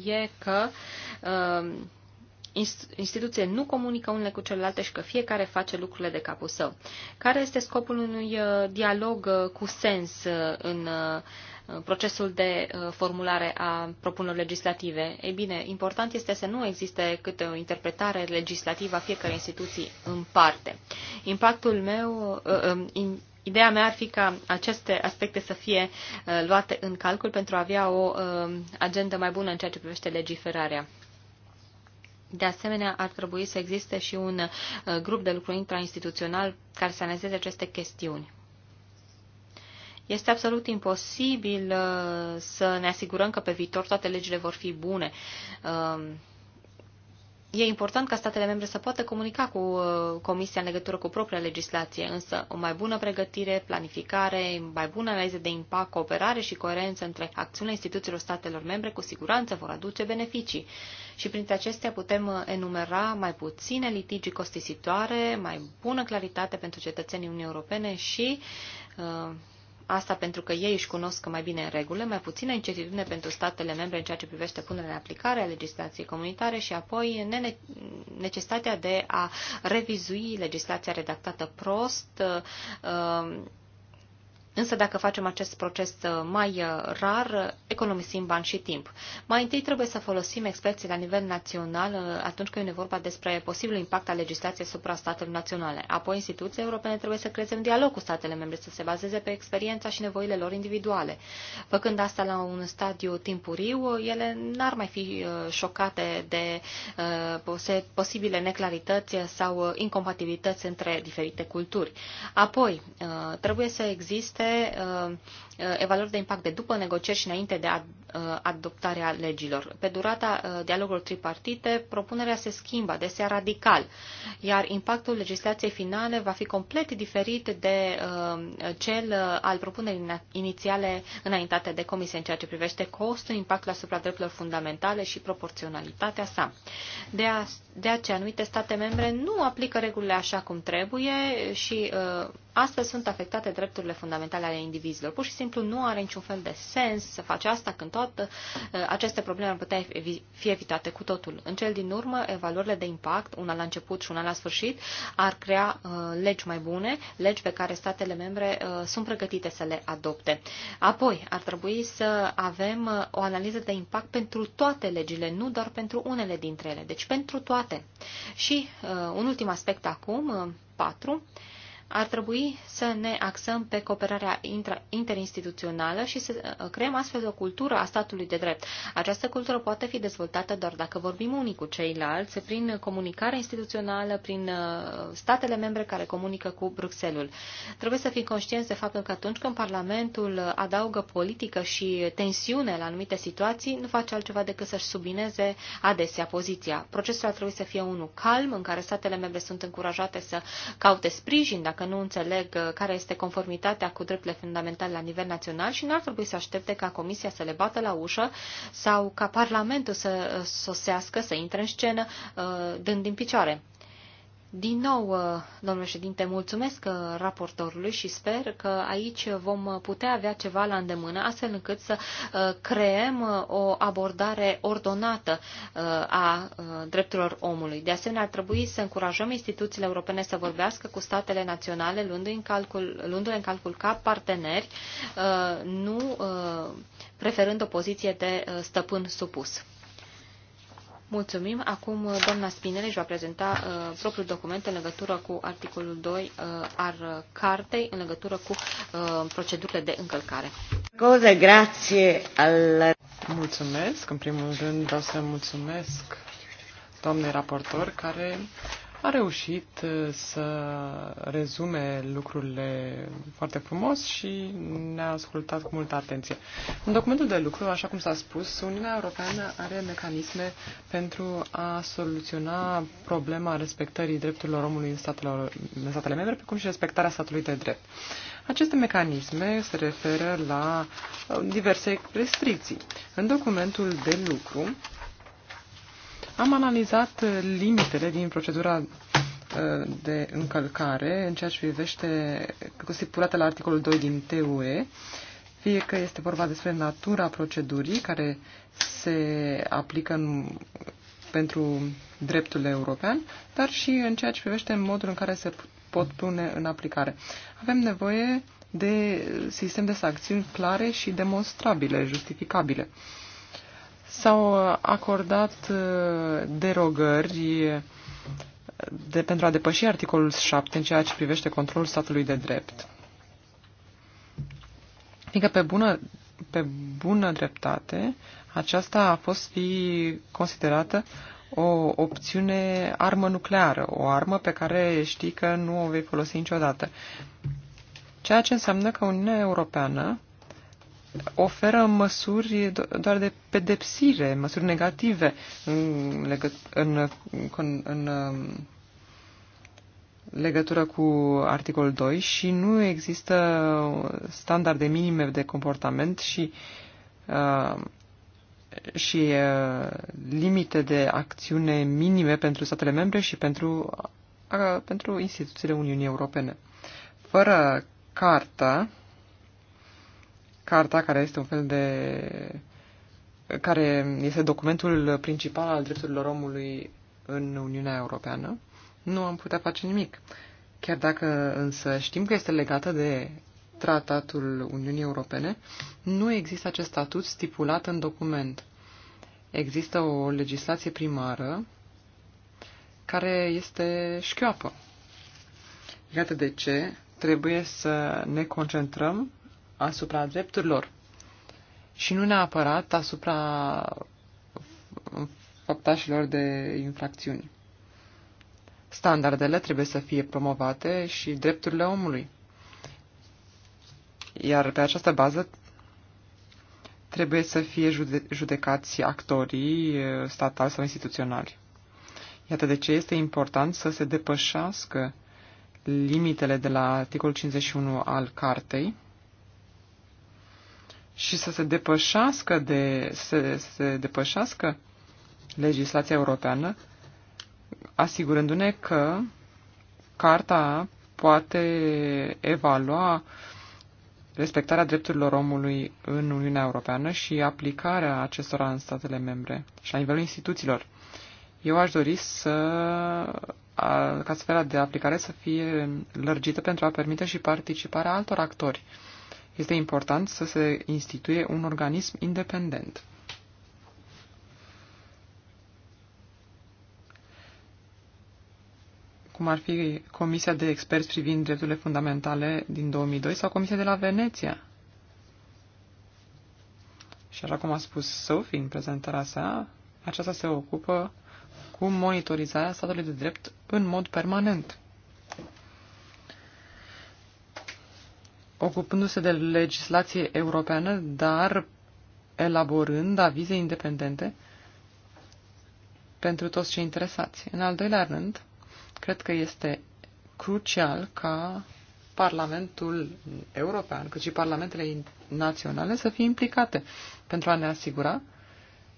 e că instituție nu comunică unele cu celelalte și că fiecare face lucrurile de capul său. Care este scopul unui dialog cu sens în Uh, procesul de uh, formulare a propunerilor legislative. Ei bine, important este să nu existe câte o interpretare legislativă a fiecărei instituții în parte. Impactul meu, uh, um, Ideea mea ar fi ca aceste aspecte să fie luate în calcul pentru a avea o um, agendă mai bună în ceea ce privește legiferarea. De asemenea, ar trebui să existe și un grup de lucru intrainstituțional care să analizeze aceste chestiuni. Este absolut imposibil uh, să ne asigurăm că pe viitor toate legile vor fi bune. Um, e important ca statele membre să poată comunica cu uh, Comisia în legătură cu propria legislație, însă o mai bună pregătire, planificare, mai bună analiză de impact, cooperare și coerență între acțiunile instituțiilor statelor membre cu siguranță vor aduce beneficii. Și printre acestea putem uh, enumera mai puține litigii costisitoare, mai bună claritate pentru cetățenii Uniunii Europene și uh, Asta pentru că ei își cunosc mai bine în regulă, mai puțină incertitudine pentru statele membre în ceea ce privește punerea în aplicare a legislației comunitare și apoi necesitatea de a revizui legislația redactată prost uh, um, Însă dacă facem acest proces uh, mai uh, rar, uh, economisim bani și timp. Mai întâi trebuie să folosim experții la nivel național atunci când e vorba despre posibilul impact al legislației asupra statelor naționale. Apoi instituțiile europene trebuie să creeze un dialog cu statele membre, să se bazeze pe experiența și nevoile lor individuale. Făcând asta la un stadiu timpuriu, ele n-ar mai fi șocate de posibile neclarități sau incompatibilități între diferite culturi. Apoi, trebuie să existe uh, Uh, evaluări de impact de după negocieri și înainte de uh, adoptarea legilor. Pe durata uh, dialogului tripartite, propunerea se schimbă adesea radical, iar impactul legislației finale va fi complet diferit de cel al propunerii inițiale înaintate de comisie în ceea ce privește costul, impactul asupra drepturilor fundamentale și proporționalitatea sa. De, a, de aceea, anumite state membre nu aplică regulile așa cum trebuie și astfel sunt afectate drepturile fundamentale ale indivizilor. Pur și simplu simplu nu are niciun fel de sens să faci asta când toate uh, aceste probleme ar putea fi evitate cu totul. În cel din urmă, evaluările de impact, una la început și una la sfârșit, ar crea uh, legi mai bune, legi pe care statele membre uh, sunt pregătite să le adopte. Apoi, ar trebui să avem o analiză de impact pentru toate legile, nu doar pentru unele dintre ele, deci pentru toate. Și un ultim aspect acum, patru ar trebui să ne axăm pe cooperarea interinstituțională și să uh, creăm astfel o cultură a statului de drept. Această cultură poate fi dezvoltată doar dacă vorbim unii cu ceilalți, prin comunicare instituțională, prin uh, statele membre care comunică cu Bruxelles. Trebuie să fim conștienți de faptul că atunci când Parlamentul adaugă politică și tensiune la anumite situații, nu face altceva decât să-și subineze adesea poziția. Procesul ar trebui să fie unul calm, în care statele membre sunt încurajate să caute sprijin dacă dacă nu înțeleg uh, care este conformitatea cu drepturile fundamentale la nivel național și n-ar trebui să aștepte ca Comisia să le bată la ușă sau ca Parlamentul să uh, sosească, să intre în scenă, uh, dând din picioare. Din nou, uh, domnule președinte, mulțumesc uh, raportorului și sper că aici vom putea avea ceva la îndemână, astfel încât să uh, creăm o abordare ordonată a drepturilor omului. De asemenea, ar trebui să încurajăm instituțiile europene să vorbească cu statele naționale, luându-le în luându în calcul ca parteneri, nu preferând o poziție de stăpân supus. Mulțumim. Acum uh, doamna Spinele își va prezenta uh, propriul document în legătură cu articolul 2 uh, al cartei, în legătură cu uh, procedurile de încălcare. Cosa grație al... Mulțumesc. În primul rând vreau să mulțumesc doamnei raportor care a reușit uh, să rezume lucrurile foarte frumos și ne-a ascultat cu multă atenție. În documentul de lucru, așa cum s-a spus, Uniunea Europeană are mecanisme pentru a soluționa problema respectării drepturilor omului în statele, în statele membre, precum și respectarea statului de drept. Aceste mecanisme se referă la uh, diverse restricții. În documentul de lucru, am analizat limitele din procedura uh, de încălcare în ceea ce privește stipulată la articolul 2 din TUE, fie că este vorba despre natura procedurii care se aplică în, pentru dreptul european, dar și în ceea ce privește modul în care se pot pune în aplicare. Avem nevoie de sistem de sancțiuni clare și demonstrabile, justificabile. Uh, s-au acordat uh, derogări uh, de, pentru a depăși articolul 7 în ceea ce privește controlul statului de drept. Fiindcă pe bună, pe bună dreptate, aceasta a fost fi considerată o opțiune armă nucleară, o armă pe care știi că nu o vei folosi niciodată. Ceea ce înseamnă că Uniunea Europeană oferă măsuri doar de pedepsire, măsuri negative în, legăt- în, în, în um, legătură cu articolul 2 și nu există standarde minime de comportament și, uh, și uh, limite de acțiune minime pentru statele membre și pentru, uh, pentru instituțiile Uniunii Europene. Fără carta, carta care este un fel de care este documentul principal al drepturilor omului în Uniunea Europeană, nu am putea face nimic. Chiar dacă însă știm că este legată de Tratatul Uniunii Europene, nu există acest statut stipulat în document. Există o legislație primară care este șchioapă. Iată de ce trebuie să ne concentrăm asupra drepturilor și nu neapărat asupra făptașilor de infracțiuni. Standardele trebuie să fie promovate și drepturile omului. Iar pe această bază trebuie să fie jude- judecați actorii statali sau instituționali. Iată de ce este important să se depășească limitele de la articolul 51 al cartei, și să se depășească, de, să, se depășească legislația europeană, asigurându-ne că carta poate evalua respectarea drepturilor omului în Uniunea Europeană și aplicarea acestora în statele membre și la nivelul instituțiilor. Eu aș dori să ca sfera de aplicare să fie lărgită pentru a permite și participarea altor actori este important să se instituie un organism independent. cum ar fi Comisia de Experți privind drepturile fundamentale din 2002 sau Comisia de la Veneția. Și așa cum a spus Sophie în prezentarea sa, aceasta se ocupă cu monitorizarea statului de drept în mod permanent. ocupându-se de legislație europeană, dar elaborând avize independente pentru toți cei interesați. În al doilea rând, cred că este crucial ca Parlamentul European, cât și Parlamentele naționale să fie implicate pentru a ne asigura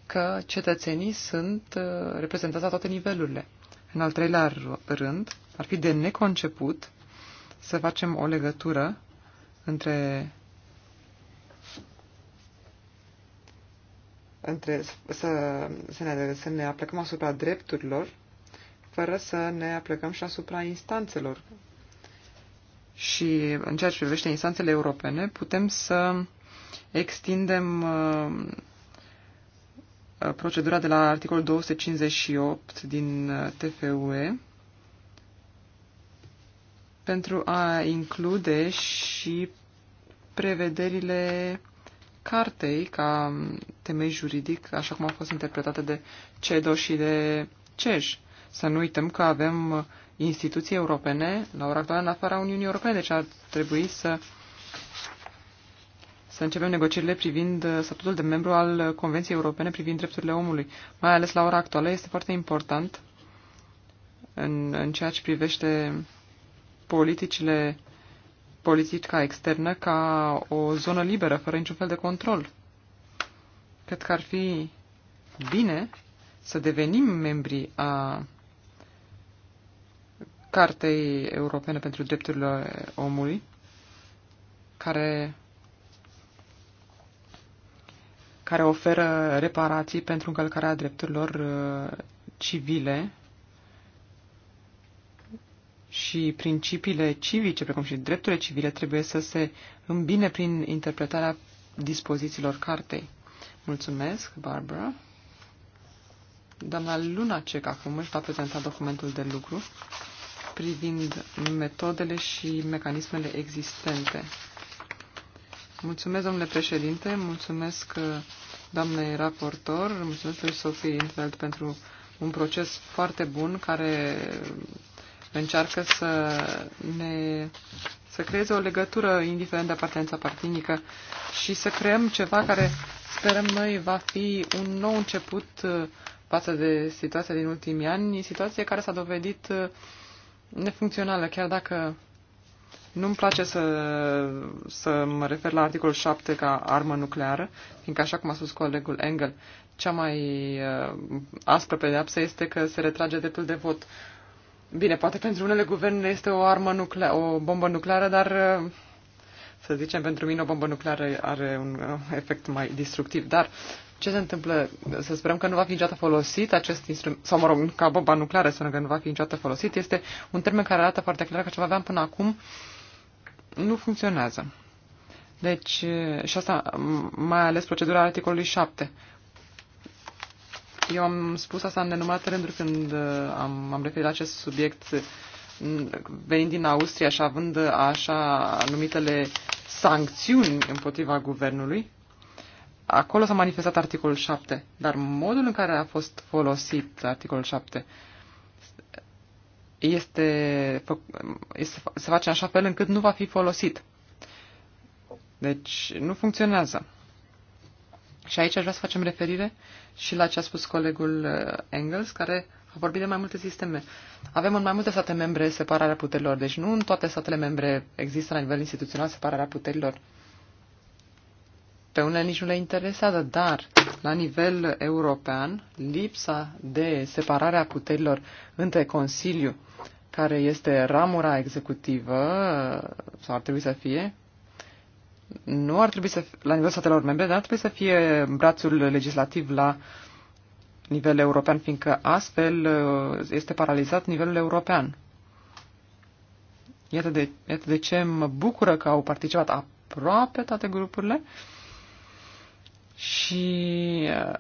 că cetățenii sunt uh, reprezentați la toate nivelurile. În al treilea rând, ar fi de neconceput să facem o legătură între între să, să, ne, să ne aplicăm asupra drepturilor fără să ne aplicăm și asupra instanțelor. Și în ceea ce privește instanțele europene, putem să extindem uh, procedura de la articolul 258 din uh, TFUE pentru a include și prevederile cartei ca temei juridic, așa cum a fost interpretată de CEDO și de CEJ. Să nu uităm că avem instituții europene, la ora actuală, în afara Uniunii Europene, deci ar trebui să, să începem negocierile privind statutul de membru al Convenției Europene privind drepturile omului. Mai ales la ora actuală este foarte important în, în ceea ce privește politicile, politica externă ca o zonă liberă, fără niciun fel de control. Cred că ar fi bine să devenim membri a Cartei Europene pentru Drepturile Omului, care, care oferă reparații pentru încălcarea drepturilor uh, civile și principiile civice, precum și drepturile civile, trebuie să se îmbine prin interpretarea dispozițiilor cartei. Mulțumesc, Barbara. Doamna Cec acum își va prezenta documentul de lucru privind metodele și mecanismele existente. Mulțumesc, domnule președinte, mulțumesc uh, doamne raportor, mulțumesc lui Sofie Infeld pentru un proces foarte bun care încearcă să ne să creeze o legătură, indiferent de apartența partinică, și să creăm ceva care sperăm noi va fi un nou început uh, față de situația din ultimii ani, situație care s-a dovedit uh, nefuncțională, chiar dacă nu-mi place să, să mă refer la articolul 7 ca armă nucleară, fiindcă, așa cum a spus colegul Engel, cea mai uh, aspră pedeapsă este că se retrage dreptul de vot. Bine, poate pentru unele guverne este o armă nucleară, o bombă nucleară, dar uh, să zicem, pentru mine o bombă nucleară are un uh, efect mai destructiv. Dar ce se întâmplă? Să sperăm că nu va fi niciodată folosit acest instrument, sau mă rog, ca bomba nucleară să că nu va fi niciodată folosit, este un termen care arată foarte clar că ce aveam până acum nu funcționează. Deci, uh, și asta mai ales procedura articolului 7. Eu am spus asta în nenumărate rânduri când uh, am, am referit la acest subiect mm, venind din Austria și având așa numitele sancțiuni împotriva guvernului. Acolo s-a manifestat articolul 7, dar modul în care a fost folosit articolul 7 este, este, se face în așa fel încât nu va fi folosit. Deci nu funcționează. Și aici aș vrea să facem referire și la ce a spus colegul uh, Engels, care a vorbit de mai multe sisteme. Avem în mai multe state membre separarea puterilor, deci nu în toate statele membre există la nivel instituțional separarea puterilor. Pe unele nici nu le interesează, dar la nivel european, lipsa de separare a puterilor între Consiliu, care este ramura executivă, sau ar trebui să fie, nu ar trebui să, la nivelul statelor membre, dar ar trebui să fie brațul legislativ la nivel european, fiindcă astfel uh, este paralizat nivelul european. Iată de, iată de ce mă bucură că au participat aproape toate grupurile și uh,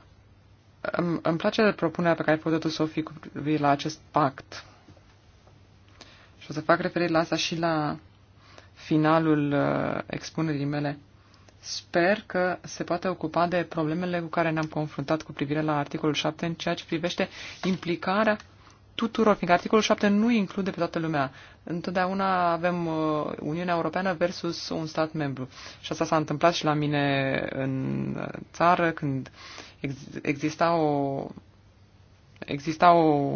îmi, îmi place propunerea pe care ai făcut-o, Sofie, la acest pact. Și o să fac referire la asta și la finalul uh, expunerii mele. Sper că se poate ocupa de problemele cu care ne-am confruntat cu privire la articolul 7 în ceea ce privește implicarea tuturor, fiindcă articolul 7 nu include pe toată lumea. Întotdeauna avem uh, Uniunea Europeană versus un stat membru. Și asta s-a întâmplat și la mine în țară, când exista o, exista o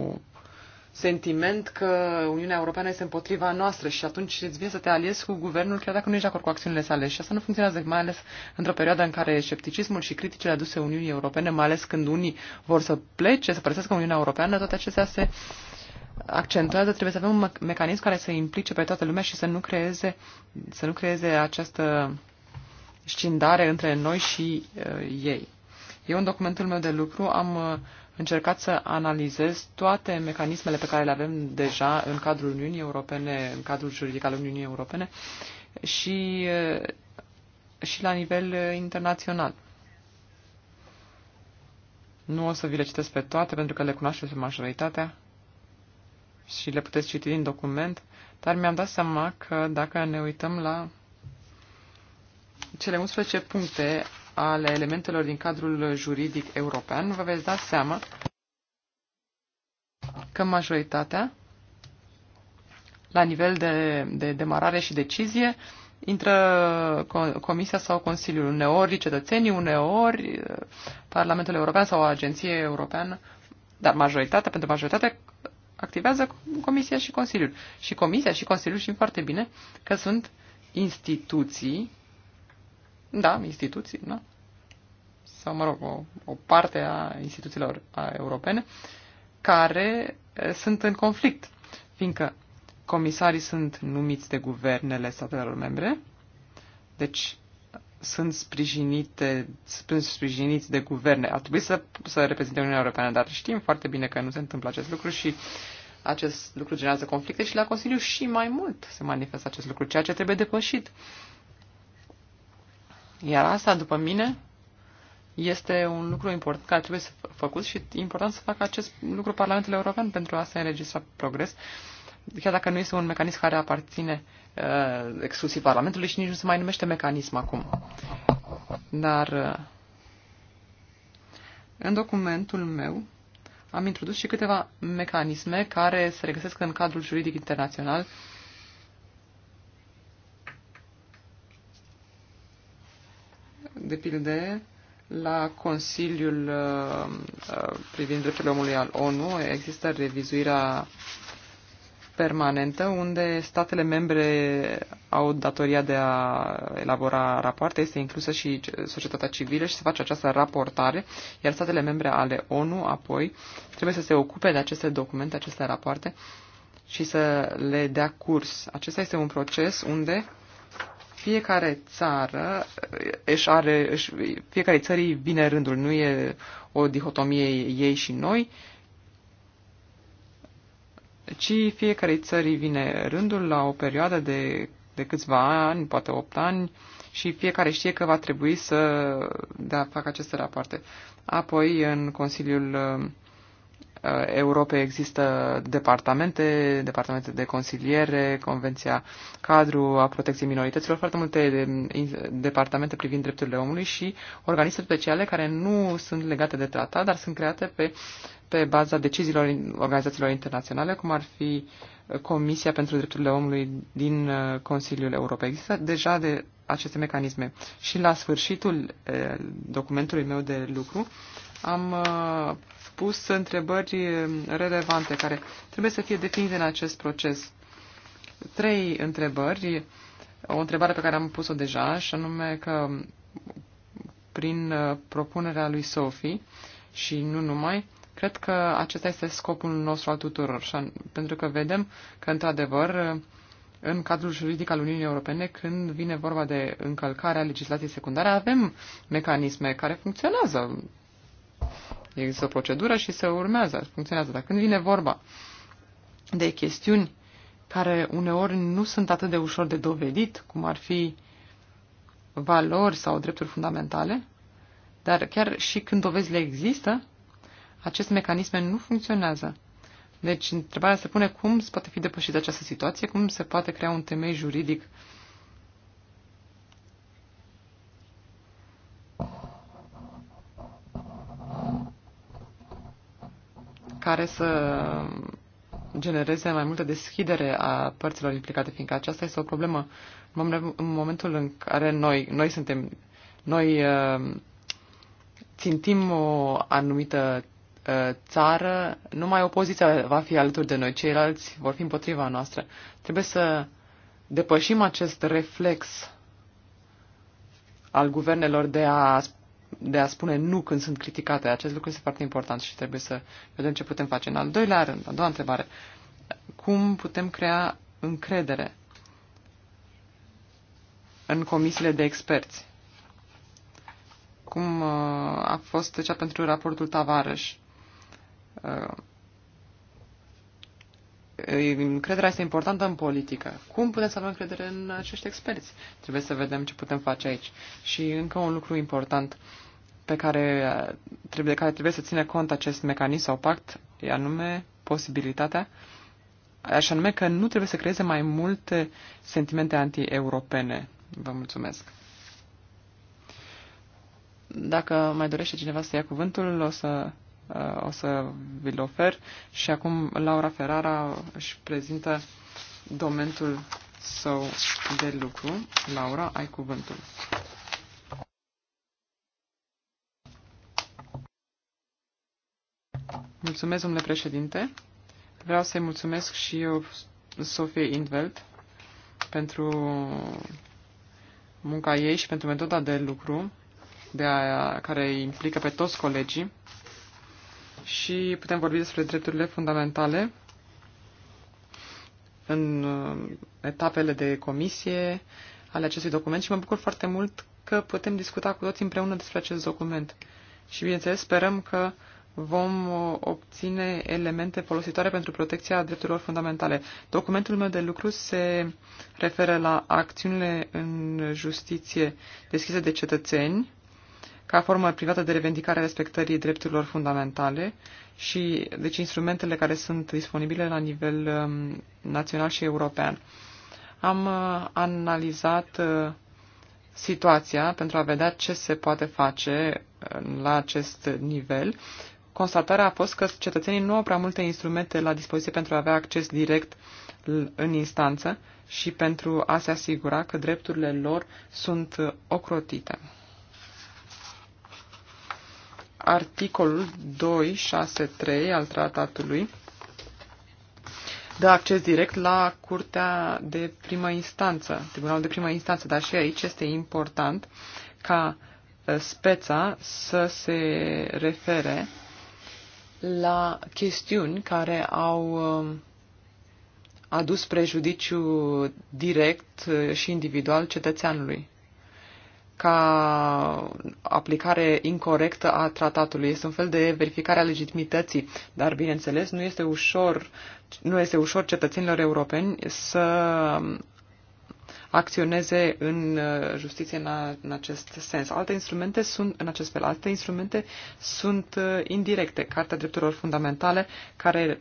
sentiment că Uniunea Europeană este împotriva noastră și atunci îți vine să te aliezi cu guvernul chiar dacă nu ești de acord cu acțiunile sale. Și asta nu funcționează, mai ales într-o perioadă în care scepticismul și criticile aduse Uniunii Europene, mai ales când unii vor să plece, să părăsească Uniunea Europeană, toate acestea se accentuează, trebuie să avem un mecanism care să implice pe toată lumea și să nu creeze, să nu creeze această scindare între noi și uh, ei. Eu în documentul meu de lucru am uh, încercat să analizez toate mecanismele pe care le avem deja în cadrul Uniunii Europene, în cadrul juridic al Uniunii Europene și, eh, și la nivel eh, internațional. Nu o să vi le citesc pe toate, pentru că le cunoașteți pe majoritatea și le puteți citi din document, dar mi-am dat seama că dacă ne uităm la cele 11 puncte ale elementelor din cadrul juridic european, vă veți da seama că majoritatea, la nivel de, de demarare și decizie, intră Comisia sau Consiliul. Uneori cetățenii, uneori eh, Parlamentul European sau o agenție europeană, dar majoritatea, pentru majoritatea, activează Comisia și Consiliul. Și Comisia și Consiliul știm foarte bine că sunt instituții da, instituții, da. Sau, mă rog, o, o parte a instituțiilor europene care sunt în conflict, fiindcă comisarii sunt numiți de guvernele statelor membre, deci sunt, sprijinite, sunt sprijiniți de guverne. Ar trebui să, să reprezinte Uniunea Europeană, dar știm foarte bine că nu se întâmplă acest lucru și acest lucru generează conflicte și la Consiliu și mai mult se manifestă acest lucru, ceea ce trebuie depășit. Iar asta, după mine, este un lucru important care trebuie să făcut și important să facă acest lucru Parlamentul European pentru a se înregistra progres, chiar dacă nu este un mecanism care aparține uh, exclusiv Parlamentului și nici nu se mai numește mecanism acum. Dar uh, în documentul meu am introdus și câteva mecanisme care se regăsesc în cadrul juridic internațional uh, de pilde, la Consiliul uh, uh, privind drepturile omului al ONU există revizuirea permanentă unde statele membre au datoria de a elabora rapoarte, este inclusă și societatea civilă și se face această raportare, iar statele membre ale ONU apoi trebuie să se ocupe de aceste documente, aceste rapoarte și să le dea curs. Acesta este un proces unde fiecare țară eh, își are, își, fiecare țării vine rândul, nu e o dihotomie ei și noi, ci fiecare țări vine rândul la o perioadă de, de câțiva ani, poate 8 ani, și fiecare știe că va trebui să da, facă aceste rapoarte. Apoi, în Consiliul eh, Uh, Europei există departamente, departamente de consiliere, Convenția Cadru a Protecției Minorităților, foarte multe um, departamente privind drepturile omului și organisme speciale care nu sunt legate de tratat, dar sunt create pe, pe baza deciziilor organizațiilor internaționale, cum ar fi uh, Comisia pentru Drepturile Omului din uh, Consiliul Europei. Există deja de aceste mecanisme. Și la sfârșitul documentului meu de lucru, am uh, pus întrebări um, relevante care trebuie să fie definite în acest proces. Trei întrebări. O întrebare pe care am pus-o deja, și anume că prin uh, propunerea lui Sophie și nu numai, cred că acesta este scopul nostru al tuturor, pentru că vedem că, într-adevăr, în cadrul juridic al Uniunii Europene, când vine vorba de încălcarea legislației secundare, avem mecanisme care funcționează Există o procedură și se urmează, funcționează. Dar când vine vorba de chestiuni care uneori nu sunt atât de ușor de dovedit, cum ar fi valori sau drepturi fundamentale, dar chiar și când dovezile există, aceste mecanisme nu funcționează. Deci, întrebarea se pune cum se poate fi depășită această situație, cum se poate crea un temei juridic uh, care să genereze mai multă deschidere a părților implicate, fiindcă aceasta este o problemă în momentul în care noi, noi suntem, noi uh, țintim o anumită uh, țară, numai opoziția va fi alături de noi, ceilalți vor fi împotriva noastră. Trebuie să depășim acest reflex al guvernelor de a de a spune nu când sunt criticate. Acest lucru este foarte important și trebuie să vedem ce putem face. În al doilea rând, a doua întrebare, cum putem crea încredere în comisiile de experți? Cum uh, a fost cea pentru raportul Tavares? Uh, încrederea este importantă în politică. Cum putem să avem încredere în acești experți? Trebuie să vedem ce putem face aici. Și încă un lucru important. Uh, pe care trebuie, de care trebuie să ține cont acest mecanism sau pact, e anume posibilitatea, așa anume că nu trebuie să creeze mai multe sentimente anti-europene. Vă mulțumesc. Dacă mai dorește cineva să ia cuvântul, o să, o să vi-l ofer. Și acum Laura Ferrara își prezintă domeniul său de lucru. Laura, ai cuvântul. Mulțumesc, domnule președinte. Vreau să-i mulțumesc și eu Sofie Indveld pentru munca ei și pentru metoda de lucru de a, care implică pe toți colegii și putem vorbi despre drepturile fundamentale în uh, etapele de comisie ale acestui document și mă bucur foarte mult că putem discuta cu toți împreună despre acest document. Și bineînțeles sperăm că vom uh, obține elemente folositoare pentru protecția drepturilor fundamentale. Documentul meu de lucru se referă la acțiunile în justiție deschise de cetățeni ca formă privată de revendicare a respectării drepturilor fundamentale și deci instrumentele care sunt disponibile la nivel um, național și european. Am uh, analizat uh, situația pentru a vedea ce se poate face uh, la acest nivel constatarea a fost că cetățenii nu au prea multe instrumente la dispoziție pentru a avea acces direct în instanță și pentru a se asigura că drepturile lor sunt ocrotite. Articolul 263 al tratatului dă acces direct la curtea de primă instanță, tribunalul de primă instanță, dar și aici este important ca uh, speța să se refere la chestiuni care au um, adus prejudiciu direct uh, și individual cetățeanului ca aplicare incorrectă a tratatului. Este un fel de verificare a legitimității, dar bineînțeles nu este ușor, nu este ușor cetățenilor europeni să um, acționeze în uh, justiție în, a, în acest sens. Alte instrumente sunt, în acest fel, alte instrumente sunt uh, indirecte. Carta Drepturilor Fundamentale, care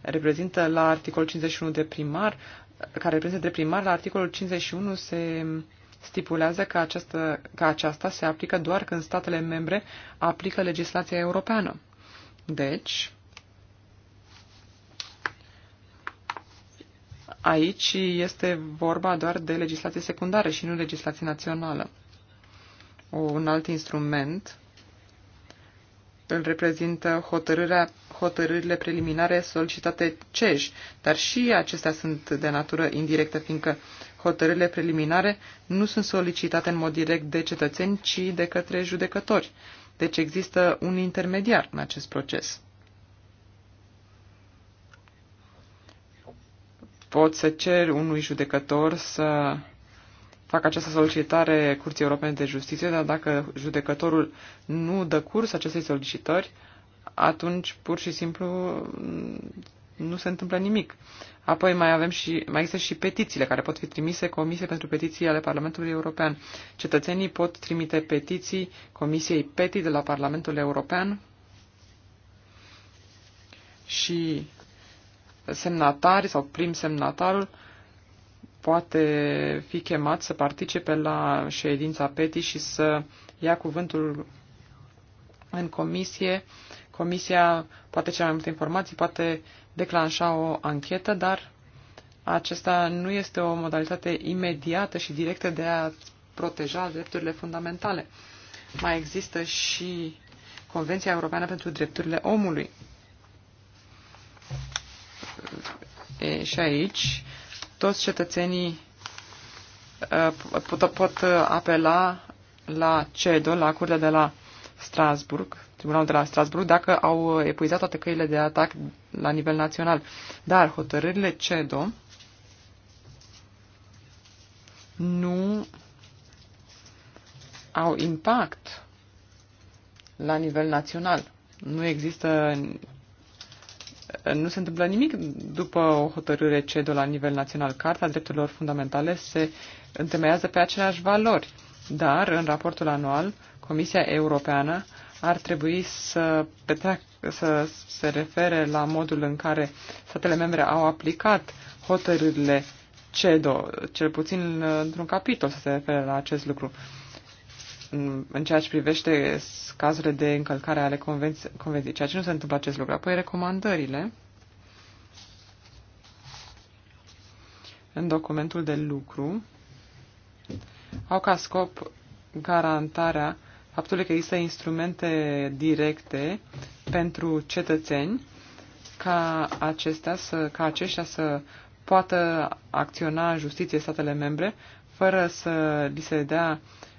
reprezintă la articolul 51 de primar, care reprezintă de primar, la articolul 51 se stipulează că această, că aceasta se aplică doar când statele membre aplică legislația europeană. Deci, Aici este vorba doar de legislație secundară și nu legislație națională. Un alt instrument îl reprezintă hotărârea, hotărârile preliminare solicitate CEJ, dar și acestea sunt de natură indirectă, fiindcă hotărârile preliminare nu sunt solicitate în mod direct de cetățeni, ci de către judecători. Deci există un intermediar în acest proces. pot să cer unui judecător să facă această solicitare Curții Europene de Justiție, dar dacă judecătorul nu dă curs acestei solicitări, atunci pur și simplu nu se întâmplă nimic. Apoi mai avem și, mai există și petițiile care pot fi trimise Comisiei pentru Petiții ale Parlamentului European. Cetățenii pot trimite petiții Comisiei PETI de la Parlamentul European și semnatari sau prim semnatarul poate fi chemat să participe la ședința PETI și să ia cuvântul în comisie. Comisia poate cea mai multe informații, poate declanșa o anchetă, dar acesta nu este o modalitate imediată și directă de a proteja drepturile fundamentale. Mai există și Convenția Europeană pentru Drepturile Omului. E, și aici toți cetățenii pot, pot apela la CEDO, la Curtea de la Strasburg, Tribunalul de la Strasburg, dacă au epuizat toate căile de atac la nivel național. Dar hotărârile CEDO nu au impact la nivel național. Nu există nu se întâmplă nimic după o hotărâre CEDO la nivel național. Carta drepturilor fundamentale se întemeiază pe aceleași valori, dar în raportul anual Comisia Europeană ar trebui să, petreac, să se refere la modul în care statele membre au aplicat hotărârile CEDO, cel puțin într-un capitol să se refere la acest lucru. Uh, în, în ceea ce privește cazurile de încălcare ale convenției, convenții, ceea ce nu se întâmplă acest lucru. Apoi recomandările în documentul de lucru au ca scop garantarea faptului că există instrumente directe pentru cetățeni ca, acestea să, ca aceștia să poată acționa în justiție statele membre fără să li se dea uh,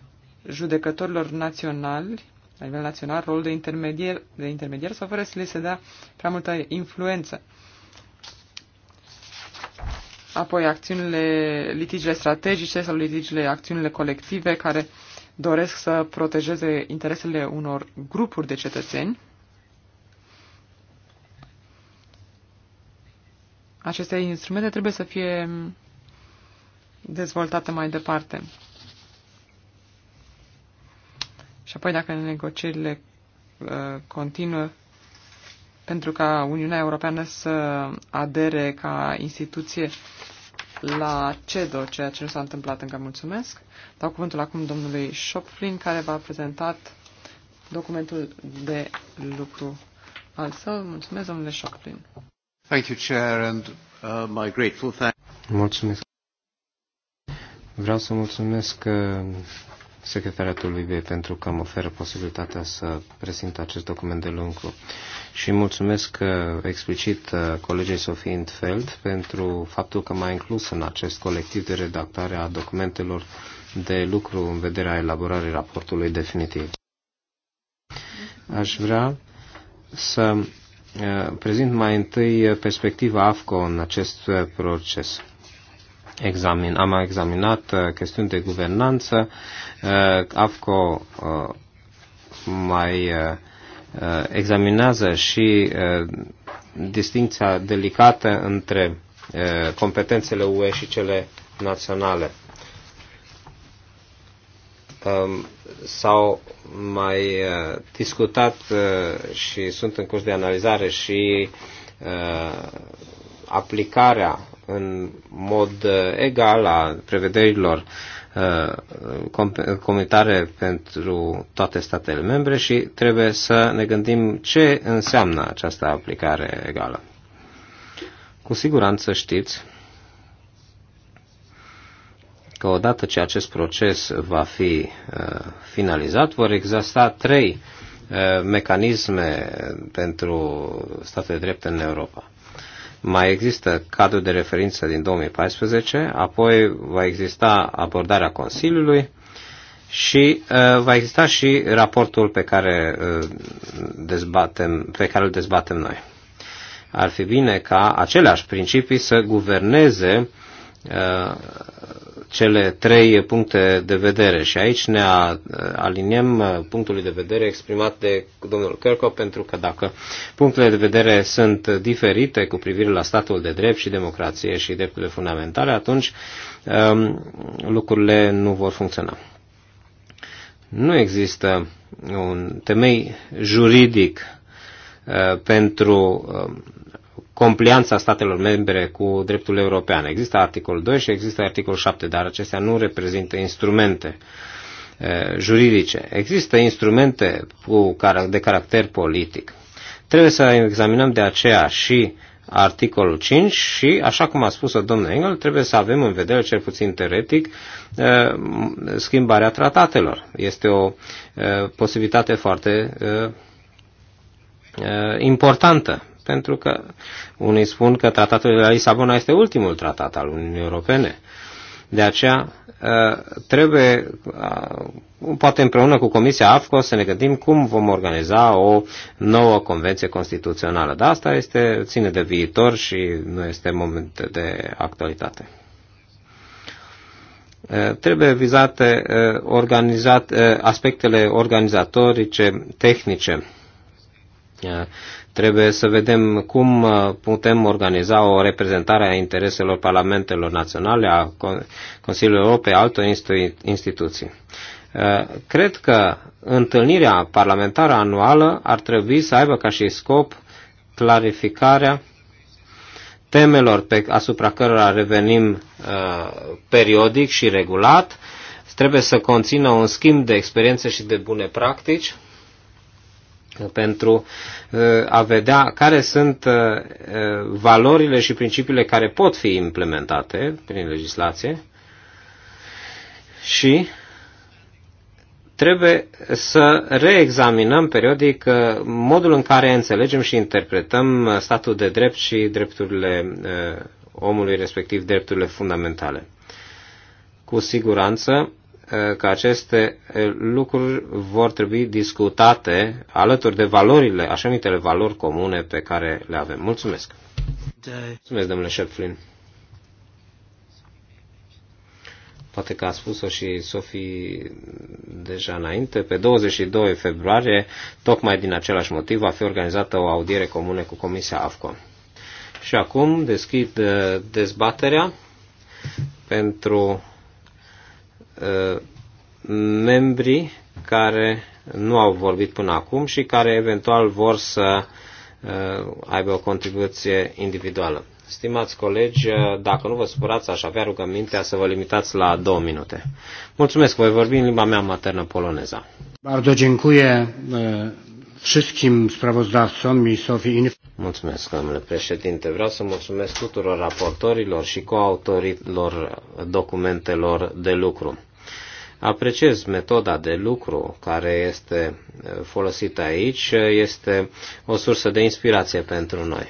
judecătorilor naționali, la nivel național, rolul de intermediar, de intermediar sau fără să le se dea prea multă influență. Apoi acțiunile, litigiile strategice sau litigiile, acțiunile colective care doresc să protejeze interesele unor grupuri de cetățeni. Aceste instrumente trebuie să fie dezvoltate mai departe. Și apoi dacă negocierile uh, continuă pentru ca Uniunea Europeană să adere ca instituție la CEDO, ceea ce nu s-a întâmplat încă. Mulțumesc. Dau cuvântul acum domnului Șopflin, care v-a prezentat documentul de lucru al său. Mulțumesc, domnule Șopflin. Thank you, Chair, and uh, my grateful thanks. Mulțumesc. Vreau să mulțumesc uh, secretariatului BIE pentru că îmi oferă posibilitatea să prezint acest document de lucru. Și mulțumesc uh, explicit uh, colegei Sofie Intfeld pentru faptul că m-a inclus în acest colectiv de redactare a documentelor de lucru în vederea elaborării raportului definitiv. Aș vrea să uh, prezint mai întâi perspectiva AFCO în acest proces examin, am examinat uh, chestiuni de guvernanță. Uh, AFCO uh, mai examinează și distinția delicată între competențele UE și cele naționale. Um, s-au mai discutat și sunt în curs de analizare și aplicarea în mod uh, egal a prevederilor uh, comunitare pentru toate statele membre și trebuie să ne gândim ce înseamnă această aplicare egală. Cu siguranță știți că odată ce acest proces va fi uh, finalizat, vor exista trei mecanisme pentru statele drepte în Europa. Mai există cadrul de referință din 2014, apoi va exista abordarea Consiliului și uh, va exista și raportul pe care, uh, dezbatem, pe care îl dezbatem noi. Ar fi bine ca aceleași principii să guverneze uh, cele trei puncte de vedere și aici ne aliniem punctului de vedere exprimat de domnul Kerko pentru că dacă punctele de vedere sunt diferite cu privire la statul de drept și democrație și drepturile fundamentale, atunci um, lucrurile nu vor funcționa. Nu există un temei juridic uh, pentru um, complianța statelor membre cu dreptul european. Există articolul 2 și există articolul 7, dar acestea nu reprezintă instrumente juridice. Există instrumente cu, de caracter politic. Trebuie să examinăm de aceea și articolul 5 și, așa cum a spus-o domnul Engel, trebuie să avem în vedere, cel puțin teoretic, schimbarea tratatelor. Este o posibilitate foarte importantă pentru că unii spun că tratatul de la Lisabona este ultimul tratat al Uniunii Europene. De aceea uh, trebuie, uh, poate împreună cu Comisia AFCO, să ne gândim cum vom organiza o nouă convenție constituțională. Dar asta este, ține de viitor și nu este moment de actualitate. Uh, trebuie vizate organizat, aspectele organizatorice, tehnice Trebuie să vedem cum uh, putem organiza o reprezentare a intereselor parlamentelor naționale, a Consiliului Europei, altor instituții. Uh, cred că întâlnirea parlamentară anuală ar trebui să aibă ca și scop clarificarea temelor pe, asupra cărora revenim uh, periodic și regulat, trebuie să conțină un schimb de experiențe și de bune practici pentru uh, a vedea care sunt uh, uh, valorile și principiile care pot fi implementate prin legislație și trebuie să reexaminăm periodic modul în care înțelegem și interpretăm statul de drept și drepturile omului, respectiv drepturile fundamentale. Cu siguranță, că aceste lucruri vor trebui discutate alături de valorile, așa numitele valori comune pe care le avem. Mulțumesc! Mulțumesc, domnule Șerflin! poate că a spus-o și Sofie deja înainte, pe 22 februarie, tocmai din același motiv, va fi organizată o audiere comună cu Comisia AFCO. Și acum deschid dezbaterea pentru Uh, membrii care nu au vorbit până acum și care eventual vor să uh, aibă o contribuție individuală. Stimați colegi, uh, dacă nu vă supărați, aș avea rugămintea să vă limitați la două minute. Mulțumesc, voi vorbi în limba mea maternă poloneză. Bardzo dziękuję wszystkim sprawozdawcom i Sofii Mulțumesc, domnule președinte. Vreau să mulțumesc tuturor raportorilor și coautorilor documentelor de lucru. Apreciez metoda de lucru care este folosită aici, este o sursă de inspirație pentru noi.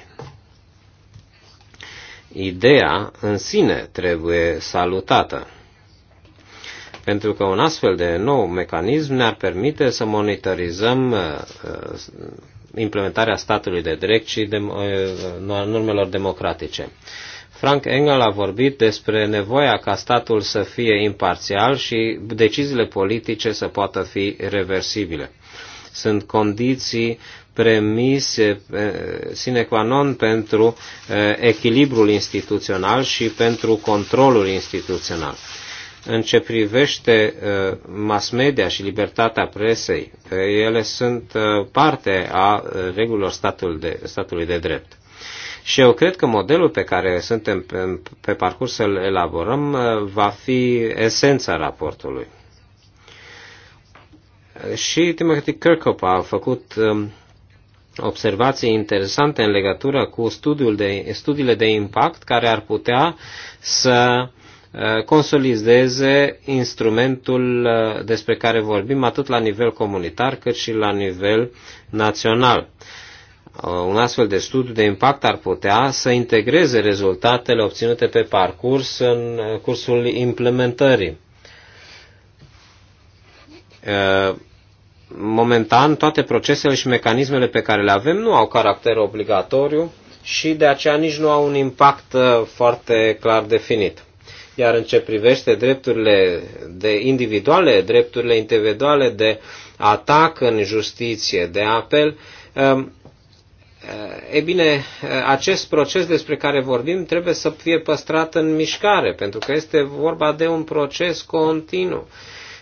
Ideea în sine trebuie salutată, pentru că un astfel de nou mecanism ne-ar permite să monitorizăm implementarea statului de drept și de, eh, normelor democratice. Frank Engel a vorbit despre nevoia ca statul să fie imparțial și deciziile politice să poată fi reversibile. Sunt condiții premise eh, sine qua non pentru eh, echilibrul instituțional și pentru controlul instituțional. În ce privește uh, mass media și libertatea presei, ele sunt uh, parte a uh, regulilor statului de, statului de drept. Și eu cred că modelul pe care suntem pe parcurs să-l elaborăm va fi esența raportului. Și Timothy Kirkhope a făcut um, observații interesante în legătură cu studiul de, studiile de impact care ar putea să Uh, consolideze instrumentul uh, despre care vorbim atât la nivel comunitar cât și la nivel național. Uh, un astfel de studiu de impact ar putea să integreze rezultatele obținute pe parcurs în cursul implementării. Momentan, toate procesele și mecanismele pe care le avem nu au caracter obligatoriu și de aceea nici nu au un impact foarte clar definit iar în ce privește drepturile de individuale, drepturile individuale de atac în justiție, de apel, um, E bine, acest proces despre care vorbim trebuie să fie păstrat în mișcare, pentru că este vorba de un proces continuu.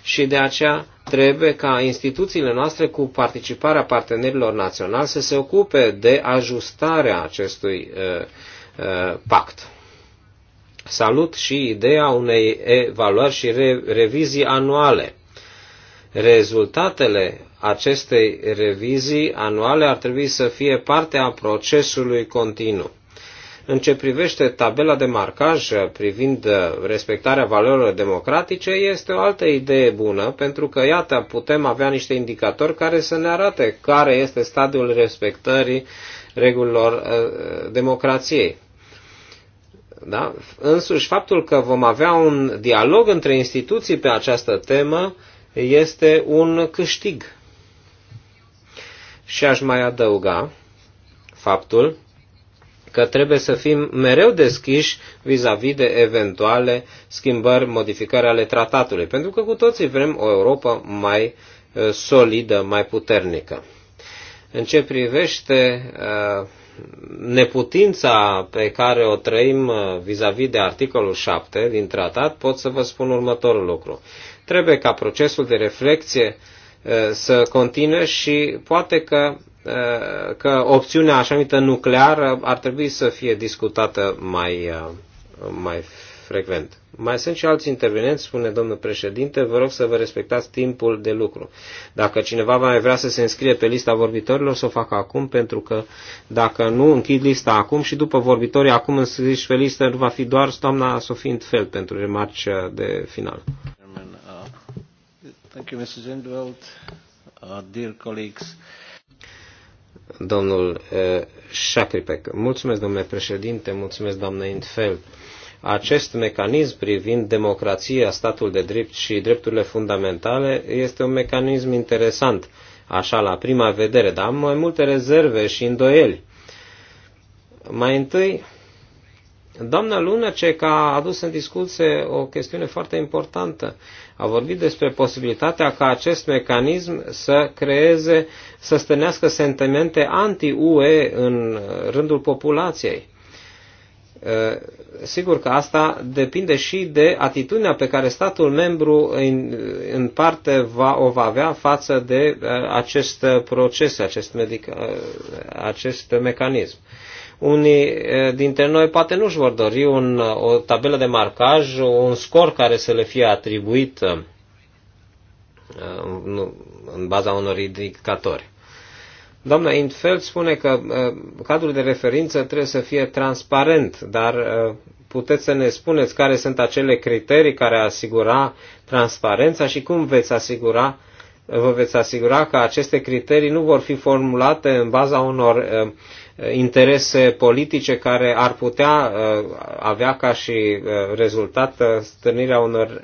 Și de aceea trebuie ca instituțiile noastre, cu participarea partenerilor naționali, să se ocupe de ajustarea acestui uh, uh, pact. Salut și ideea unei evaluări și re- revizii anuale. Rezultatele acestei revizii anuale ar trebui să fie parte a procesului continuu. În ce privește tabela de marcaj privind respectarea valorilor democratice, este o altă idee bună, pentru că, iată, putem avea niște indicatori care să ne arate care este stadiul respectării regulilor uh, democrației. Da? Însuși, faptul că vom avea un dialog între instituții pe această temă este un câștig. Și aș mai adăuga faptul că trebuie să fim mereu deschiși vis-a-vis -vis de eventuale schimbări, modificări ale tratatului, pentru că cu toții vrem o Europa mai eh, solidă, mai puternică. În ce privește uh, neputința pe care o trăim uh, vis-a-vis -vis de articolul 7 din tratat, pot să vă spun următorul lucru. Trebuie ca procesul de reflexie uh, să continue și poate că, uh, că opțiunea așa numită nucleară ar trebui să fie discutată mai, mai frecvent. Mai sunt și alți intervenenți, spune domnul președinte, vă rog să vă respectați timpul de lucru. Dacă cineva mai vrea să se înscrie pe lista vorbitorilor, să o facă acum, pentru că dacă nu, închid lista acum și după vorbitorii acum înscriși pe listă, nu va fi doar doamna Sofie Intfeld pentru remarci de final. Uh, thank you, Mrs. Uh, dear colleagues, Domnul uh, Șacripec. Mulțumesc, domnule președinte, mulțumesc, doamnă Intfeld. Acest mecanism privind democrația, statul de drept și drepturile fundamentale este un mecanism interesant, așa la prima vedere, dar am mai multe rezerve și îndoieli. Mai întâi, Doamna Lunacek a adus în discuție o chestiune foarte importantă. A vorbit despre posibilitatea ca acest mecanism să creeze, să stănească sentimente anti-UE în rândul populației. Eh, sigur că asta depinde și de atitudinea pe care statul membru în, în parte va, o va avea față de eh, acest proces, acest, medica, eh, acest mecanism. Unii dintre noi poate nu-și vor dori un, o tabelă de marcaj, un scor care să le fie atribuit în, în baza unor indicatori. Doamna Intfeld spune că uh, cadrul de referință trebuie să fie transparent, dar uh, puteți să ne spuneți care sunt acele criterii care asigura transparența și cum veți asigura vă veți asigura că aceste criterii nu vor fi formulate în baza unor uh, interese politice care ar putea avea ca și rezultat stârnirea unor,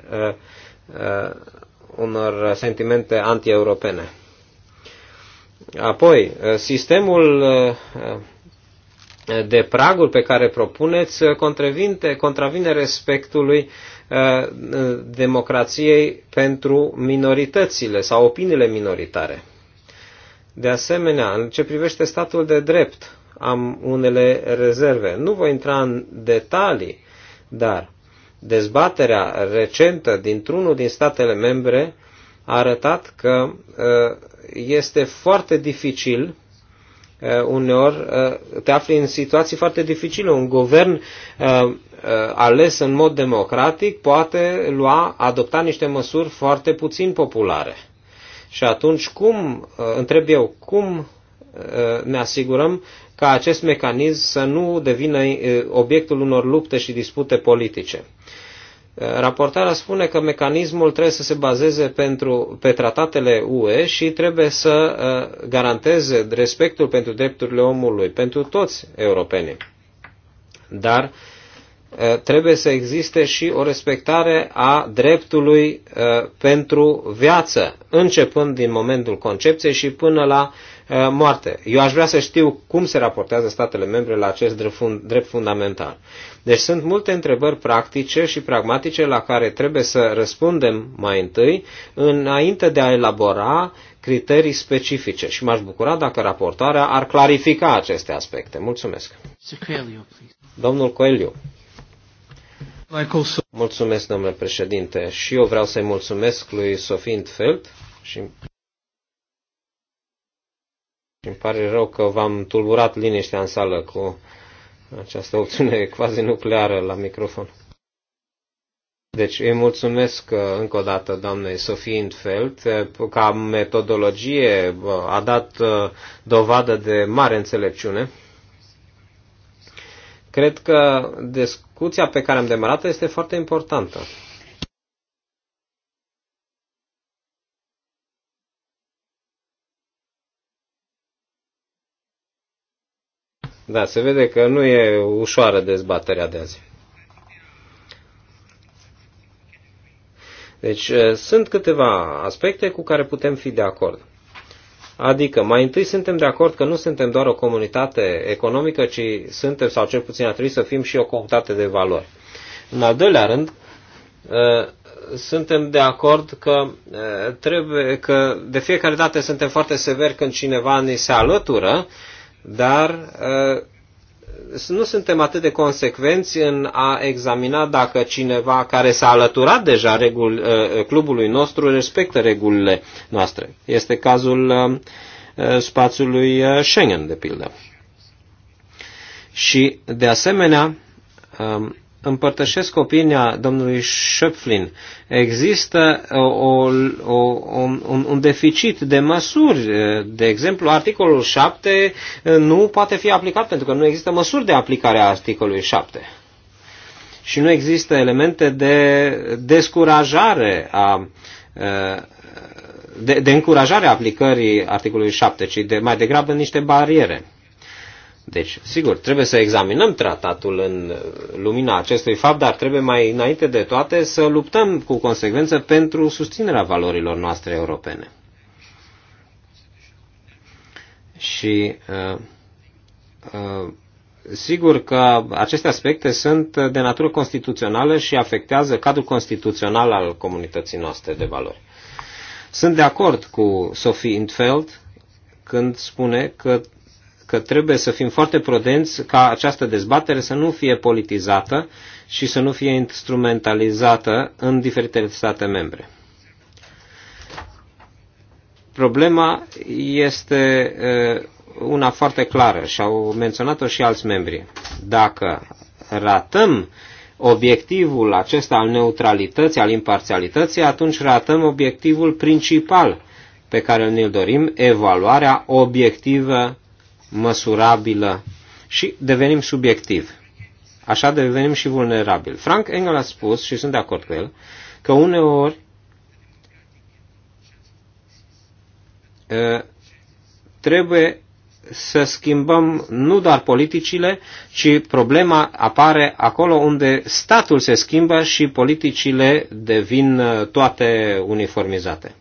unor sentimente antieuropene. Apoi, uh, sistemul uh, de praguri pe care propuneți uh, contravine respectului democrației pentru minoritățile sau opiniile minoritare. De asemenea, în ce privește statul de drept, am unele rezerve. Nu voi intra în detalii, dar dezbaterea recentă dintr-unul din statele membre a arătat că uh, este foarte dificil uh, uneori uh, te afli în situații foarte dificile. Un guvern uh, ales în mod democratic poate lua, adopta niște măsuri foarte puțin populare. Și atunci cum, întreb eu, cum ne asigurăm ca acest mecanism să nu devină obiectul unor lupte și dispute politice? Raportarea spune că mecanismul trebuie să se bazeze pentru, pe tratatele UE și trebuie să uh, garanteze respectul pentru drepturile omului, pentru toți europenii. Dar uh, trebuie să existe și o respectare a dreptului uh, pentru viață, începând din momentul concepției și până la Uh, moarte. Eu aș vrea să știu cum se raportează statele membre la acest drept, fundamental. Deci sunt multe întrebări practice și pragmatice la care trebuie să răspundem mai întâi înainte de a elabora criterii specifice și m-aș bucura dacă raportarea ar clarifica aceste aspecte. Mulțumesc. Domnul Coelho. Mulțumesc, domnule președinte, și eu vreau să-i mulțumesc lui Sofint Felt și îmi pare rău că v-am tulburat liniștea în sală cu această opțiune quasi nucleară la microfon. Deci îi mulțumesc uh, încă o dată doamnei Sofie Intfeld. Uh, ca metodologie uh, a dat dovadă de mare înțelepciune. Cred că discuția pe care am demarat este foarte importantă. Da, se vede că nu e ușoară dezbaterea de azi. Deci eh, sunt câteva aspecte cu care putem fi de acord. Adică, mai întâi suntem de acord că nu suntem doar o comunitate economică, ci suntem, sau cel puțin ar trebui să fim și o comunitate de valori. În al doilea rând, eh, suntem de acord că, eh, trebuie, că de fiecare dată suntem foarte severi când cineva ni se alătură, dar uh, nu suntem atât de consecvenți în a examina dacă cineva care s-a alăturat deja regul, uh, clubului nostru respectă regulile noastre. Este cazul uh, spațiului Schengen, de pildă. Și, de asemenea, um, împărtășesc opinia domnului Schöpflin. Există uh, o, o, un, un deficit de măsuri. Uh, de exemplu, articolul 7 uh, nu poate fi aplicat pentru că nu există măsuri de aplicare a articolului 7. Și nu există elemente de descurajare a de, de încurajare a aplicării articolului 7, ci de, mai degrabă niște bariere. Deci, sigur, trebuie să examinăm tratatul în lumina acestui fapt, dar trebuie mai înainte de toate să luptăm cu consecvență pentru susținerea valorilor noastre europene. Și uh, uh, sigur că aceste aspecte sunt de natură constituțională și afectează cadrul constituțional al comunității noastre de valori. Sunt de acord cu Sophie Intfeld când spune că că trebuie să fim foarte prudenți ca această dezbatere să nu fie politizată și să nu fie instrumentalizată în diferitele state membre. Problema este uh, una foarte clară și au menționat-o și alți membri. Dacă ratăm obiectivul acesta al neutralității, al imparțialității, atunci ratăm obiectivul principal pe care ne-l dorim, evaluarea obiectivă măsurabilă și devenim subiectiv, Așa devenim și vulnerabil. Frank Engel a spus, și sunt de acord cu el, că uneori trebuie să schimbăm nu doar politicile, ci problema apare acolo unde statul se schimbă și politicile devin toate uniformizate.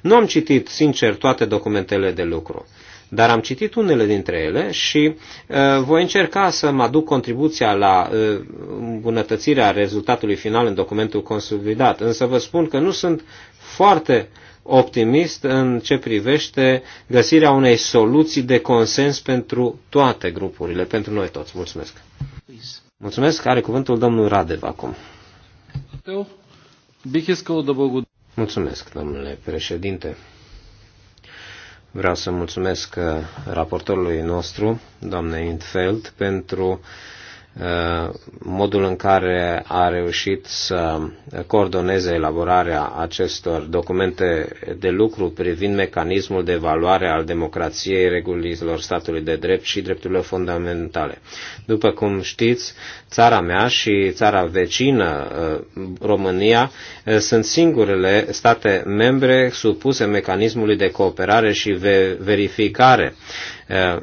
Nu am citit, sincer, toate documentele de lucru, dar am citit unele dintre ele și uh, voi încerca să mă aduc contribuția la uh, îmbunătățirea rezultatului final în documentul consolidat. Însă vă spun că nu sunt foarte optimist în ce privește găsirea unei soluții de consens pentru toate grupurile, pentru noi toți. Mulțumesc! Mulțumesc! Are cuvântul domnul Radev acum. Mulțumesc, domnule președinte. Vreau să mulțumesc uh, raportorului nostru, doamnei Intfeld, pentru Uh, modul în care a reușit să coordoneze elaborarea acestor documente de lucru privind mecanismul de evaluare al democrației, regulilor statului de drept și drepturilor fundamentale. După cum știți, țara mea și țara vecină, uh, România, uh, sunt singurele state membre supuse mecanismului de cooperare și verificare Eh,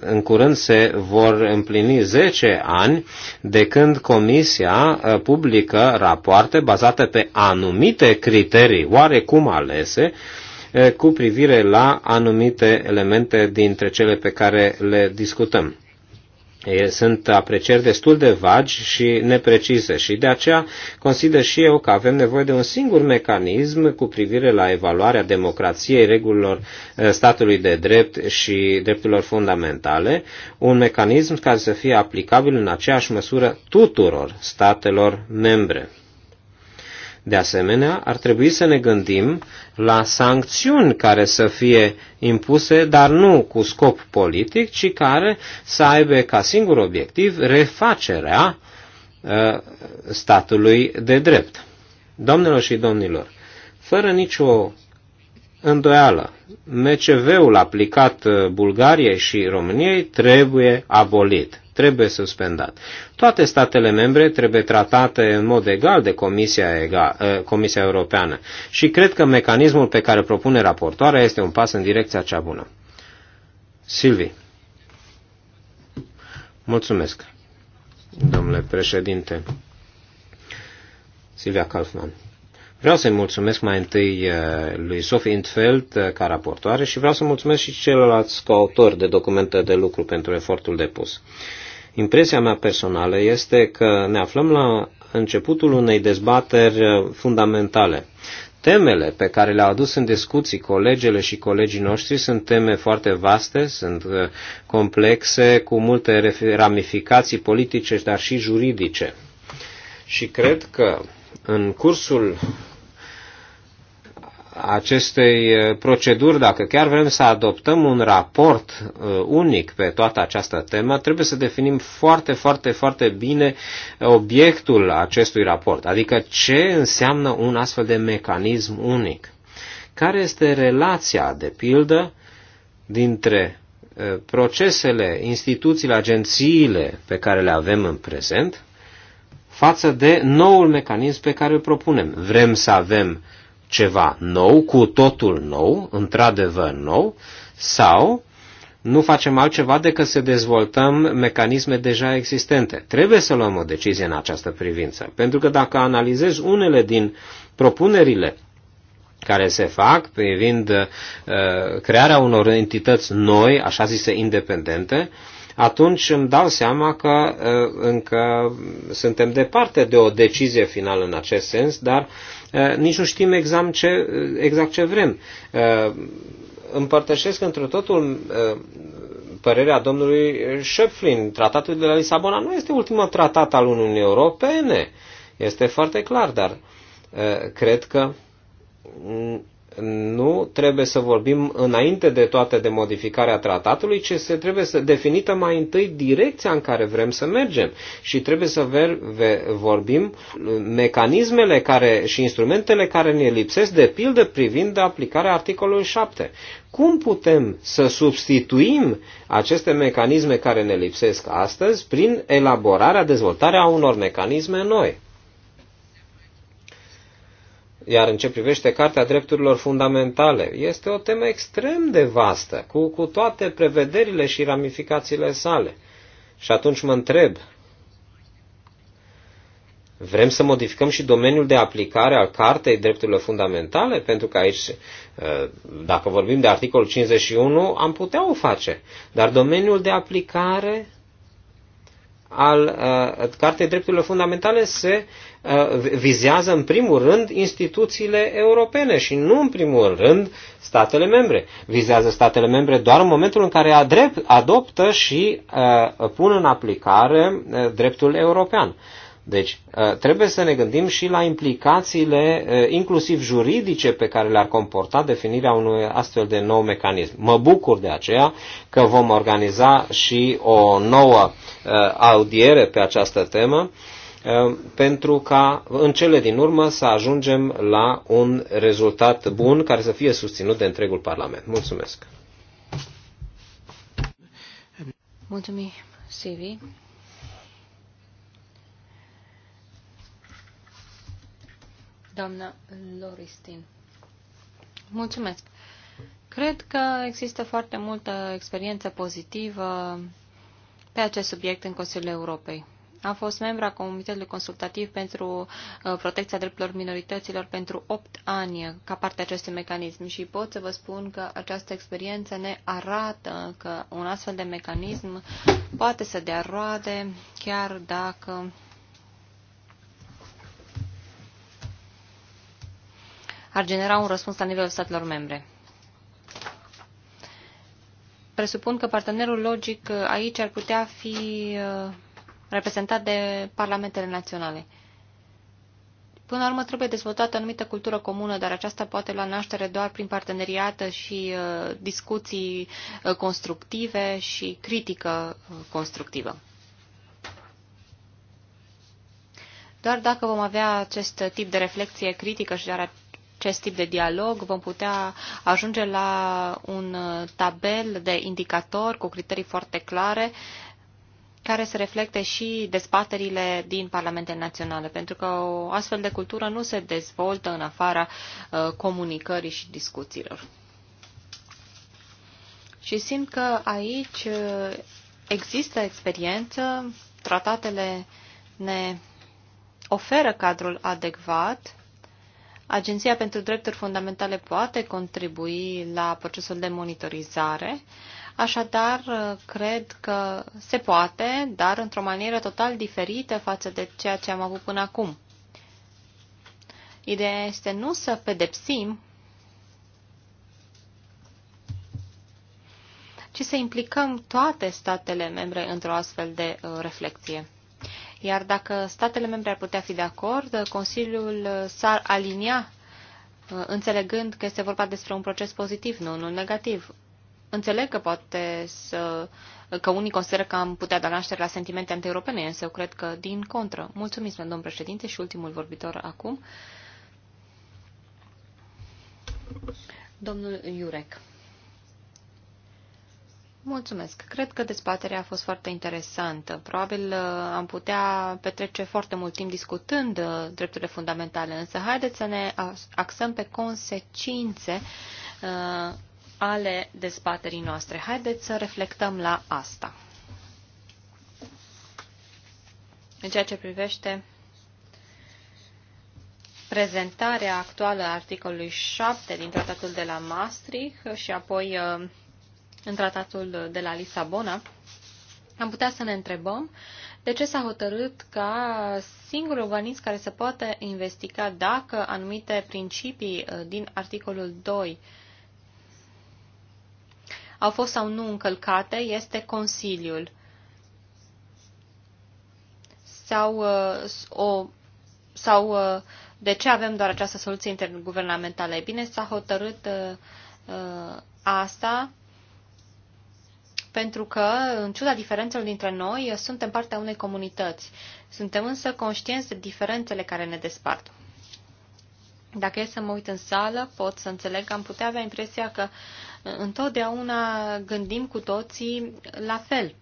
în curând se vor împlini 10 ani de când Comisia eh, publică rapoarte bazate pe anumite criterii oarecum alese eh, cu privire la anumite elemente dintre cele pe care le discutăm sunt aprecieri destul de vagi și neprecise și de aceea consider și eu că avem nevoie de un singur mecanism cu privire la evaluarea democrației, regulilor statului de drept și drepturilor fundamentale, un mecanism care să fie aplicabil în aceeași măsură tuturor statelor membre. De asemenea, ar trebui să ne gândim la sancțiuni care să fie impuse, dar nu cu scop politic, ci care să aibă ca singur obiectiv refacerea uh, statului de drept. Domnilor și domnilor, fără nicio îndoială, MCV-ul aplicat uh, Bulgariei și României trebuie abolit trebuie suspendat. Toate statele membre trebuie tratate în mod egal de Comisia, egal, uh, Comisia Europeană și cred că mecanismul pe care propune raportoarea este un pas în direcția cea bună. Silvi. Mulțumesc, domnule președinte. Silvia Kaufmann. Vreau să-i mulțumesc mai întâi uh, lui Sophie Intfeld uh, ca raportoare și vreau să mulțumesc și celorlalți coautori de documente de lucru pentru efortul depus. Impresia mea personală este că ne aflăm la începutul unei dezbateri fundamentale. Temele pe care le-au adus în discuții colegele și colegii noștri sunt teme foarte vaste, sunt uh, complexe, cu multe ramificații politice, dar și juridice. Și cred că în cursul acestei eh, proceduri, dacă chiar vrem să adoptăm un raport eh, unic pe toată această temă, trebuie să definim foarte, foarte, foarte bine eh, obiectul acestui raport, adică ce înseamnă un astfel de mecanism unic. Care este relația, de pildă, dintre procesele, instituțiile, agențiile pe care le avem în prezent față de noul mecanism pe care îl propunem. Vrem să avem uh, ceva nou, cu totul nou, într-adevăr nou, sau nu facem altceva decât să dezvoltăm mecanisme deja existente. Trebuie să luăm o decizie în această privință, pentru că dacă analizezi unele din propunerile care se fac privind uh, crearea unor entități noi, așa zise independente, atunci îmi dau seama că uh, încă suntem departe de o decizie finală în acest sens, dar uh, Eh, nici nu știm exact ce, exact ce vrem. Eh, împărtășesc într totul eh, părerea domnului Schöpflin. Tratatul de la Lisabona nu este ultimul tratat al Uniunii Europene. Este foarte clar, dar cred că nu trebuie să vorbim înainte de toate de modificarea tratatului, ci se trebuie să definită mai întâi direcția în care vrem să mergem și trebuie să ver, ve, vorbim mecanismele care, și instrumentele care ne lipsesc, de pildă privind de aplicarea articolului 7. Cum putem să substituim aceste mecanisme care ne lipsesc astăzi prin elaborarea, dezvoltarea unor mecanisme noi? Iar în ce privește Cartea Drepturilor Fundamentale, este o temă extrem de vastă, cu, cu toate prevederile și ramificațiile sale. Și atunci mă întreb, Vrem să modificăm și domeniul de aplicare al Cartei Drepturilor Fundamentale? Pentru că aici, uh, dacă vorbim de articolul 51, am putea o face. Dar domeniul de aplicare al uh, Cartei Drepturilor Fundamentale se vizează în primul rând instituțiile europene și nu în primul rând statele membre. Vizează statele membre doar în momentul în care adoptă și pun în aplicare dreptul european. Deci trebuie să ne gândim și la implicațiile inclusiv juridice pe care le-ar comporta definirea unui astfel de nou mecanism. Mă bucur de aceea că vom organiza și o nouă audiere pe această temă Ehm, pentru ca în cele din urmă să ajungem la un rezultat bun care să fie susținut de întregul Parlament. Mulțumesc! Mulțumim, Sivi. Doamna Loristin. Mulțumesc. Cred că există foarte multă experiență pozitivă pe acest subiect în Consiliul Europei. Am fost membru a Comitetului Consultativ pentru uh, Protecția Drepturilor Minorităților pentru 8 ani ca parte a acestui mecanism și pot să vă spun că această experiență ne arată că un astfel de mecanism poate să dea roade chiar dacă ar genera un răspuns la nivelul statelor membre. Presupun că partenerul logic uh, aici ar putea fi uh, reprezentat de parlamentele naționale. Până la urmă trebuie dezvoltată o anumită cultură comună, dar aceasta poate lua naștere doar prin parteneriată și uh, discuții uh, constructive și critică uh, constructivă. Doar dacă vom avea acest tip de reflexie critică și doar acest tip de dialog, vom putea ajunge la un uh, tabel de indicator cu criterii foarte clare uh, care se reflecte și dezbaterile din Parlamentele Naționale, pentru că o astfel de cultură nu se dezvoltă în afara uh, comunicării și discuțiilor. Și simt că aici uh, există experiență, tratatele ne oferă cadrul adecvat, Agenția pentru Drepturi Fundamentale poate contribui la procesul de monitorizare, Așadar, cred că se poate, dar într-o manieră total diferită față de ceea ce am avut până acum. Ideea este nu să pedepsim, ci să implicăm toate statele membre într-o astfel de uh, reflexie. Iar dacă statele membre ar putea fi de acord, Consiliul s-ar alinia, uh, înțelegând că este vorba despre un proces pozitiv, nu unul negativ. Înțeleg că poate să, că unii consideră că am putea da naștere la sentimente antieuropene, însă eu cred că din contră. Mulțumim, domnul președinte, și ultimul vorbitor acum, domnul Iurec. Mulțumesc. Cred că dezbaterea a fost foarte interesantă. Probabil uh, am putea petrece foarte mult timp discutând uh, drepturile fundamentale, însă haideți să ne axăm pe consecințe uh, ale dezbaterii noastre. Haideți să reflectăm la asta. În ceea ce privește prezentarea actuală a articolului 7 din tratatul de la Maastricht și apoi uh, în tratatul de la Lisabona, am putea să ne întrebăm de ce s-a hotărât ca singurul organism care se poate investiga dacă anumite principii uh, din articolul 2 au fost sau nu încălcate este Consiliul sau, uh, o, sau uh, de ce avem doar această soluție interguvernamentală? E bine, s-a hotărât uh, uh, asta pentru că, în ciuda diferențelor dintre noi, suntem partea unei comunități. Suntem însă conștienți de diferențele care ne despart. Dacă e să mă uit în sală, pot să înțeleg că am putea avea impresia că Întotdeauna gândim cu toții la fel.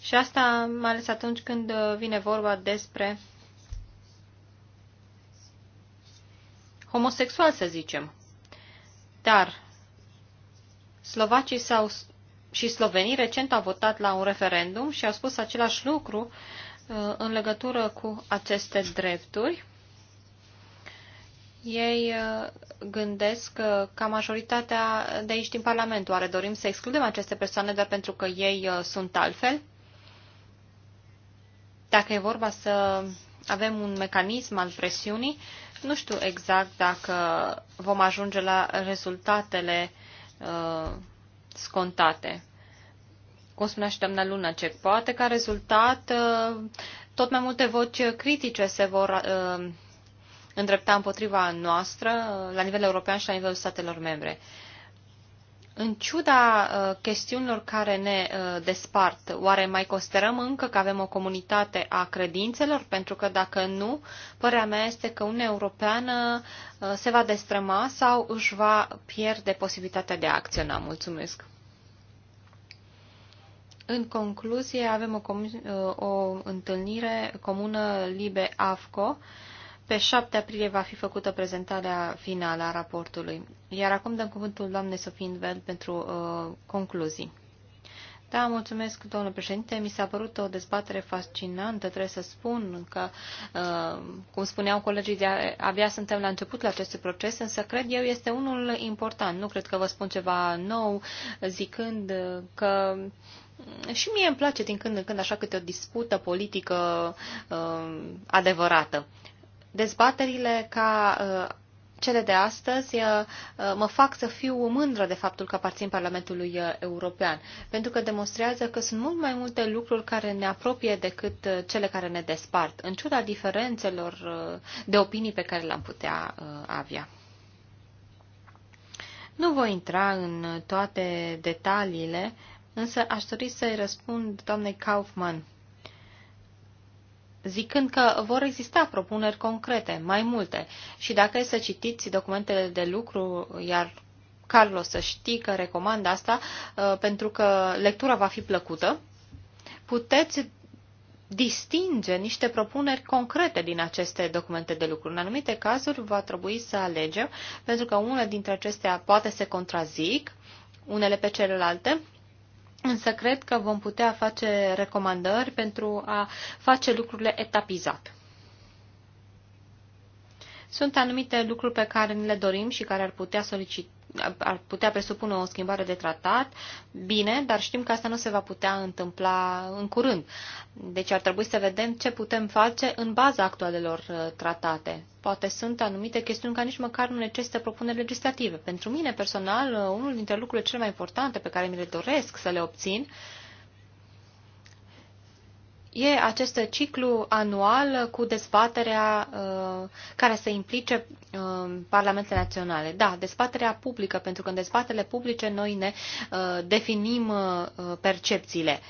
Și asta mai ales atunci când vine vorba despre homosexual, să zicem. Dar slovacii sau și slovenii recent au votat la un referendum și au spus același lucru uh, în legătură cu aceste drepturi ei uh, gândesc ca majoritatea de aici din Parlament. Oare dorim să excludem aceste persoane doar pentru că ei uh, sunt altfel? Dacă e vorba să avem un mecanism al presiunii, nu știu exact dacă vom ajunge la rezultatele uh, scontate. Cum spunea și doamna ce poate ca rezultat uh, tot mai multe voci critice se vor uh, îndrepta împotriva noastră uh, la nivel european și la nivelul statelor membre. În ciuda uh, chestiunilor care ne uh, despart, oare mai considerăm încă că avem o comunitate a credințelor? Pentru că dacă nu, părerea mea este că Uniunea Europeană se va destrăma sau își va pierde posibilitatea de a acționa. Mulțumesc! În concluzie, avem o, o întâlnire comună Libe-AFCO pe 7 aprilie va fi făcută prezentarea finală a raportului. Iar acum dăm cuvântul doamnei Sofie Invel pentru uh, concluzii. Da, mulțumesc, domnule președinte. Mi s-a părut o dezbatere fascinantă, trebuie să spun că, uh, cum spuneau colegii, de abia suntem la începutul acestui proces, însă cred eu este unul important. Nu cred că vă spun ceva nou zicând că și mie îmi place din când în când așa câte o dispută politică uh, adevărată. Dezbaterile ca uh, cele de astăzi uh, uh, mă fac să fiu mândră de faptul că aparțin Parlamentului European, pentru că demonstrează că sunt mult mai multe lucruri care ne apropie decât cele care ne despart, în ciuda diferențelor de opinii pe care le-am putea avea. Nu voi intra în toate detaliile, însă aș dori să-i răspund doamnei Kaufmann zicând că vor exista propuneri concrete, mai multe. Și dacă e să citiți documentele de lucru, iar Carlos să știi că recomand asta, uh, pentru că lectura va fi plăcută, puteți distinge niște propuneri concrete din aceste documente de lucru. În anumite cazuri va trebui să alegem, pentru că unele dintre acestea poate se contrazic, unele pe celelalte, însă cred că vom putea face recomandări pentru a face lucrurile etapizat. Sunt anumite lucruri pe care ni le dorim și care ar putea solicita ar putea presupune o schimbare de tratat, bine, dar știm că asta nu se va putea întâmpla în curând. Deci ar trebui să vedem ce putem face în baza actualelor uh, tratate. Poate sunt anumite chestiuni care nici măcar nu necesită propuneri legislative. Pentru mine personal, uh, unul dintre lucrurile cele mai importante pe care mi le doresc să le obțin e acest ciclu anual cu dezbaterea uh, care să implice uh, parlamentele naționale. Da, dezbaterea publică, pentru că în dezbaterele publice noi ne uh, definim uh, percepțiile.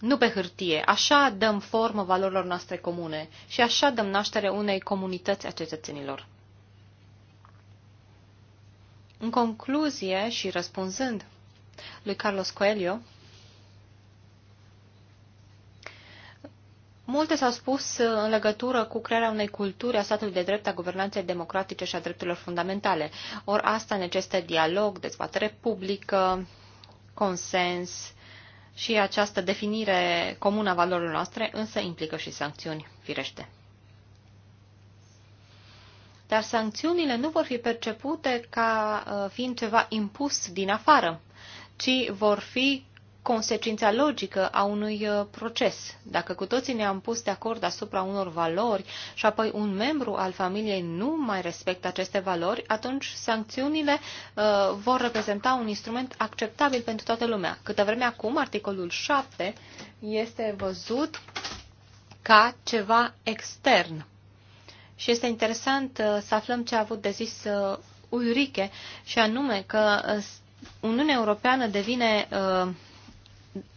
Nu pe hârtie. Așa dăm formă valorilor noastre comune și așa dăm naștere unei comunități a cetățenilor. În concluzie și răspunzând lui Carlos Coelho, Multe s-au spus uh, în legătură cu crearea unei culturi a statului de drept, a guvernanței democratice și a drepturilor fundamentale. Ori asta necesită dialog, dezbatere publică, consens și această definire comună a valorilor noastre, însă implică și sancțiuni, firește. Dar sancțiunile nu vor fi percepute ca uh, fiind ceva impus din afară, ci vor fi consecința logică a unui uh, proces. Dacă cu toții ne-am pus de acord asupra unor valori și apoi un membru al familiei nu mai respectă aceste valori, atunci sancțiunile uh, vor reprezenta un instrument acceptabil pentru toată lumea. Câte vreme acum, articolul 7 este văzut ca ceva extern. Și este interesant uh, să aflăm ce a avut de zis uh, Ulrike, și anume că uh, Uniunea Europeană devine uh,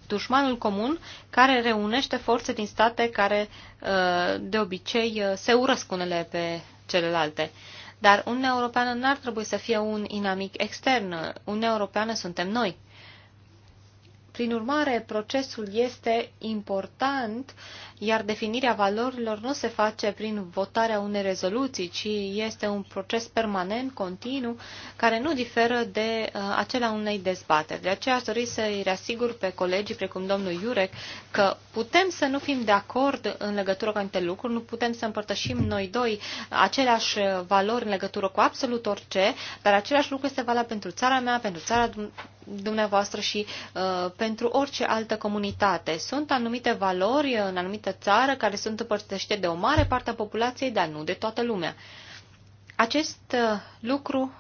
dușmanul comun care reunește forțe din state care uh, de obicei uh, se urăsc unele pe celelalte. Dar Uniunea Europeană n-ar trebui să fie un inamic extern. Uniunea Europeană suntem noi. Prin urmare, procesul este important, iar definirea valorilor nu se face prin votarea unei rezoluții, ci este un proces permanent, continuu, care nu diferă de uh, acela unei dezbateri. De aceea aș dori să-i reasigur pe colegii, precum domnul Iurec, că putem să nu fim de acord în legătură cu anumite lucruri, nu putem să împărtășim noi doi aceleași uh, valori în legătură cu absolut orice, dar același lucru este valabil pentru țara mea, pentru țara dumneavoastră și uh, pentru orice altă comunitate. Sunt anumite valori în anumită țară care sunt împărtășite de o mare parte a populației, dar nu de toată lumea. Acest uh, lucru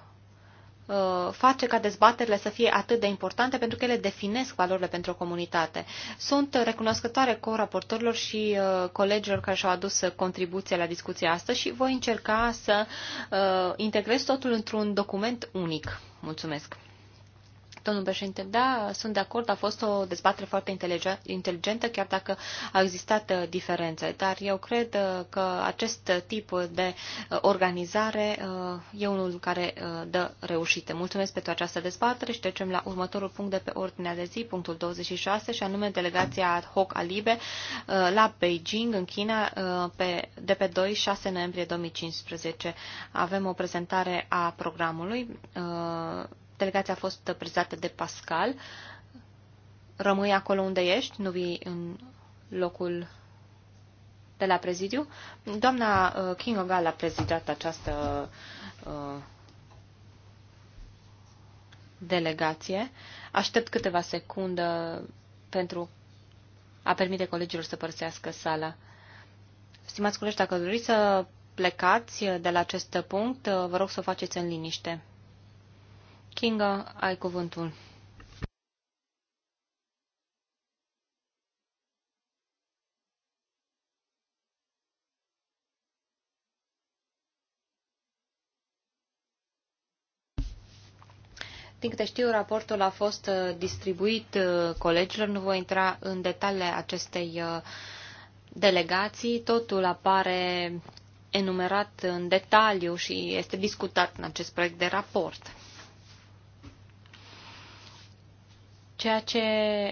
uh, face ca dezbaterile să fie atât de importante pentru că ele definesc valorile pentru o comunitate. Sunt recunoscătoare co-raportorilor și uh, colegilor care și-au adus contribuția la discuția asta și voi încerca să uh, integrez totul într-un document unic. Mulțumesc! Domnul președinte, da, sunt de acord, a fost o dezbatere foarte inteligentă, chiar dacă a existat uh, diferențe, dar eu cred uh, că acest tip de uh, organizare e unul care dă reușite. Mulțumesc pentru această dezbatere și trecem la următorul punct de pe ordinea de zi, punctul 26, și anume delegația ad hoc alibe la Beijing, în China, pe, de pe 2-6 noiembrie 2015. Avem o prezentare a programului Delegația a fost prezată de Pascal. Rămâi acolo unde ești, nu vii în locul de la prezidiu. Doamna uh, King Ogal a prezidat această uh, delegație. Aștept câteva secunde pentru a permite colegilor să părăsească sala. Stimați colegi, dacă doriți să plecați de la acest punct, uh, vă rog să o faceți în liniște. Kinga, ai cuvântul. Din câte știu, raportul a fost uh, distribuit uh, colegilor. Nu voi intra în detaliile acestei uh, delegații. Totul apare enumerat în detaliu și este discutat în acest proiect de raport. Ceea ce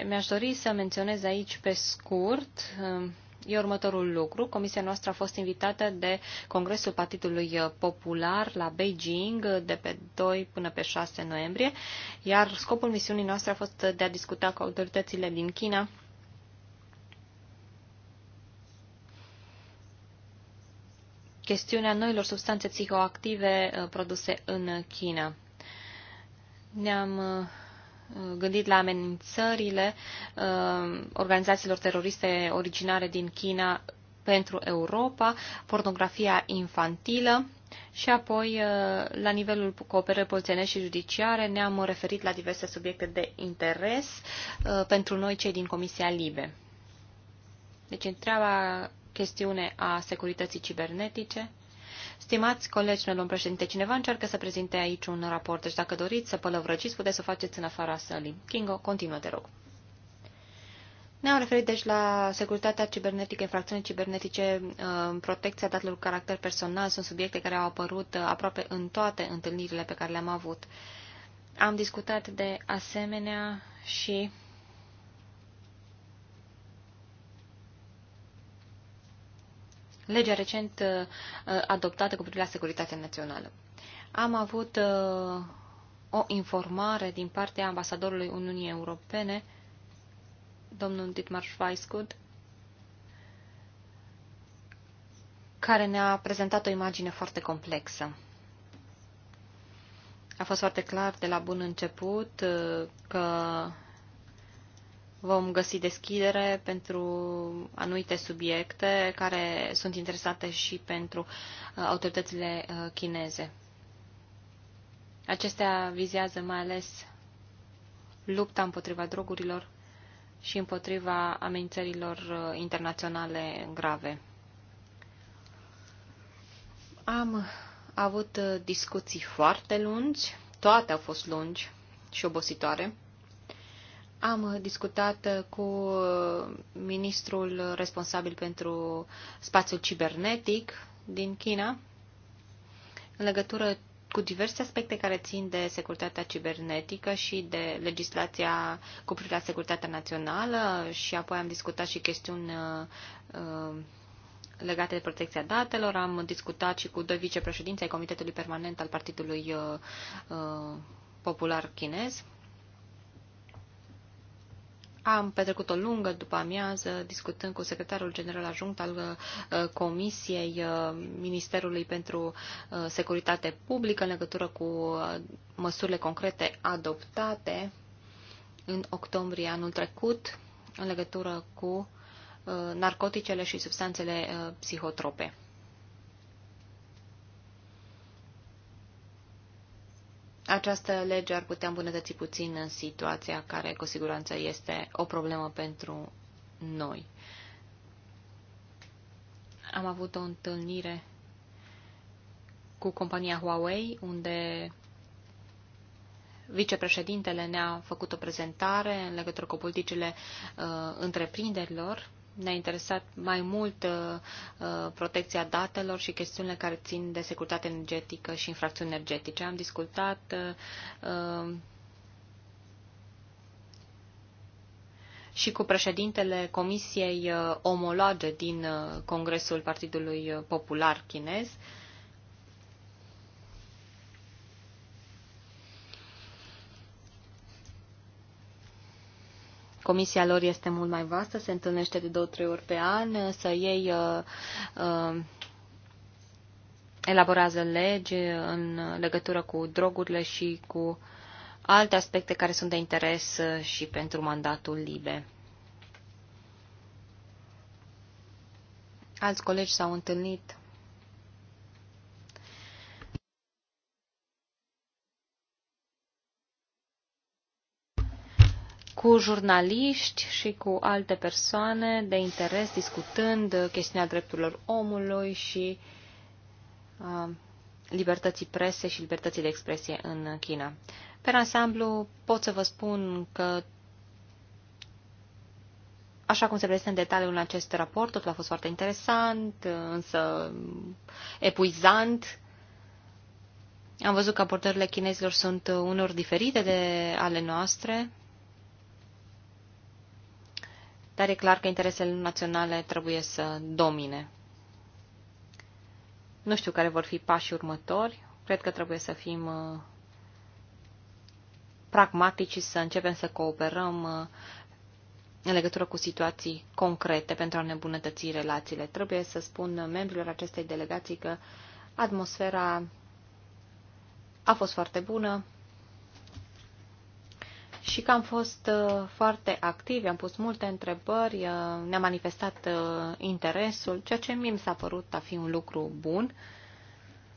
mi-aș dori să menționez aici pe scurt um, e următorul lucru. Comisia noastră a fost invitată de Congresul Partidului Popular la Beijing de pe 2 până pe 6 noiembrie, iar scopul misiunii noastre a fost de a discuta cu autoritățile din China chestiunea noilor substanțe psihoactive uh, produse în China. Ne-am uh, Uh, gândit la amenințările uh, organizațiilor teroriste originare din China pentru Europa, pornografia infantilă și apoi, uh, la nivelul cooperării polițienești și judiciare, ne-am referit la diverse subiecte de interes pentru noi, cei din Comisia Libe. Deci, întreaba chestiune a securității cibernetice Stimați colegi, domnul președinte, cineva încearcă să prezinte aici un raport, deci dacă doriți să pălăvrăciți, puteți să o faceți în afara sălii. Kingo, continuă, te rog. Ne-am referit deci la securitatea cibernetică, infracțiunile cibernetice, uh, protecția datelor cu caracter personal, sunt subiecte care au apărut uh, aproape în toate întâlnirile pe care le-am avut. Am discutat de asemenea și legea recent uh, adoptată cu privire la securitatea națională. Am avut uh, o informare din partea ambasadorului Uniunii Europene, domnul Dietmar Schweisgut, care ne-a prezentat o imagine foarte complexă. A fost foarte clar de la bun început uh, că vom găsi deschidere pentru anumite subiecte care sunt interesate și pentru uh, autoritățile uh, chineze. Acestea vizează mai ales lupta împotriva drogurilor și împotriva amenințărilor uh, internaționale grave. Am avut discuții foarte lungi, toate au fost lungi și obositoare. Am discutat uh, cu uh, ministrul responsabil pentru spațiul cibernetic din China în legătură cu diverse aspecte care țin de securitatea cibernetică și de legislația cu privire la securitatea națională și apoi am discutat și chestiuni uh, legate de protecția datelor, am discutat și cu doi vicepreședinți ai Comitetului Permanent al Partidului Popular Chinez am petrecut o lungă după amiază discutând cu secretarul general ajunct al uh, Comisiei uh, Ministerului pentru uh, Securitate Publică în legătură cu măsurile concrete adoptate în octombrie anul trecut în legătură cu narcoticele și substanțele psihotrope. Această lege ar putea îmbunătăți puțin în situația care cu siguranță este o problemă pentru noi. Am avut o întâlnire cu compania Huawei, unde vicepreședintele ne-a făcut o prezentare în legătură cu politicile uh, întreprinderilor ne-a interesat mai mult uh, uh, protecția datelor și chestiunile care țin de securitate energetică și infracțiuni energetice. Am discutat uh, și cu președintele Comisiei Omologe din Congresul Partidului Popular Chinez, uh, Comisia lor este mult mai vastă, se întâlnește de două-trei ori pe an, să ei uh, uh, elaborează legi în legătură cu drogurile și cu alte aspecte care sunt de interes și pentru mandatul LIBE. Alți colegi s-au întâlnit cu jurnaliști și cu alte persoane de interes, discutând chestiunea drepturilor omului și uh, libertății prese și libertății de expresie în China. Pe ansamblu pot să vă spun că Așa cum se prezintă în detaliu în acest raport, totul a fost foarte interesant, însă epuizant. Am văzut că abordările chinezilor sunt unor diferite de ale noastre dar e clar că interesele naționale trebuie să domine. Nu știu care vor fi pașii următori, cred că trebuie să fim uh, pragmatici și să începem să cooperăm uh, în legătură cu situații concrete pentru a ne îmbunătăți relațiile. Trebuie să spun membrilor acestei delegații că atmosfera a fost foarte bună, și că am fost uh, foarte activi, am pus multe întrebări, uh, ne-a manifestat uh, interesul, ceea ce mie mi s-a părut a fi un lucru bun.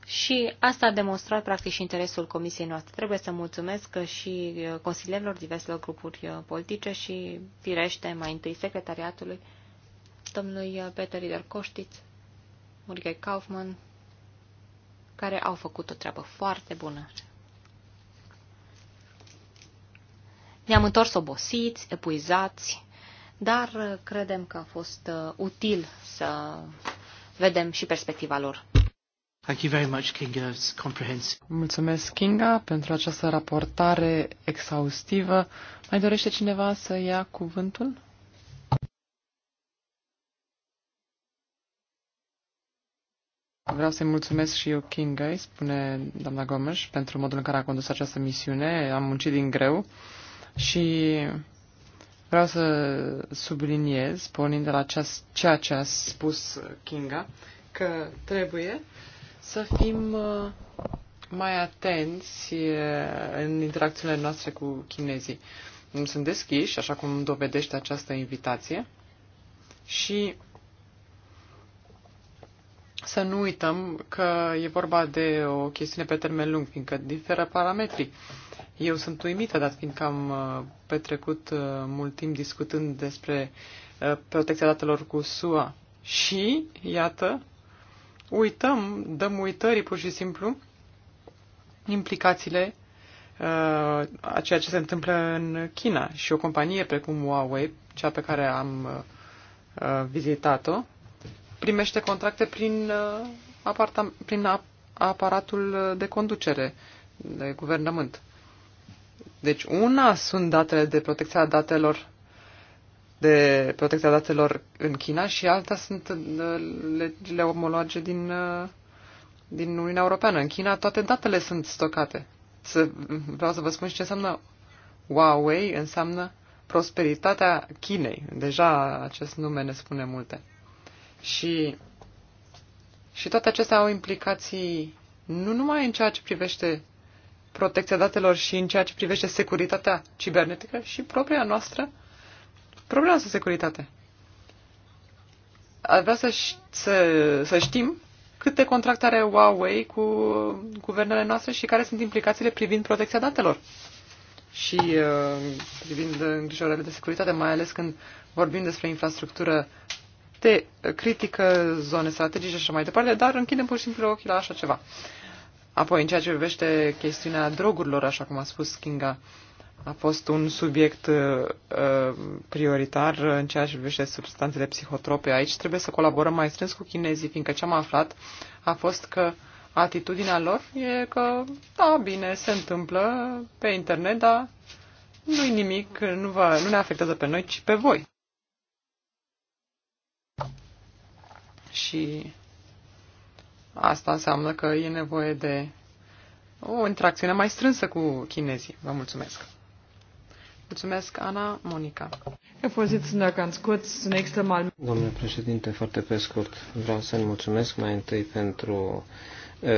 Și asta a demonstrat practic și interesul comisiei noastre. Trebuie să mulțumesc și consilierilor diverselor grupuri politice și, firește, mai întâi secretariatului, domnului Peter Rider Coștiț, Murghei Kaufman, care au făcut o treabă foarte bună. Ne-am întors obosiți, epuizați, dar uh, credem că a fost uh, util să vedem și perspectiva lor. Thank you very much, Kinga. It's comprehensive. Mulțumesc, Kinga, pentru această raportare exhaustivă. Mai dorește cineva să ia cuvântul? Vreau să-i mulțumesc și eu Kinga, spune doamna Gomes, pentru modul în care a condus această misiune. Am muncit din greu și vreau să subliniez, pornind de la ceea ce a spus Kinga, că trebuie să fim uh, mai atenți uh, în interacțiunile noastre cu chinezii. Sunt deschiși, așa cum dovedește această invitație, și să nu uităm că e vorba de o chestiune pe termen lung, fiindcă diferă parametrii. Uh, eu sunt uimită, dat fiindcă am uh, petrecut uh, mult timp discutând despre uh, protecția datelor cu SUA și, iată, uităm, dăm uitării pur și simplu implicațiile a ceea ce se întâmplă în China. Și o companie precum Huawei, cea pe care am vizitat-o, primește contracte prin, prin aparatul de conducere de guvernământ. Deci una sunt datele de protecția datelor de protecția datelor în China și alta sunt uh, legile omologe din, uh, din Uniunea Europeană. În China toate datele sunt stocate. Să, vreau să vă spun și ce înseamnă Huawei, înseamnă prosperitatea Chinei. Deja acest nume ne spune multe. Și, și toate acestea au implicații nu numai în ceea ce privește protecția datelor și în ceea ce privește securitatea cibernetică și propria noastră problemă de securitate. Ar vrea să, să, să știm câte contracte are Huawei cu guvernele noastre și care sunt implicațiile privind protecția datelor și uh, privind îngrijorările de securitate, mai ales când vorbim despre infrastructură de critică, zone strategice și așa mai departe, dar închidem pur și simplu ochii la așa ceva. Uh, Apoi, în ceea ce privește chestiunea drogurilor, așa cum a spus Kinga, a fost un subiect uh, prioritar în ceea ce privește substanțele psihotrope. Aici trebuie să colaborăm mai strâns cu chinezii, fiindcă ce am aflat a fost că atitudinea lor e că, da, bine, se întâmplă pe internet, dar nu-i nimic, nu, vă, nu ne afectează pe noi, ci pe voi. Și Asta înseamnă că e nevoie de o interacțiune mai strânsă cu chinezii. Vă mulțumesc. Mulțumesc, Ana Monica. Domnule președinte, foarte pe scurt, vreau să-i mulțumesc mai întâi pentru uh,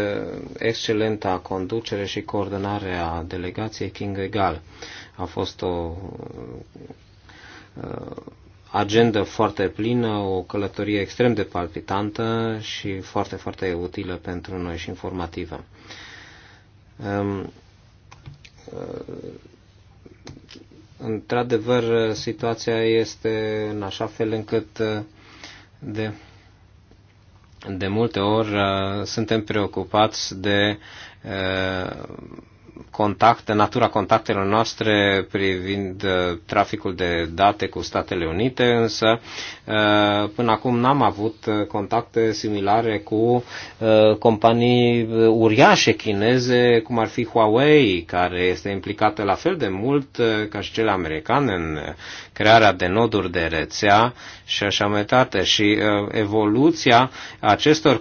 excelenta conducere și coordonare a delegației King Regal. A fost o uh, agendă foarte plină, o călătorie extrem de palpitantă și foarte, foarte utilă pentru noi și informativă. Ehm, ehm, într-adevăr, situația este în așa fel încât eh, de de multe ori uh, suntem preocupați de uh, contacte, natura contactelor noastre privind uh, traficul de date cu Statele Unite, însă uh, până acum n-am avut uh, contacte similare cu companii uriașe chineze, cum ar fi Huawei, care este implicată la fel de mult ca și cele americane în crearea de noduri de rețea și așa mai departe. Și evoluția acestor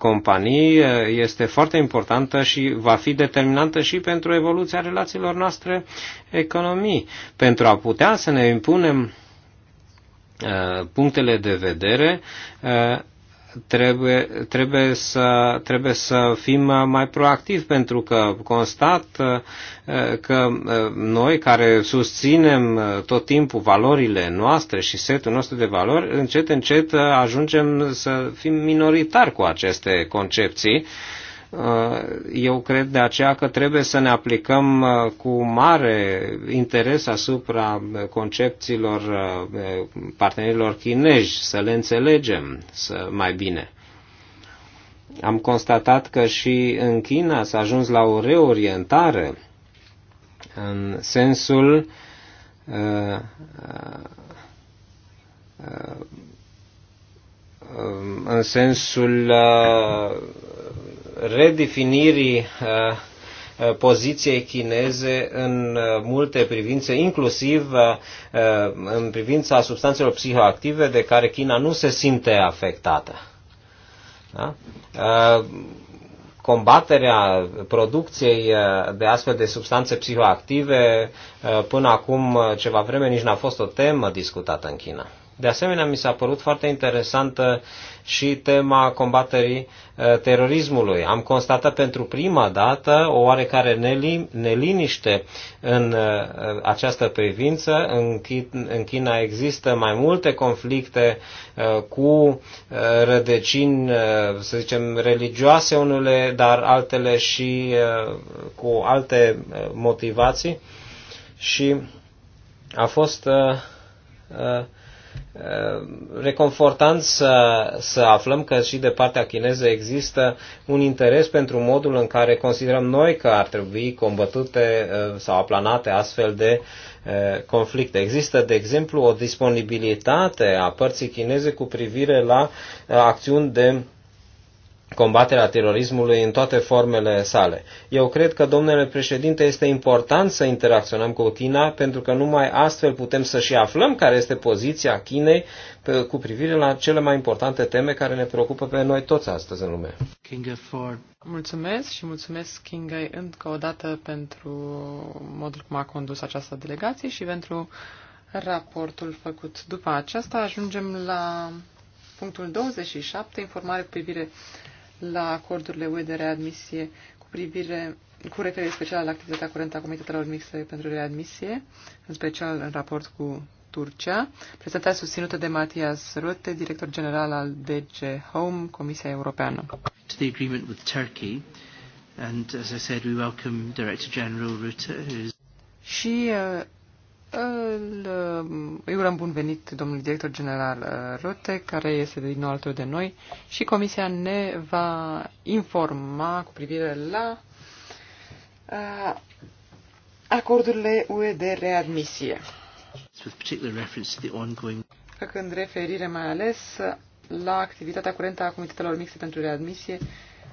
companii este foarte importantă și va fi determinantă și pentru evoluția relațiilor noastre economii, pentru a putea să ne impunem uh, punctele de vedere uh, trebuie, trebuie, să, trebuie să fim mai proactivi, pentru că constat uh, că noi care susținem tot timpul valorile noastre și setul nostru de valori, încet, încet ajungem să fim minoritari cu aceste concepții Uh, eu cred de aceea că trebuie să ne aplicăm uh, cu mare interes asupra uh, concepțiilor partenerilor chinezi, să le înțelegem să mai bine. Am constatat că și în China s-a ajuns la o reorientare în sensul în sensul redefinirii uh, uh, poziției chineze în uh, multe privințe, inclusiv în privința substanțelor psihoactive de care China nu se simte afectată. Da? Combaterea producției de astfel de substanțe psihoactive până acum ceva vreme nici n-a fost o temă discutată în China. De asemenea, mi s-a părut foarte interesantă și tema combaterii uh, terorismului. Am constatat pentru prima dată o oarecare neliniște în uh, uh, această privință. În China există mai multe conflicte cu rădăcini, să zicem, religioase unele, dar altele și cu alte motivații. Și a fost uh, Uh, reconfortant să, să aflăm că și de partea chineză există un interes pentru modul în care considerăm noi că ar trebui combătute uh, sau aplanate astfel de uh, conflicte. Există, de exemplu, o disponibilitate a părții chineze cu privire la acțiuni de combaterea terorismului în toate formele sale. Eu cred că, domnule președinte, este important să interacționăm cu China, pentru că numai astfel putem să și aflăm care este poziția Chinei cu privire la cele mai importante teme care ne preocupă pe noi toți astăzi în lume. Kinga Ford. Mulțumesc și mulțumesc Kinga încă o dată pentru modul cum a condus această delegație și pentru raportul făcut. După aceasta ajungem la punctul 27, informare cu privire la acordurile UE de readmisie cu privire cu referire special la activitatea curentă a Comitetelor Mixte pentru Readmisie, în special în raport cu Turcia, prezentarea susținută de Matias Rote, director general al DG Home, Comisia Europeană. To the agreement with Turkey, and as I said, we welcome Director General Rutte, who is... Și uh, îl, îi urăm bun venit domnul director general uh, Rote, care este din nou alături de noi și comisia ne va informa cu privire la uh, acordurile UE de readmisie. Făcând referire mai ales la activitatea curentă a comitetelor mixte pentru readmisie,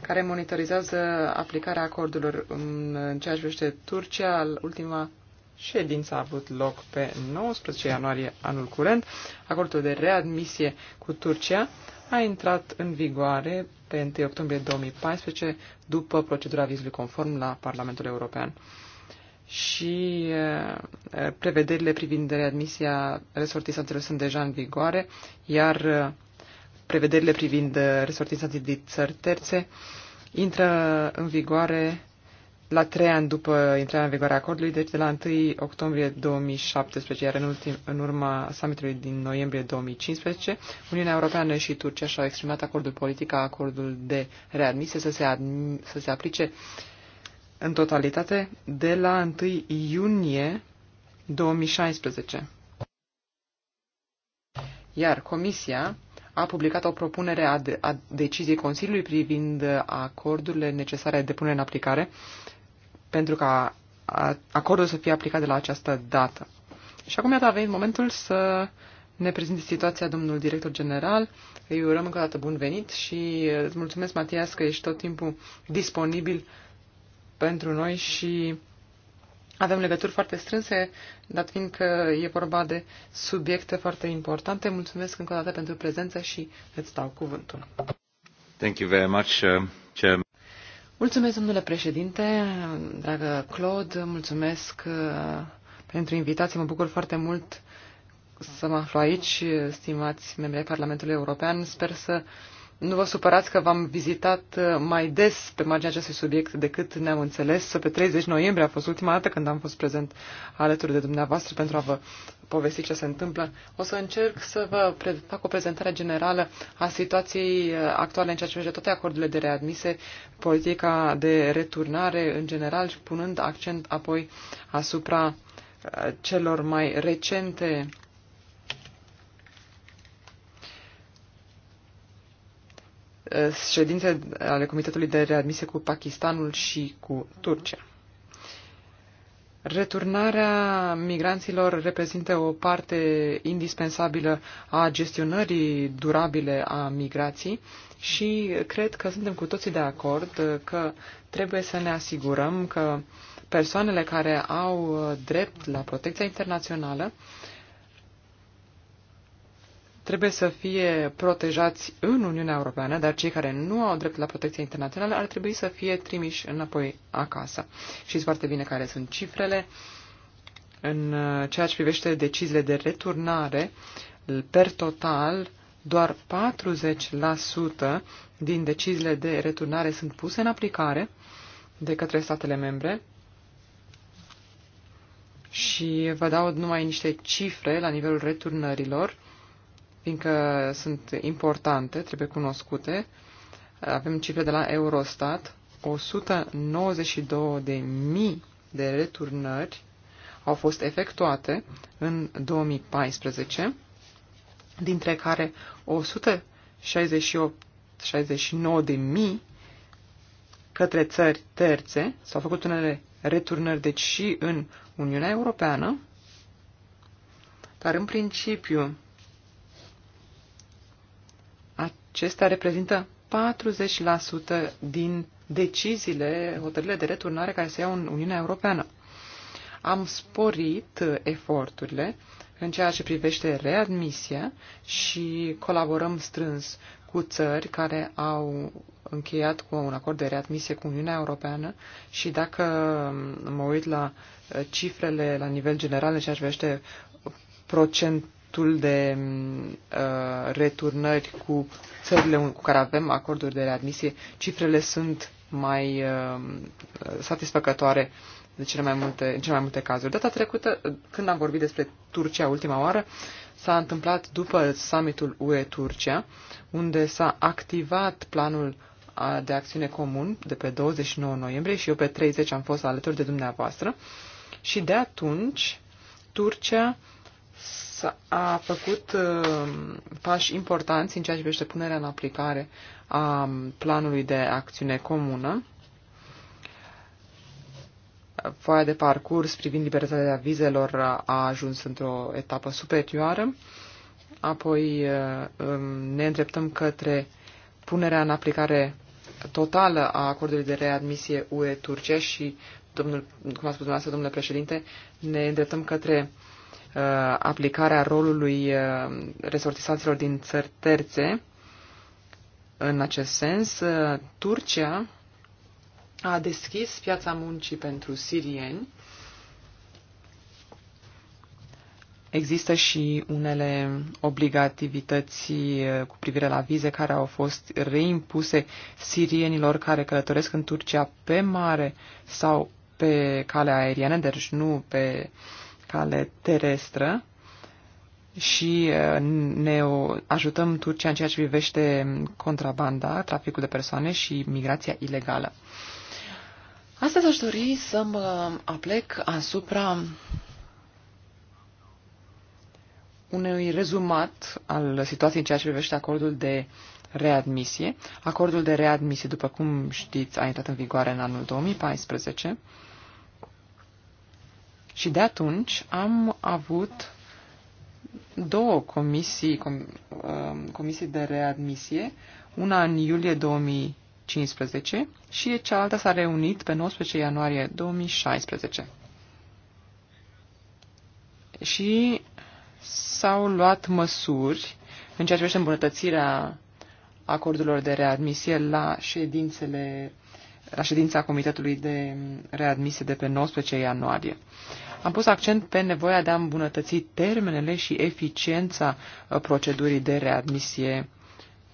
care monitorizează aplicarea acordurilor în ceea ce privește Turcia. Ultima Ședința a avut loc pe 19 ianuarie anul curent. Acordul de readmisie cu Turcia a intrat în vigoare pe 1 octombrie 2014 după procedura vizului conform la Parlamentul European și eh, prevederile privind readmisia resortisanților sunt deja în vigoare, iar eh, prevederile privind resortisanții din țări terțe intră în vigoare la trei ani după intrarea în vigoare a acordului, deci de la 1 octombrie 2017, iar în, ultim, în urma summitului din noiembrie 2015, Uniunea Europeană și Turcia și-au exprimat acordul politic ca acordul de readmisie să se, admi, să se aplice în totalitate de la 1 iunie 2016. Iar Comisia a publicat o propunere a, de, a deciziei Consiliului privind acordurile necesare de punere în aplicare uh, pentru ca acordul să fie aplicat de la această dată. Și acum, iată, a venit momentul să ne prezinte situația domnul director general. Îi urăm încă o dată bun venit și uh, îți mulțumesc, Matias, că ești tot timpul disponibil pentru noi și avem legături foarte strânse, dat fiind că e vorba de subiecte foarte importante. Mulțumesc încă o dată pentru prezență și îți dau cuvântul. Thank you very much, uh, Mulțumesc, domnule președinte, dragă Claude, mulțumesc uh, pentru invitație. Mă bucur foarte mult să mă aflu aici, stimați membrii Parlamentului European. Sper să nu vă supărați că v-am vizitat uh, mai des pe marginea acestui subiect decât ne-am înțeles. Pe 30 noiembrie a fost ultima dată când am fost prezent alături de dumneavoastră pentru a vă povesti ce se întâmplă. O să încerc să vă fac o prezentare generală a situației uh, actuale în ceea ce privește toate acordurile de readmise, politica de returnare în general și punând accent apoi asupra uh, celor mai recente ședințe ale Comitetului de Readmisie cu Pakistanul și cu Turcia. Returnarea migranților reprezintă o parte indispensabilă a gestionării durabile a migrației și cred că suntem cu toții de acord că trebuie să ne asigurăm că persoanele care au drept la protecția internațională uh, trebuie să fie protejați în Uniunea Europeană, dar cei care nu au drept la protecție internațională ar trebui să fie trimiși înapoi acasă. Știți foarte bine care sunt cifrele. În uh, ceea ce privește deciziile de returnare, per total, doar 40% din deciziile de returnare sunt puse în aplicare de către statele membre. Și vă dau numai niște cifre la nivelul returnărilor fiindcă sunt importante, trebuie cunoscute. Avem cifre de la Eurostat, 192.000 de returnări au fost efectuate în 2014, dintre care 168 69.000 către țări terțe, s-au făcut unele returnări, deci și în Uniunea Europeană, dar în principiu Acestea reprezintă 40% din deciziile, hotărârile de returnare care se iau în Uniunea Europeană. Am sporit eforturile în ceea ce privește readmisia și colaborăm strâns cu țări care au încheiat cu un acord de readmisie cu Uniunea Europeană și dacă mă uit la cifrele la nivel general în ceea ce privește procent, destul de uh, returnări cu țările cu care avem acorduri de readmisie, cifrele sunt mai uh, satisfăcătoare de cele mai multe, în cele mai multe cazuri. Data trecută, când am vorbit despre Turcia ultima oară, s-a întâmplat după summitul UE-Turcia, unde s-a activat planul de acțiune comun de pe 29 noiembrie și eu pe 30 am fost alături de dumneavoastră. Și de atunci, Turcia a făcut uh, pași importanți în ceea ce privește punerea în aplicare a planului de acțiune comună, foaia de parcurs privind libertatea vizelor a ajuns într-o etapă superioară, apoi uh, ne îndreptăm către punerea în aplicare totală a acordului de readmisie UE-Turcia și, domnul, cum a spus dumneavoastră, domnule președinte, ne îndreptăm către Uh, aplicarea rolului uh, resortisanților din țări terțe. În acest sens, uh, Turcia a deschis piața muncii pentru sirieni. Există și unele obligativități cu privire la vize care au fost reimpuse sirienilor care călătoresc în Turcia pe mare sau pe calea aeriană, deci nu pe uh, cale terestră și uh, ne ajutăm Turcia în ceea ce privește contrabanda, traficul de persoane și migrația ilegală. Astăzi aș dori să mă aplec asupra unui rezumat al situației în ceea ce privește acordul de readmisie. Acordul de readmisie, după cum știți, a intrat în vigoare în anul 2014 și de atunci am avut două comisii, com, um, comisii de readmisie, una în iulie 2015 și cealaltă s-a reunit pe 19 ianuarie 2016. Și s-au luat măsuri în ceea ce privește îmbunătățirea acordurilor de readmisie la ședințele la ședința Comitetului de Readmisie de pe 19 ianuarie. Am pus accent pe nevoia de a îmbunătăți termenele și eficiența uh, procedurii de readmisie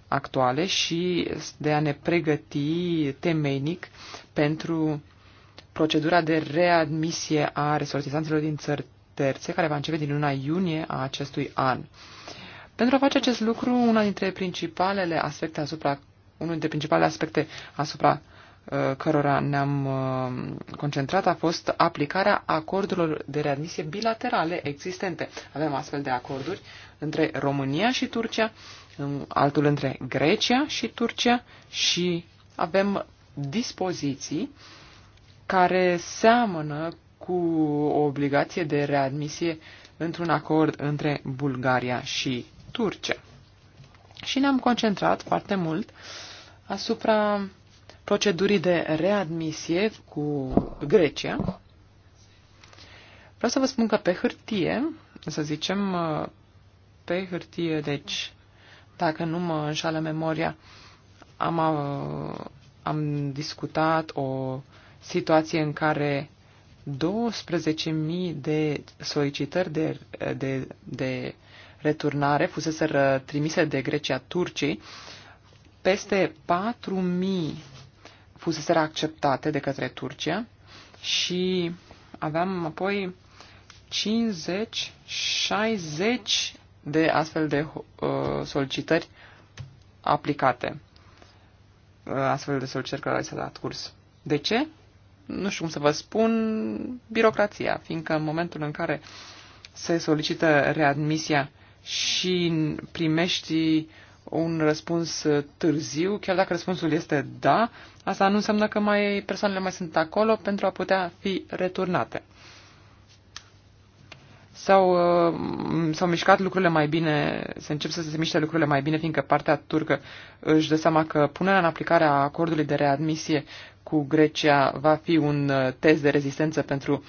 actuale și de a ne pregăti temeinic pentru procedura de readmisie a resortizanților din țări terțe, care va începe din luna iunie a acestui an. Pentru a face acest lucru, una dintre principalele aspecte asupra unul dintre principalele aspecte asupra uh, Uh, cărora ne-am uh, concentrat a fost aplicarea acordurilor de readmisie bilaterale existente. Avem astfel de acorduri între România și Turcia, altul între Grecia și Turcia și avem dispoziții care seamănă cu o obligație de readmisie într-un acord între Bulgaria și Turcia. Și ne-am concentrat foarte mult asupra procedurii de readmisie cu Grecia. Vreau să vă spun că pe hârtie, să zicem, uh, pe hârtie, deci, dacă nu mă înșală memoria, am, uh, am discutat o situație în care 12.000 de solicitări de, de, de returnare fusese trimise de Grecia Turcii, peste 4.000 fuseseră acceptate de către Turcia și aveam apoi 50-60 de astfel de uh, solicitări aplicate. Uh, astfel de solicitări care s-a dat curs. De ce? Nu știu cum să vă spun, birocrația, fiindcă în momentul în care se solicită readmisia și primești un răspuns uh, târziu, chiar dacă răspunsul este da, asta nu înseamnă că mai, persoanele mai sunt acolo pentru a putea fi returnate. S-au, uh, s-au mișcat lucrurile mai bine, se încep să se miște lucrurile mai bine, fiindcă partea turcă își dă seama că punerea în aplicare a acordului de readmisie cu Grecia va fi un uh, test de rezistență pentru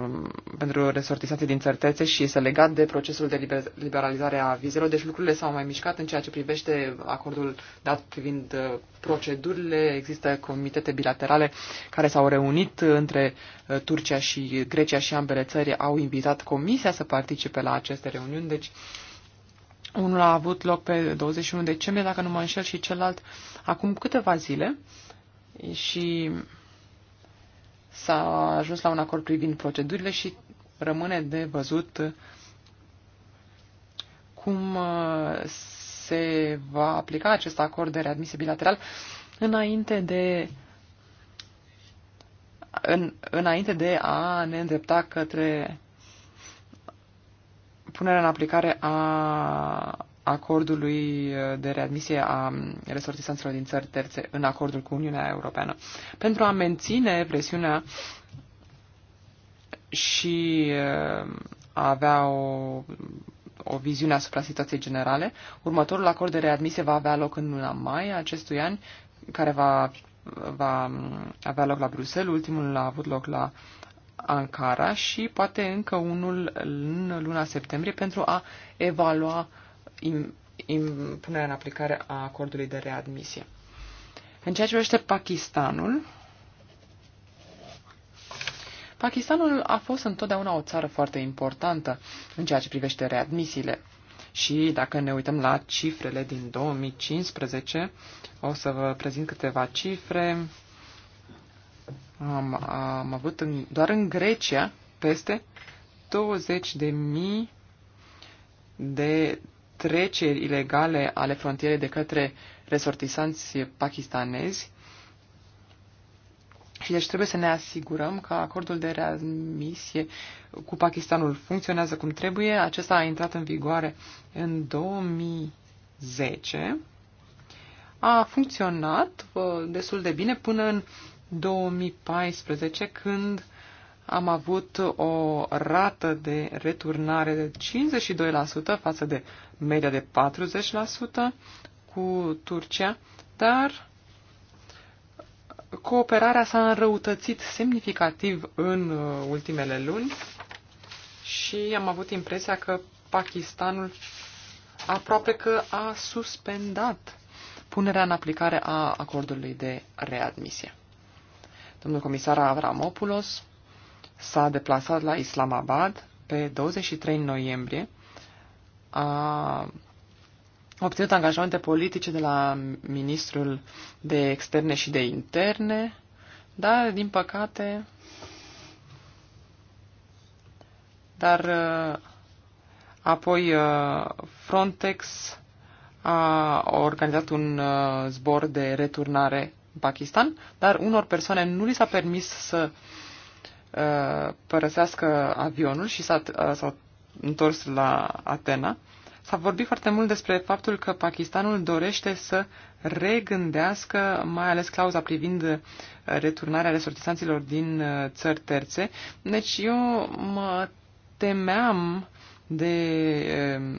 Um, pentru resortisanții din țărtețe și este legat de procesul de liberalizare a vizelor. Deci lucrurile s-au mai mișcat în ceea ce privește acordul dat privind uh, procedurile. Există comitete bilaterale care s-au reunit între uh, Turcia și Grecia și ambele țări au invitat comisia să participe la aceste reuniuni. Deci unul a avut loc pe 21 decembrie, dacă nu mă înșel, și celălalt acum câteva zile. Și S-a ajuns la un acord privind procedurile și rămâne de văzut cum uh, se va aplica acest acord de readmisie bilateral înainte de în, înainte de a ne îndrepta către punerea în aplicare a acordului uh, de readmisie a resortisanților din țări terțe în acordul cu Uniunea Europeană. Pentru a menține presiunea și uh, a avea o, o viziune asupra situației generale, următorul acord de readmisie va avea loc în luna mai acestui an, care va, va um, avea loc la Bruxelles, ultimul a avut loc la Ankara și poate încă unul în luna septembrie pentru a evalua uh, punerea în aplicare a acordului de readmisie. În ceea ce privește Pakistanul, Pakistanul a fost întotdeauna o țară foarte importantă în ceea ce privește readmisiile. Și dacă ne uităm la cifrele din 2015, o să vă prezint câteva cifre. Am, am avut în, doar în Grecia peste 20.000 de, de treceri ilegale ale frontierei de către resortisanți pakistanezi. Și deci trebuie să ne asigurăm că acordul de readmisie cu Pakistanul funcționează cum trebuie. Acesta a intrat în vigoare în 2010. A funcționat uh, destul de bine până în 2014, când am avut o rată de returnare de 52% față de media de 40% cu Turcia, dar cooperarea s-a înrăutățit semnificativ în uh, ultimele luni și am avut impresia că Pakistanul aproape că a suspendat punerea în aplicare a acordului de readmisie. Domnul comisar Avramopoulos s-a deplasat la Islamabad pe 23 noiembrie. A obținut angajamente politice de la ministrul de externe și de interne, dar, din păcate, dar uh, apoi uh, Frontex a organizat un uh, zbor de returnare în Pakistan, dar unor persoane nu li s-a permis să uh, Uh, părăsească avionul și s-a, uh, s-a întors la Atena, s-a vorbit foarte mult despre faptul că Pakistanul dorește să regândească mai ales clauza privind uh, returnarea resortisanților din țări terțe. Deci eu mă temeam de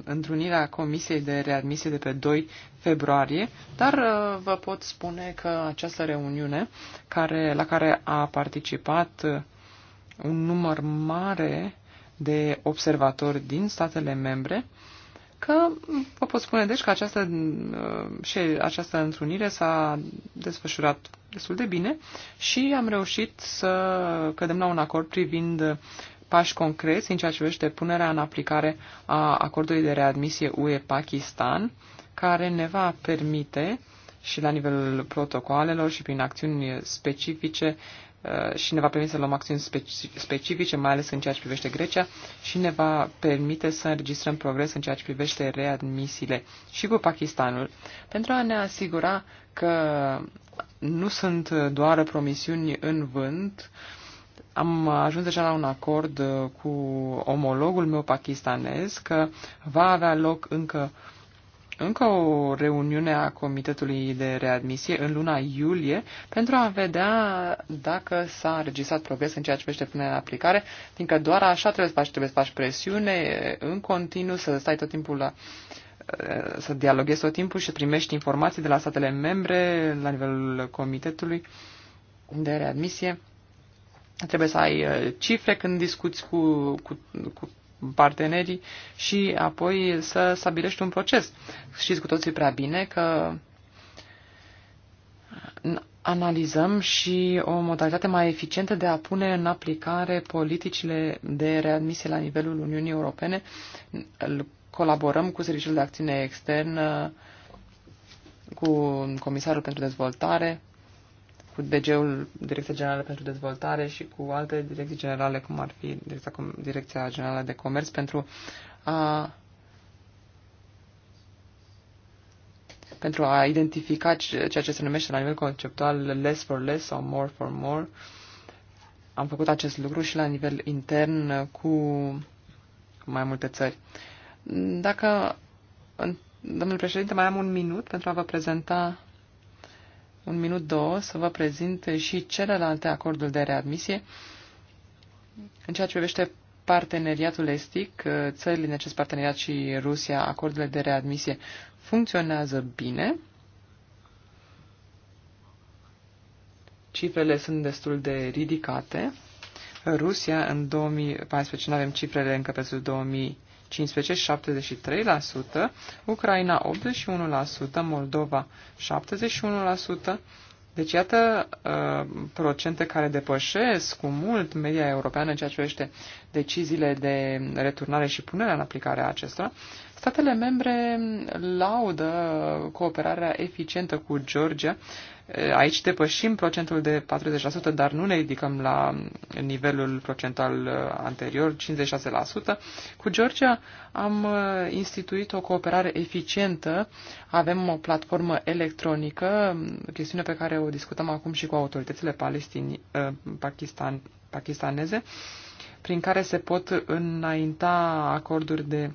întrunirea Comisiei de Readmisie de pe 2 februarie, dar vă pot spune că această reuniune care, la care a participat un număr mare de observatori din statele membre, că vă pot spune deci că această, uh, și această întrunire s-a desfășurat destul de bine și am reușit să cădem la un acord privind pași concreți în ceea ce privește punerea în aplicare a acordului de readmisie UE-Pakistan, care ne va permite și la nivelul protocoalelor și prin acțiuni specifice Uh, și ne va permite să luăm acțiuni specifice, mai ales în ceea ce privește Grecia, și ne va permite să înregistrăm progres în ceea ce privește readmisiile și cu Pakistanul, pentru a ne asigura că nu sunt doar promisiuni în vânt. Am ajuns deja la un acord cu omologul meu pakistanez că va avea loc încă uh, încă o reuniune a Comitetului de Readmisie în luna iulie pentru a vedea dacă s-a înregistrat progres în ceea ce privește punerea în aplicare, fiindcă doar așa trebuie să faci, trebuie să faci presiune în continuu, să stai tot timpul la eh, să dialoghezi tot timpul și să primești informații de la statele membre la nivelul comitetului de readmisie. Trebuie să ai eh, cifre când discuți cu, cu, cu partenerii și apoi să stabilești un proces. Știți cu toții prea bine că analizăm și o modalitate mai eficientă de a pune în aplicare politicile de readmisie la nivelul Uniunii Europene. Colaborăm cu Serviciul de Acțiune Externă, cu Comisarul pentru Dezvoltare, cu DG-ul, Direcția Generală pentru Dezvoltare și cu alte direcții generale, cum ar fi Direcția, Direcția Generală de Comerț, pentru a pentru a identifica ceea ce se numește la nivel conceptual less for less sau more for more. Am făcut acest lucru și la nivel intern cu mai multe țări. Dacă, domnul președinte, mai am un minut pentru a vă prezenta un minut, două, să vă prezint și celelalte acorduri de readmisie în ceea ce privește parteneriatul estic, uh, țările din acest parteneriat și Rusia, acordurile de readmisie funcționează bine. Cifrele sunt destul de ridicate. Rusia, în 2014, nu avem cifrele încă pentru 2000 15-73%, Ucraina 81%, Moldova 71%. Deci iată uh, procente care depășesc cu mult media europeană în ceea ce privește deciziile de returnare și punerea în aplicare a acestora. Statele membre laudă cooperarea eficientă cu Georgia. Aici depășim procentul de 40%, dar nu ne ridicăm la nivelul procentual anterior, 56%. Cu Georgia am instituit o cooperare eficientă, avem o platformă electronică, chestiune pe care o discutăm acum și cu autoritățile palestini, ă, pakistan, pakistaneze, prin care se pot înainta acorduri de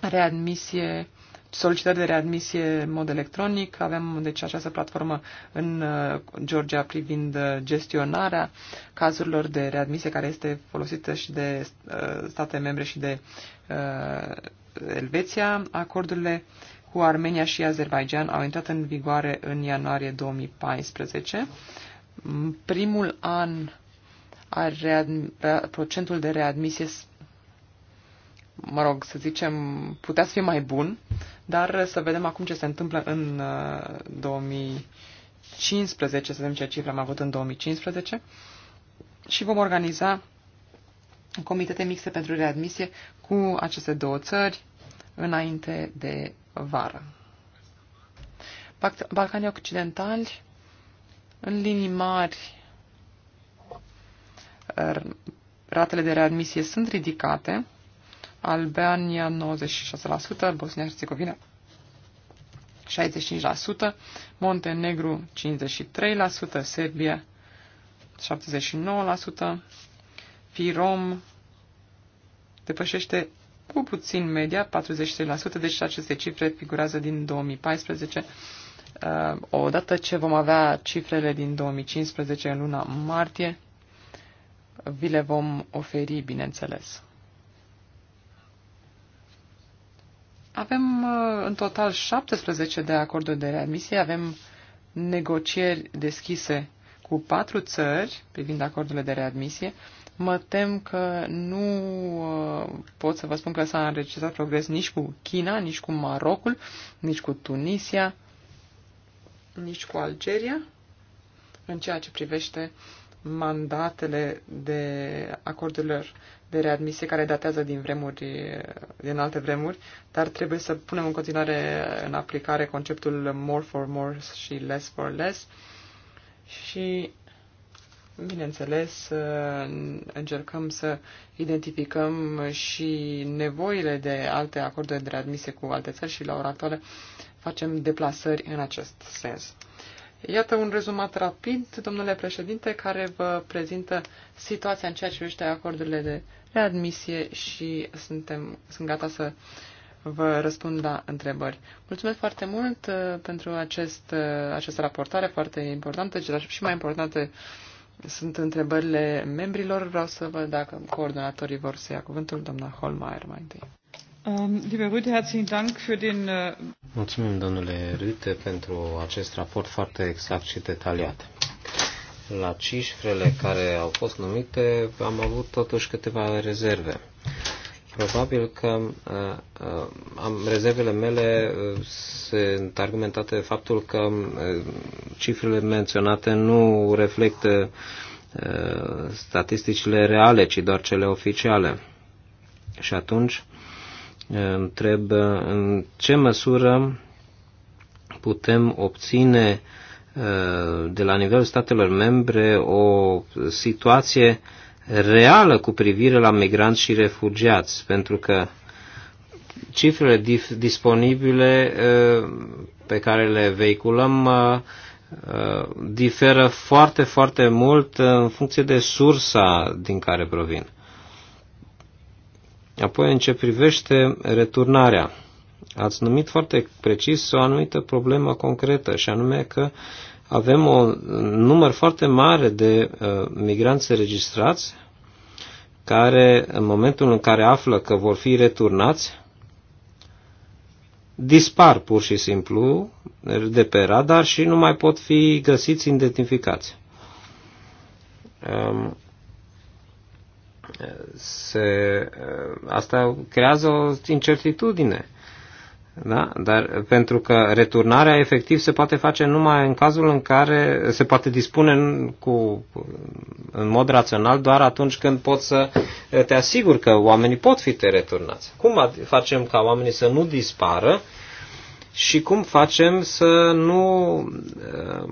readmisie, solicitări de readmisie în mod electronic. Avem deci această platformă în uh, Georgia privind uh, gestionarea cazurilor de readmisie care este folosită și de uh, state membre și de Elveția. Acordurile cu Armenia și Azerbaijan au intrat în vigoare în ianuarie 2014. Primul an procentul de readmisie mă rog, să zicem, putea să fie mai bun, dar să vedem acum ce se întâmplă în 2015, uh, să vedem ce cifre am avut în 2015 și vom organiza comitete mixte pentru readmisie cu aceste două țări înainte de vară. Balcanii Occidentali, în linii mari, er, ratele de readmisie sunt ridicate, Albania 96%, Bosnia-Herzegovina 65%, Montenegru 53%, Serbia 79%, Firom depășește cu puțin media, 43%, deci aceste cifre figurează din 2014. Uh, odată ce vom avea cifrele din 2015 în luna martie, vi le vom oferi, bineînțeles. Avem uh, în total 17 de acorduri de readmisie, avem negocieri deschise cu patru țări privind acordurile de readmisie. Mă tem că nu uh, pot să vă spun că s-a înregistrat progres nici cu China, nici cu Marocul, nici cu Tunisia, nici cu Algeria în ceea ce privește mandatele de acordurilor de readmisie care datează din vremuri, din alte vremuri, dar trebuie să punem în continuare în aplicare conceptul more for more și less for less și, bineînțeles, încercăm să identificăm și nevoile de alte acorduri de readmisie cu alte țări și la ora actuală facem deplasări în acest sens. Iată un rezumat rapid, domnule președinte, care vă prezintă situația în ceea ce privește acordurile de readmisie și suntem, sunt gata să vă răspund la întrebări. Mulțumesc foarte mult uh, pentru acest, uh, această raportare foarte importantă și mai importante sunt întrebările membrilor. Vreau să văd dacă coordonatorii vor să ia cuvântul, doamna Holmeier mai întâi. Um, äh, Mulțumim, domnule Rüte, pentru acest raport foarte exact și detaliat. La cifrele care au fost numite am avut totuși câteva rezerve. Probabil că uh, uh, am, rezervele mele uh, sunt argumentate de faptul că uh, cifrele menționate nu reflectă uh, statisticile reale, ci doar cele oficiale. Și atunci, uh, Eh, întreb eh, în ce măsură putem obține eh, de la nivelul statelor membre o situație reală cu privire la migranți și refugiați, pentru că cifrele disponibile pe care le vehiculăm diferă foarte, foarte mult în funcție de sursa din care provin. Apoi, în ce privește returnarea, ați numit foarte precis o anumită problemă concretă, și anume că avem un număr foarte mare de uh, migranți registrați care, în momentul în care află că vor fi returnați, dispar pur și simplu de pe radar și nu mai pot fi găsiți, identificați. Um, se, asta creează o incertitudine. Da? Dar pentru că returnarea efectiv se poate face numai în cazul în care se poate dispune în, cu, în mod rațional doar atunci când poți să te asiguri că oamenii pot fi te returnați. Cum facem ca oamenii să nu dispară și cum facem să nu eh,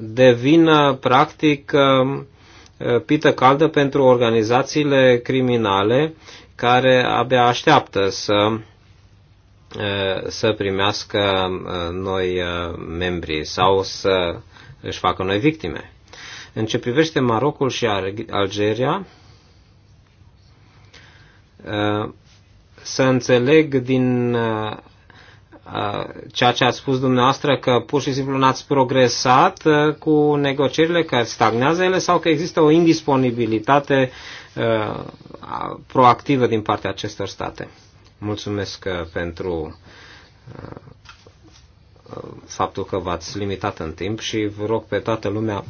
devină practic eh, Uh, pită caldă pentru organizațiile criminale care abia așteaptă să, uh, să primească uh, noi membri sau să își facă noi victime. În ce privește Marocul și Algeria, să înțeleg din Uh, ceea ce a spus dumneavoastră că pur și simplu n-ați progresat uh, cu negocierile care stagnează ele sau că există o indisponibilitate uh, proactivă din partea acestor state. Mulțumesc pentru faptul că v-ați limitat în timp și vă rog pe toată lumea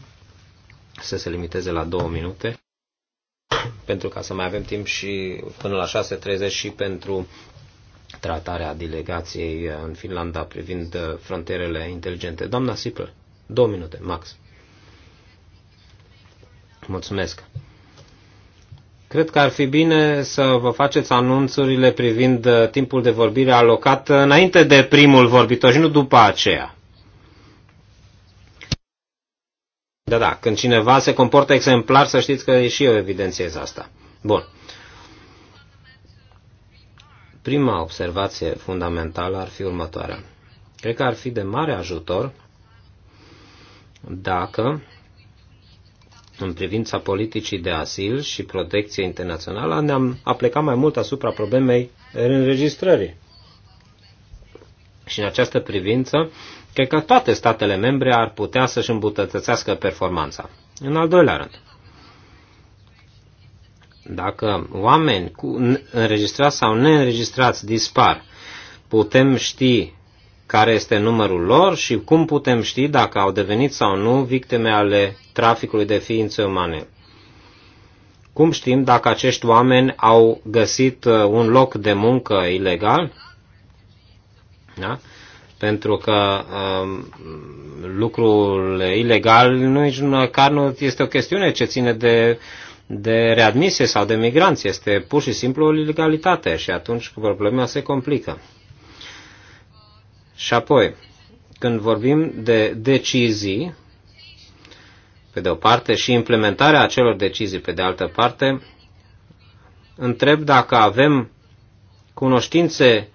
să se limiteze la două minute pentru ca să mai avem timp și până la 6.30 și pentru tratarea delegației în Finlanda privind uh, frontierele inteligente. Doamna Sipler, două minute, max. Mulțumesc. Cred că ar fi bine să vă faceți anunțurile privind uh, timpul de vorbire alocat uh, înainte de primul vorbitor și nu după aceea. Da, da, când cineva se comportă exemplar, să știți că și eu evidențiez asta. Bun. Prima observație fundamentală ar fi următoarea. Cred că ar fi de mare ajutor dacă, în privința politicii de asil și protecție internațională, ne-am aplicat mai mult asupra problemei înregistrării. Și în această privință, cred că toate statele membre ar putea să-și îmbunătățească performanța. În al doilea rând, dacă oameni cu, înregistrați sau neînregistrați dispar, putem ști care este numărul lor și cum putem ști dacă au devenit sau nu victime ale traficului de ființe umane. Cum știm dacă acești oameni au găsit uh, un loc de muncă ilegal? Da? Pentru că um, lucrul ilegal nu, nici măcar nu este o chestiune ce ține de de readmisie sau de migranți. Este pur și simplu o ilegalitate și atunci problema se complică. Și apoi, când vorbim de decizii, pe de o parte, și implementarea acelor decizii, pe de altă parte, întreb dacă avem cunoștințe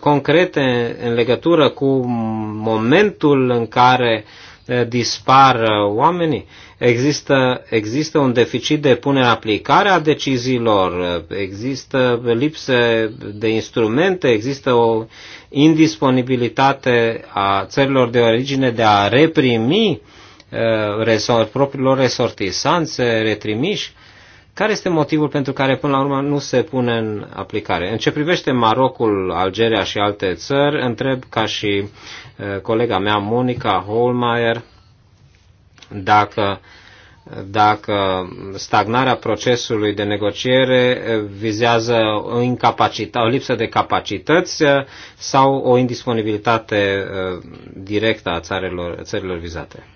concrete în legătură cu momentul în care dispar oamenii. Există, există un deficit de punere în aplicare a deciziilor, există lipse de instrumente, există o indisponibilitate a țărilor de origine de a reprimi uh, resort, propriilor resortisanțe, retrimiși. Care este motivul pentru care până la urmă nu se pune în aplicare? În ce privește Marocul, Algeria și alte țări, întreb ca și uh, colega mea Monica Holmeier, dacă, dacă stagnarea procesului de negociere vizează o, incapacitate, o lipsă de capacități uh, sau o indisponibilitate uh, directă a țărilor, țărilor vizate.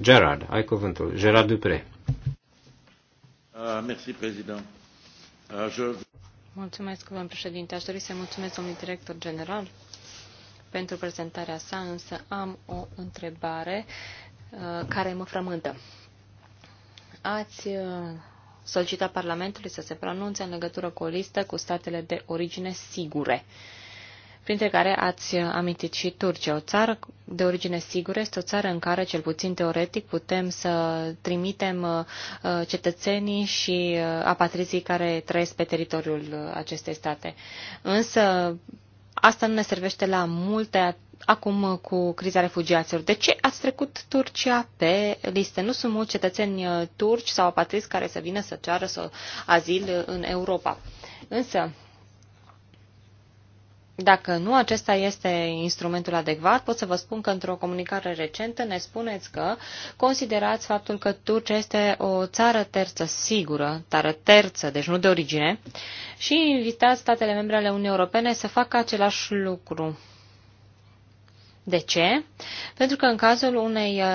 Gerard, ai cuvântul. Gerard Dupre. Uh, mulțumesc, domnul președinte. Aș dori să mulțumesc domnului director general pentru prezentarea sa, însă am o întrebare Uh, care mă frământă. Ați uh, solicitat Parlamentului să se pronunțe în legătură cu o listă cu statele de origine sigure, printre care ați amintit și Turcia. O țară de origine sigură este o țară în care, cel puțin teoretic, putem să trimitem uh, cetățenii și apatrizii care trăiesc pe teritoriul acestei state. Însă, asta nu ne servește la multe acum uh, cu criza refugiaților. De ce ați trecut Turcia pe listă? Nu sunt mulți cetățeni uh, turci sau apatriți care să vină să ceară să azil uh, în Europa. Însă, dacă nu acesta este instrumentul adecvat, pot să vă spun că într-o comunicare recentă ne spuneți că considerați faptul că Turcia este o țară terță sigură, țară terță, deci nu de origine, și invitați statele membre ale Uniunii Europene să facă același lucru de ce? Pentru că în cazul unei uh,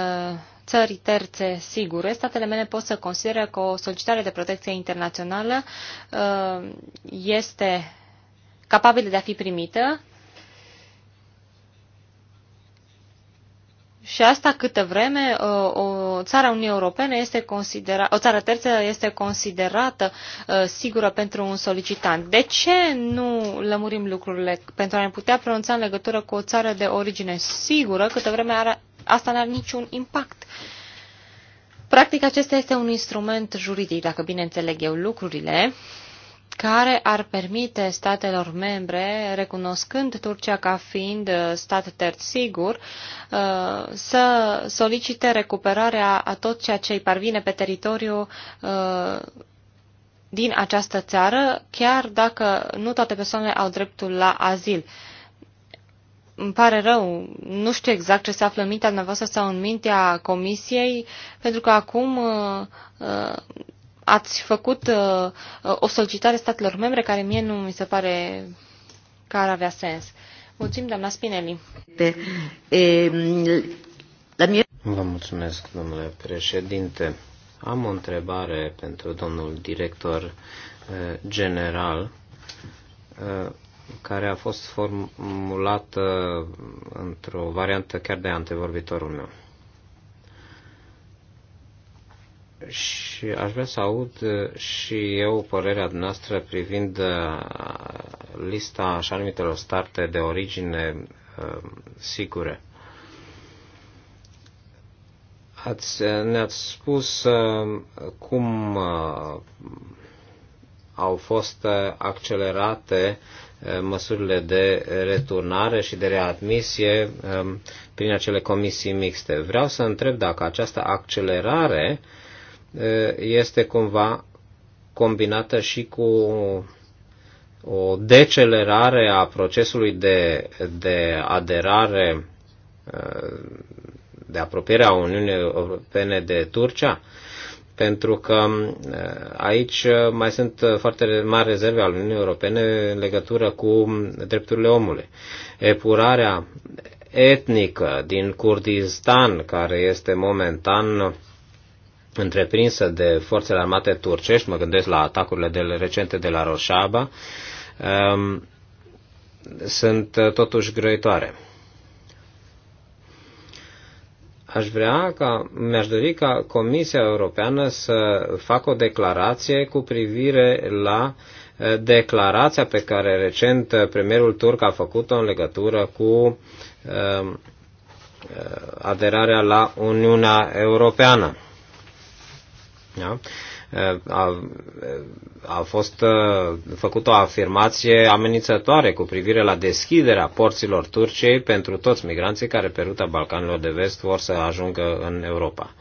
țări terțe sigure, statele mele pot să consideră că o solicitare de protecție internațională uh, este capabilă de a fi primită și asta câtă vreme uh, o o țară Uniunii Europene este considerată, o țară terță este considerată uh, sigură pentru un solicitant. De ce nu lămurim lucrurile pentru a ne putea pronunța în legătură cu o țară de origine sigură, câtă vreme are, asta nu are niciun impact? Practic, acesta este un instrument juridic, dacă bine înțeleg eu lucrurile, care ar permite statelor membre, recunoscând Turcia ca fiind uh, stat terț sigur, uh, să solicite recuperarea a tot ceea ce îi parvine pe teritoriu uh, din această țară, chiar dacă nu toate persoanele au dreptul la azil. Îmi pare rău, nu știu exact ce se află în mintea dumneavoastră sau în mintea comisiei, pentru că acum ați făcut uh, uh, o solicitare statelor membre care mie nu mi se pare că ar avea sens. Mulțumim, doamna Spinelli. Pe, e, la mie... Vă mulțumesc, domnule președinte. Am o întrebare pentru domnul director uh, general uh, care a fost formulată într-o variantă chiar de antevorbitorul meu. și aș vrea să aud uh, și eu părerea noastră privind uh, lista așa numitelor starte de origine uh, sigure. Ați, ne-ați spus cum au fost accelerate măsurile de returnare și de readmisie um, prin acele comisii mixte. Vreau să întreb dacă această accelerare uh, este cumva combinată și cu o decelerare a procesului de, de aderare, de apropiere a Uniunii Europene de Turcia, pentru că aici mai sunt foarte mari rezerve ale Uniunii Europene în legătură cu drepturile omului. Epurarea etnică din Kurdistan, care este momentan întreprinsă de forțele armate turcești, mă gândesc la atacurile de, recente de la Roșaba, um, sunt uh, totuși grăitoare. Aș vrea ca, mi-aș dori ca Comisia Europeană să facă o declarație cu privire la uh, declarația pe care recent uh, premierul turc a făcut-o în legătură cu um, aderarea la Uniunea Europeană da? A, a fost făcută o afirmație amenințătoare cu privire la deschiderea porților Turciei pentru toți migranții care pe ruta Balcanilor de Vest vor să ajungă în Europa.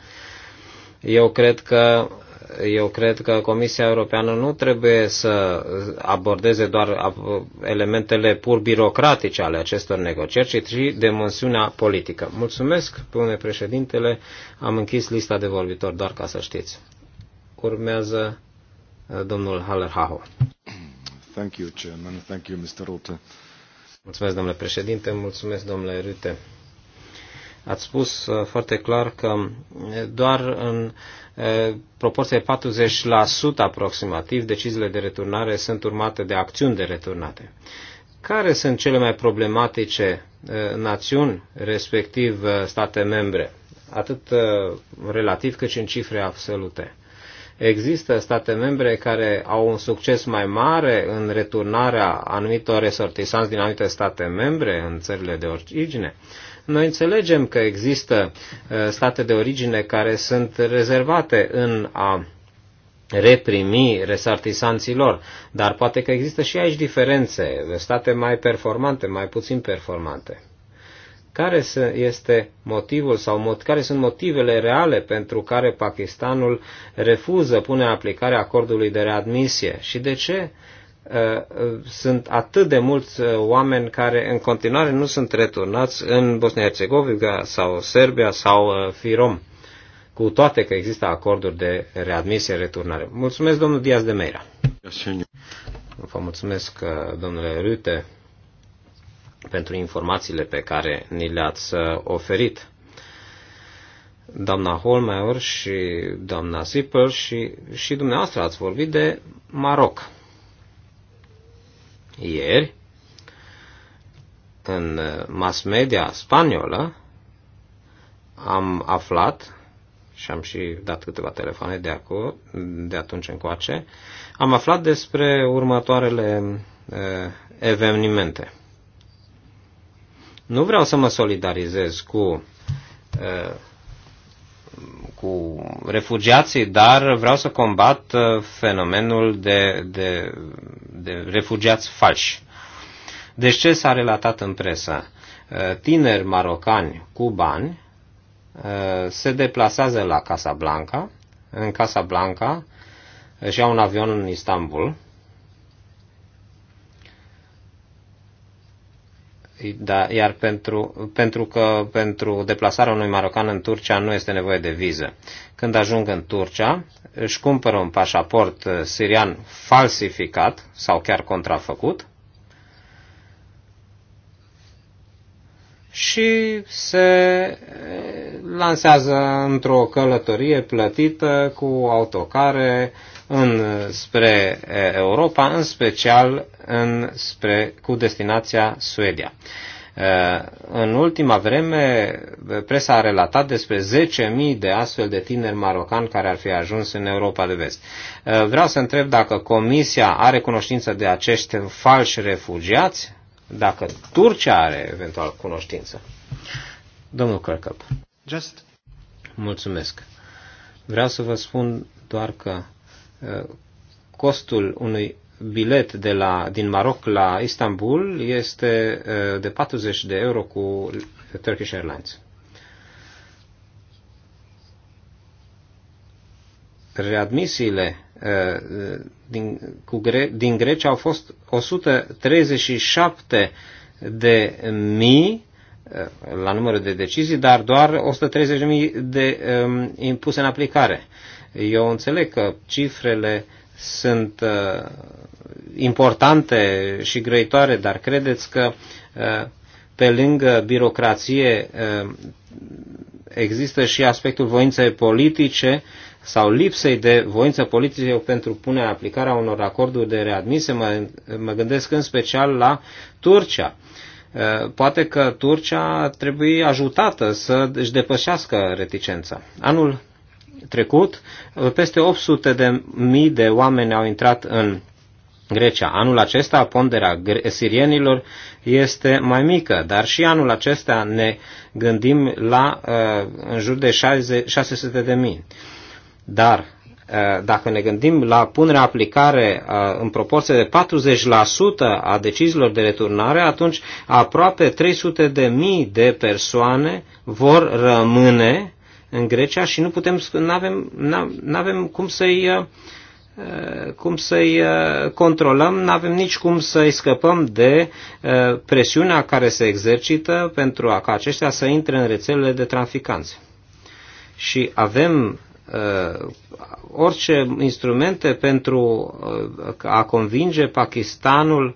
Eu cred că eu cred că Comisia Europeană nu trebuie să abordeze doar elementele pur birocratice ale acestor negocieri, ci și dimensiunea politică. Mulțumesc, domnule președintele, am închis lista de vorbitori doar ca să știți urmează uh, domnul Haller Haho. Thank you, Chairman. Thank you, Mr. Rutte. Mulțumesc, domnule președinte, mulțumesc, domnule Rutte. Ați spus uh, foarte clar că uh, doar în proporție de 40% aproximativ deciziile de returnare sunt urmate de acțiuni de returnate. Care sunt cele mai problematice națiuni, respectiv state membre, atât relativ cât și în cifre absolute? Există state membre care au un succes mai mare în returnarea anumitor resortisanți din anumite state membre în țările de origine. Noi înțelegem că există uh, state de origine care sunt rezervate în a reprimi lor, dar poate că există și aici diferențe, state mai performante, mai puțin performante care este motivul sau mot, care sunt motivele reale pentru care Pakistanul refuză punerea aplicarea acordului de readmisie și de ce uh, sunt atât de mulți uh, oameni care în continuare nu sunt returnați în Bosnia-Herzegovina sau Serbia sau uh, Firom, cu toate că există acorduri de readmisie-returnare. Mulțumesc, domnul Diaz de Meira. Vă mulțumesc, domnule Rute, pentru informațiile pe care ni le-ați uh, oferit. Doamna Holmeier și doamna Zipper și, și dumneavoastră ați vorbit de Maroc. Ieri, în uh, mass media spaniolă, am aflat și am și dat câteva telefoane de, acu, de atunci încoace, am aflat despre următoarele uh, evenimente. Nu vreau să mă solidarizez cu, cu refugiații, dar vreau să combat fenomenul de, de, de refugiați falși. Deci ce s-a relatat în presă? Tineri marocani cu bani se deplasează la Casablanca, în Casablanca, și au un avion în Istanbul, Da, iar pentru, pentru că pentru deplasarea unui marocan în Turcia nu este nevoie de viză. Când ajung în Turcia, își cumpără un pașaport uh, sirian falsificat sau chiar contrafăcut și se uh, lansează într-o călătorie plătită cu autocare, în, spre Europa, în special în, spre, cu destinația Suedia. În ultima vreme, presa a relatat despre 10.000 de astfel de tineri marocani care ar fi ajuns în Europa de Vest. Vreau să întreb dacă Comisia are cunoștință de acești falși refugiați, dacă Turcia are eventual cunoștință. Domnul Cărcăp. Just. Mulțumesc. Vreau să vă spun doar că Uh, costul unui bilet de la, din Maroc la Istanbul este uh, de 40 de euro cu Turkish Airlines. Readmisiile uh, din, cu Gre- din Grecia au fost 137 de mii la numărul de decizii, dar doar 130.000 de um, impuse în aplicare. Uh, eu înțeleg că cifrele sunt uh, importante și grăitoare, dar credeți că uh, pe lângă birocrație uh, există și aspectul voinței politice sau lipsei de voință politică pentru punerea aplicarea unor acorduri de readmisie. Mă, mă gândesc în special la Turcia. Poate că Turcia trebuie ajutată să își depășească reticența. Anul trecut, uh, peste 800 de mii de oameni au intrat în Grecia. Anul acesta ponderea sirienilor este mai mică, dar și anul acesta ne gândim la uh, în jur de 60, 600 de mii. Dar uh, dacă ne gândim la punerea aplicare uh, în proporție de 40% a deciziilor de returnare, atunci aproape 300 de mii de persoane vor rămâne în Grecia și nu putem, nu avem, nu avem cum să-i uh, uh, cum să-i uh, controlăm, nu avem nici cum să-i scăpăm de presiunea care se exercită pentru a, ca aceștia să intre în rețelele de traficanți. Și avem orice instrumente pentru a convinge Pakistanul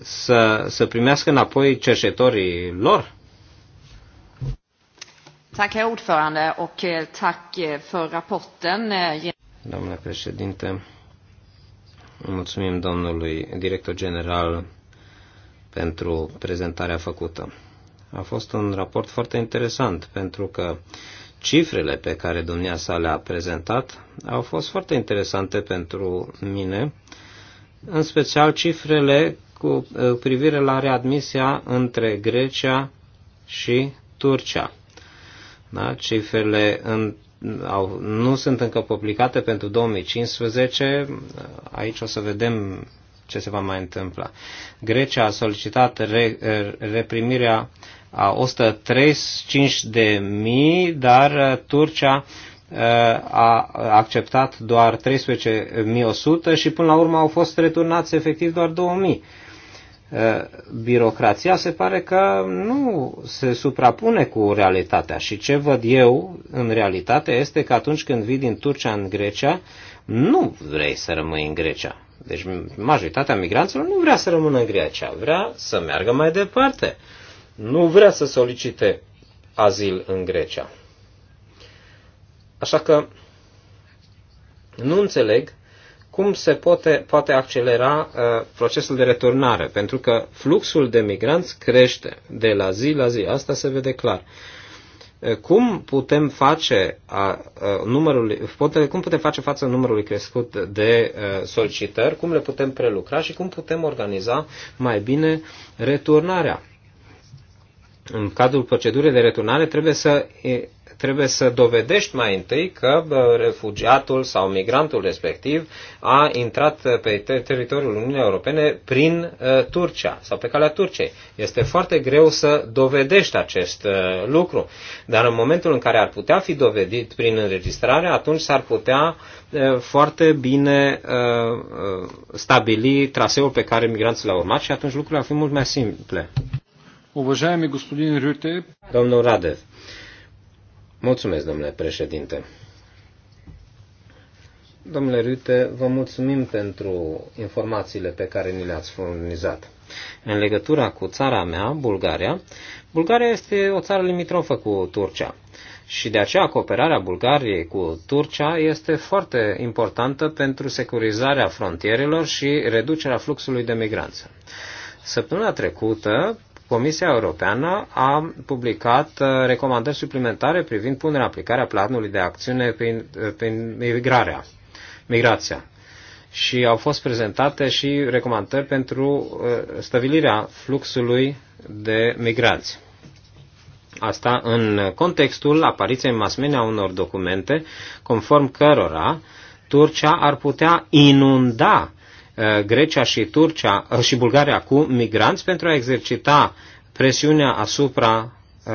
să, să primească înapoi cercetorii lor? Tack, herr ordförande, och eh, tack eh, för rapporten. Eh, Domnule președinte, mulțumim domnului director general pentru prezentarea făcută. A fost un raport foarte interesant pentru că cifrele pe care domnia sa le-a prezentat au fost foarte interesante pentru mine, în special cifrele cu privire la readmisia între Grecia și Turcia. Da? Cifrele în, au, nu sunt încă publicate pentru 2015. Aici o să vedem ce se va mai întâmpla. Grecia a solicitat re, reprimirea a 135 de mii, dar uh, Turcia uh, a acceptat doar 13.100 și până la urmă au fost returnați efectiv doar 2.000 birocrația se pare că nu se suprapune cu realitatea și ce văd eu în realitate este că atunci când vii din Turcia în Grecia, nu vrei să rămâi în Grecia. Deci majoritatea migranților nu vrea să rămână în Grecia, vrea să meargă mai departe. Nu vrea să solicite azil în Grecia. Așa că nu înțeleg cum se poate, poate accelera uh, procesul de returnare, pentru că fluxul de migranți crește de la zi la zi, asta se vede clar. Uh, cum putem face a, a, uh, numărului, numărul, cum putem face față numărului crescut de a, uh, solicitări, cum le putem prelucra și cum putem organiza mai bine returnarea? În cadrul procedurii de returnare trebuie să Trebuie să dovedești mai întâi că refugiatul sau migrantul respectiv a intrat pe teritoriul Uniunii Europene prin uh, Turcia sau pe calea Turciei. Este foarte greu să dovedești acest uh, lucru, dar în momentul în care ar putea fi dovedit prin înregistrare, atunci s-ar putea uh, foarte bine stabili traseul pe care migranții l-au urmat și atunci lucrurile ar fi mult mai simple. Уважаеми господин Рюте. Domnul Radev. Mulțumesc, domnule președinte. Domnule Rute, vă mulțumim pentru informațiile pe care ni le-ați furnizat. În legătura cu țara mea, Bulgaria, Bulgaria este o țară limitrofă cu Turcia. Și de aceea cooperarea Bulgariei cu Turcia este foarte importantă pentru securizarea frontierelor și reducerea fluxului de migranță. Săptămâna trecută, Comisia Europeană a publicat uh, recomandări suplimentare privind punerea aplicarea planului de acțiune prin, uh, prin migrarea, migrația. Și au fost prezentate și recomandări pentru uh, stabilirea fluxului de migrați. Asta în contextul apariției mass media unor documente conform cărora Turcia ar putea inunda Uh, Grecia și Turcia uh, și Bulgaria cu migranți pentru a exercita presiunea asupra uh,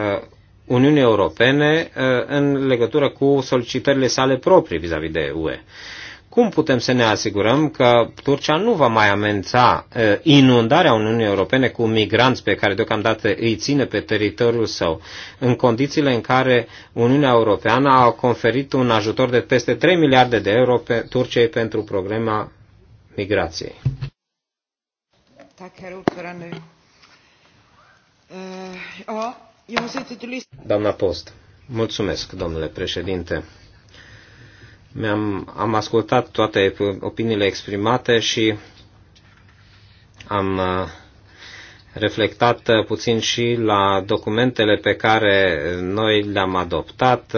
Uniunii Europene în legătură cu solicitările sale proprii vis-a-vis -vis de UE. Cum putem să ne asigurăm că Turcia nu va mai amenința inundarea Uniunii Europene cu migranți pe care deocamdată îi ține pe teritoriul său, în condițiile în care Uniunea Europeană a conferit un ajutor de peste 3 miliarde de euro pe Turciei pentru programa migrației. Eh, Doamna Post, mulțumesc, domnule președinte. Mi-am am ascultat toate opiniile exprimate și am eh, reflectat eh, puțin și la documentele pe care noi le-am adoptat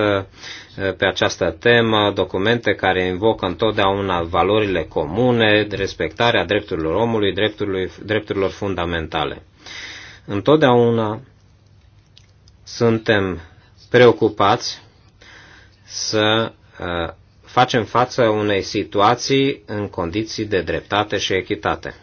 pe această temă, documente care invocă întotdeauna valorile comune, respectarea drepturilor omului, drepturilor, fundamentale. Întotdeauna suntem preocupați să uh, facem față unei situații în condiții de dreptate și echitate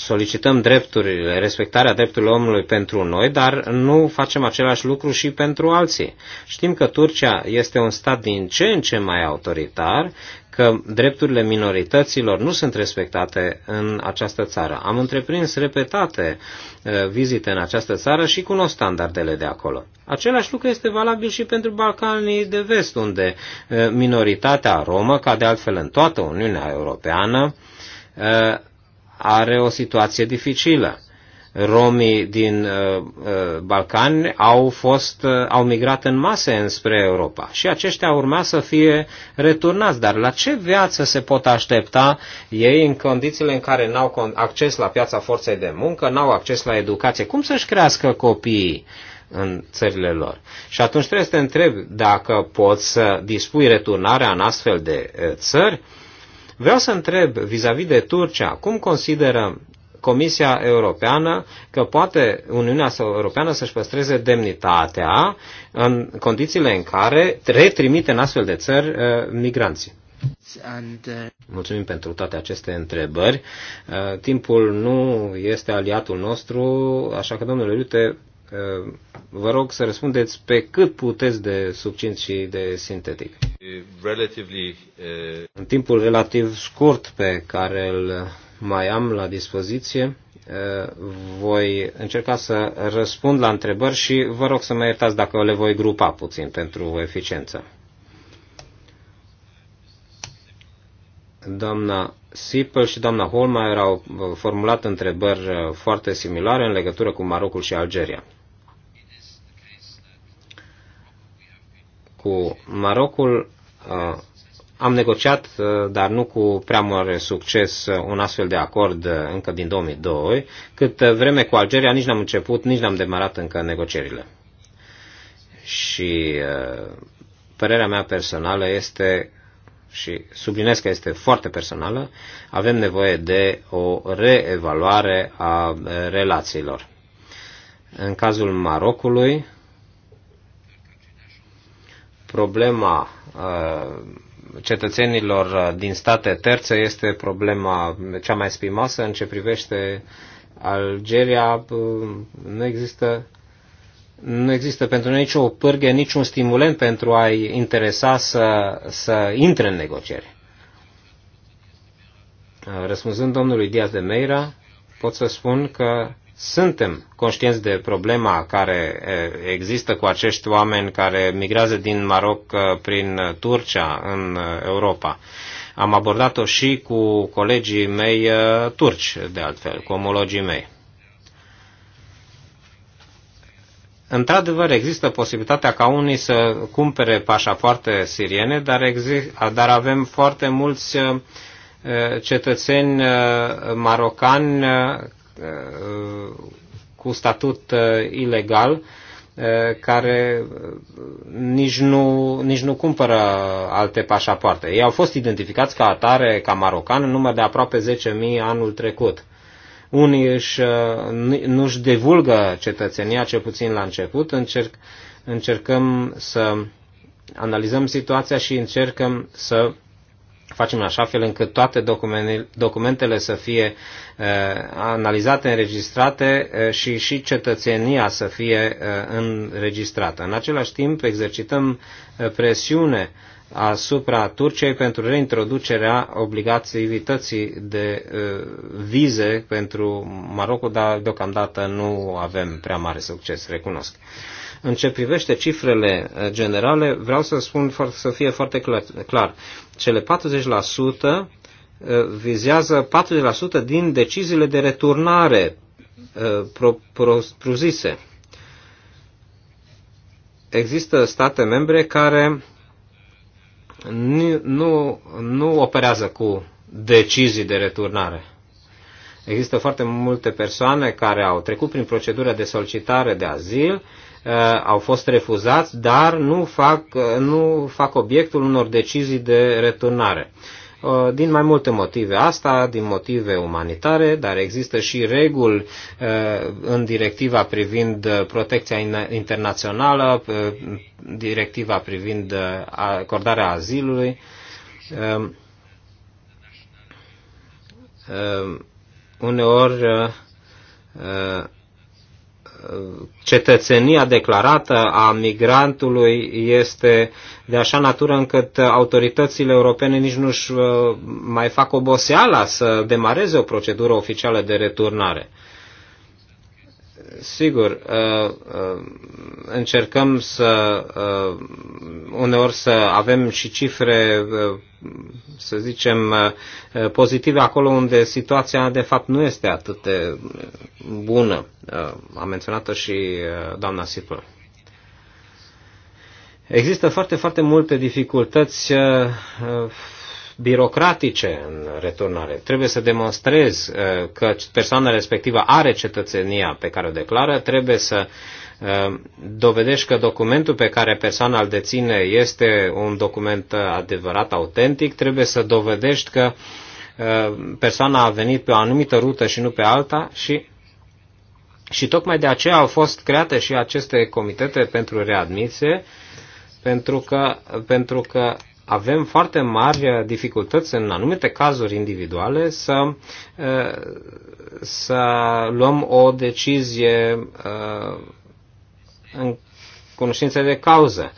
solicităm drepturile, respectarea drepturilor omului pentru noi, dar nu facem același lucru și pentru alții. Știm că Turcia este un stat din ce în ce mai autoritar, că drepturile minorităților nu sunt respectate în această țară. Am întreprins repetate uh, vizite în această țară și cunosc standardele de acolo. Același lucru este valabil și pentru Balcanii de Vest, unde uh, minoritatea romă, ca de altfel în toată Uniunea Europeană, uh, are o situație dificilă. Romii din uh, uh, Balcani au, fost, uh, au migrat în mase înspre Europa și aceștia urma să fie returnați. Dar la ce viață se pot aștepta ei în condițiile în care n-au acces la piața forței de muncă, n-au acces la educație? Cum să-și crească copiii? în țările lor. Și atunci trebuie să te întreb dacă poți să dispui returnarea în astfel de uh, țări Vreau să întreb vis-a-vis -vis de Turcia, cum consideră Comisia Europeană că poate Uniunea Europeană să-și păstreze demnitatea în condițiile în care retrimite în astfel de țări uh, migranții. Uh, Mulțumim pentru toate aceste întrebări. Uh, timpul nu este aliatul nostru, așa că, domnule Iute, uh, Vă rog să răspundeți pe cât puteți de succint și de sintetic. Relatively, uh... În timpul relativ scurt pe care îl mai am la dispoziție, uh, voi încerca să răspund la întrebări și vă rog să mă iertați dacă le voi grupa puțin pentru eficiență. Doamna Sipel și doamna Holmeier au formulat întrebări uh, foarte similare în legătură cu Marocul și Algeria. cu Marocul uh, am negociat, uh, dar nu cu prea mare succes, uh, un astfel de acord încă din 2002, cât vreme cu Algeria nici n-am început, nici n-am demarat încă negocierile. Și părerea mea personală este, și sublinez că este foarte personală, avem nevoie de o reevaluare a relațiilor. În cazul Marocului, problema uh, cetățenilor uh, din state terțe este problema cea mai spimoasă în ce privește Algeria. Uh, nu există, nu există pentru noi nicio pârghe, niciun stimulent pentru a-i interesa să, să intre în negocieri. Răspunzând domnului Diaz de Meira, pot să spun că suntem conștienți de problema care există cu acești oameni care migrează din Maroc prin Turcia în Europa. Am abordat-o și cu colegii mei turci, de altfel, cu omologii mei. Într-adevăr, există posibilitatea ca unii să cumpere pașapoarte siriene, dar, exist, dar avem foarte mulți cetățeni marocani cu statut uh, ilegal uh, care uh, nici nu, nici nu cumpără alte pașapoarte. Ei au fost identificați ca atare, ca marocan, în număr de aproape 10.000 anul trecut. Unii își, nu își divulgă cetățenia, cel puțin la început, încerc, încercăm să analizăm situația și încercăm să facem în așa fel încât toate documentele să fie uh, analizate, înregistrate uh, și și cetățenia să fie uh, înregistrată. În același timp exercităm presiune asupra Turciei pentru reintroducerea obligativității de vize pentru Maroc, dar deocamdată nu avem prea mare succes, recunosc. În ce privește cifrele eh, generale, vreau să spun să fie foarte clar. Cele 40% eh, vizează 40% din deciziile de returnare eh, propriu-zise. Există state membre care nu, nu, nu operează cu decizii de returnare. Există foarte multe persoane care au trecut prin procedura de solicitare de azil Uh, au fost refuzați, dar nu fac, uh, nu fac obiectul unor decizii de returnare. Uh, din mai multe motive asta, din motive umanitare, dar există și reguli în directiva privind protecția internațională, directiva privind acordarea azilului um, um, uneori cetățenia declarată a migrantului este de așa natură încât autoritățile europene nici nu-și uh, mai fac oboseala să demareze o procedură oficială de returnare. Sigur, uh, uh, încercăm să uh, uneori să avem și cifre, să zicem, pozitive acolo unde situația de fapt nu este atât de bună. A menționat-o și doamna Sipă. Există foarte, foarte multe dificultăți birocratice în returnare. Trebuie să demonstrezi uh, că persoana respectivă are cetățenia pe care o declară, trebuie să uh, dovedești că documentul pe care persoana îl deține este un document uh, adevărat, autentic, trebuie să dovedești că persoana a venit pe o anumită rută și nu pe alta și și tocmai de aceea au fost create și aceste comitete pentru readmisie, pentru că, pentru că avem foarte mari dificultăți în anumite cazuri individuale să, să luăm o decizie în cunoștință de cauză.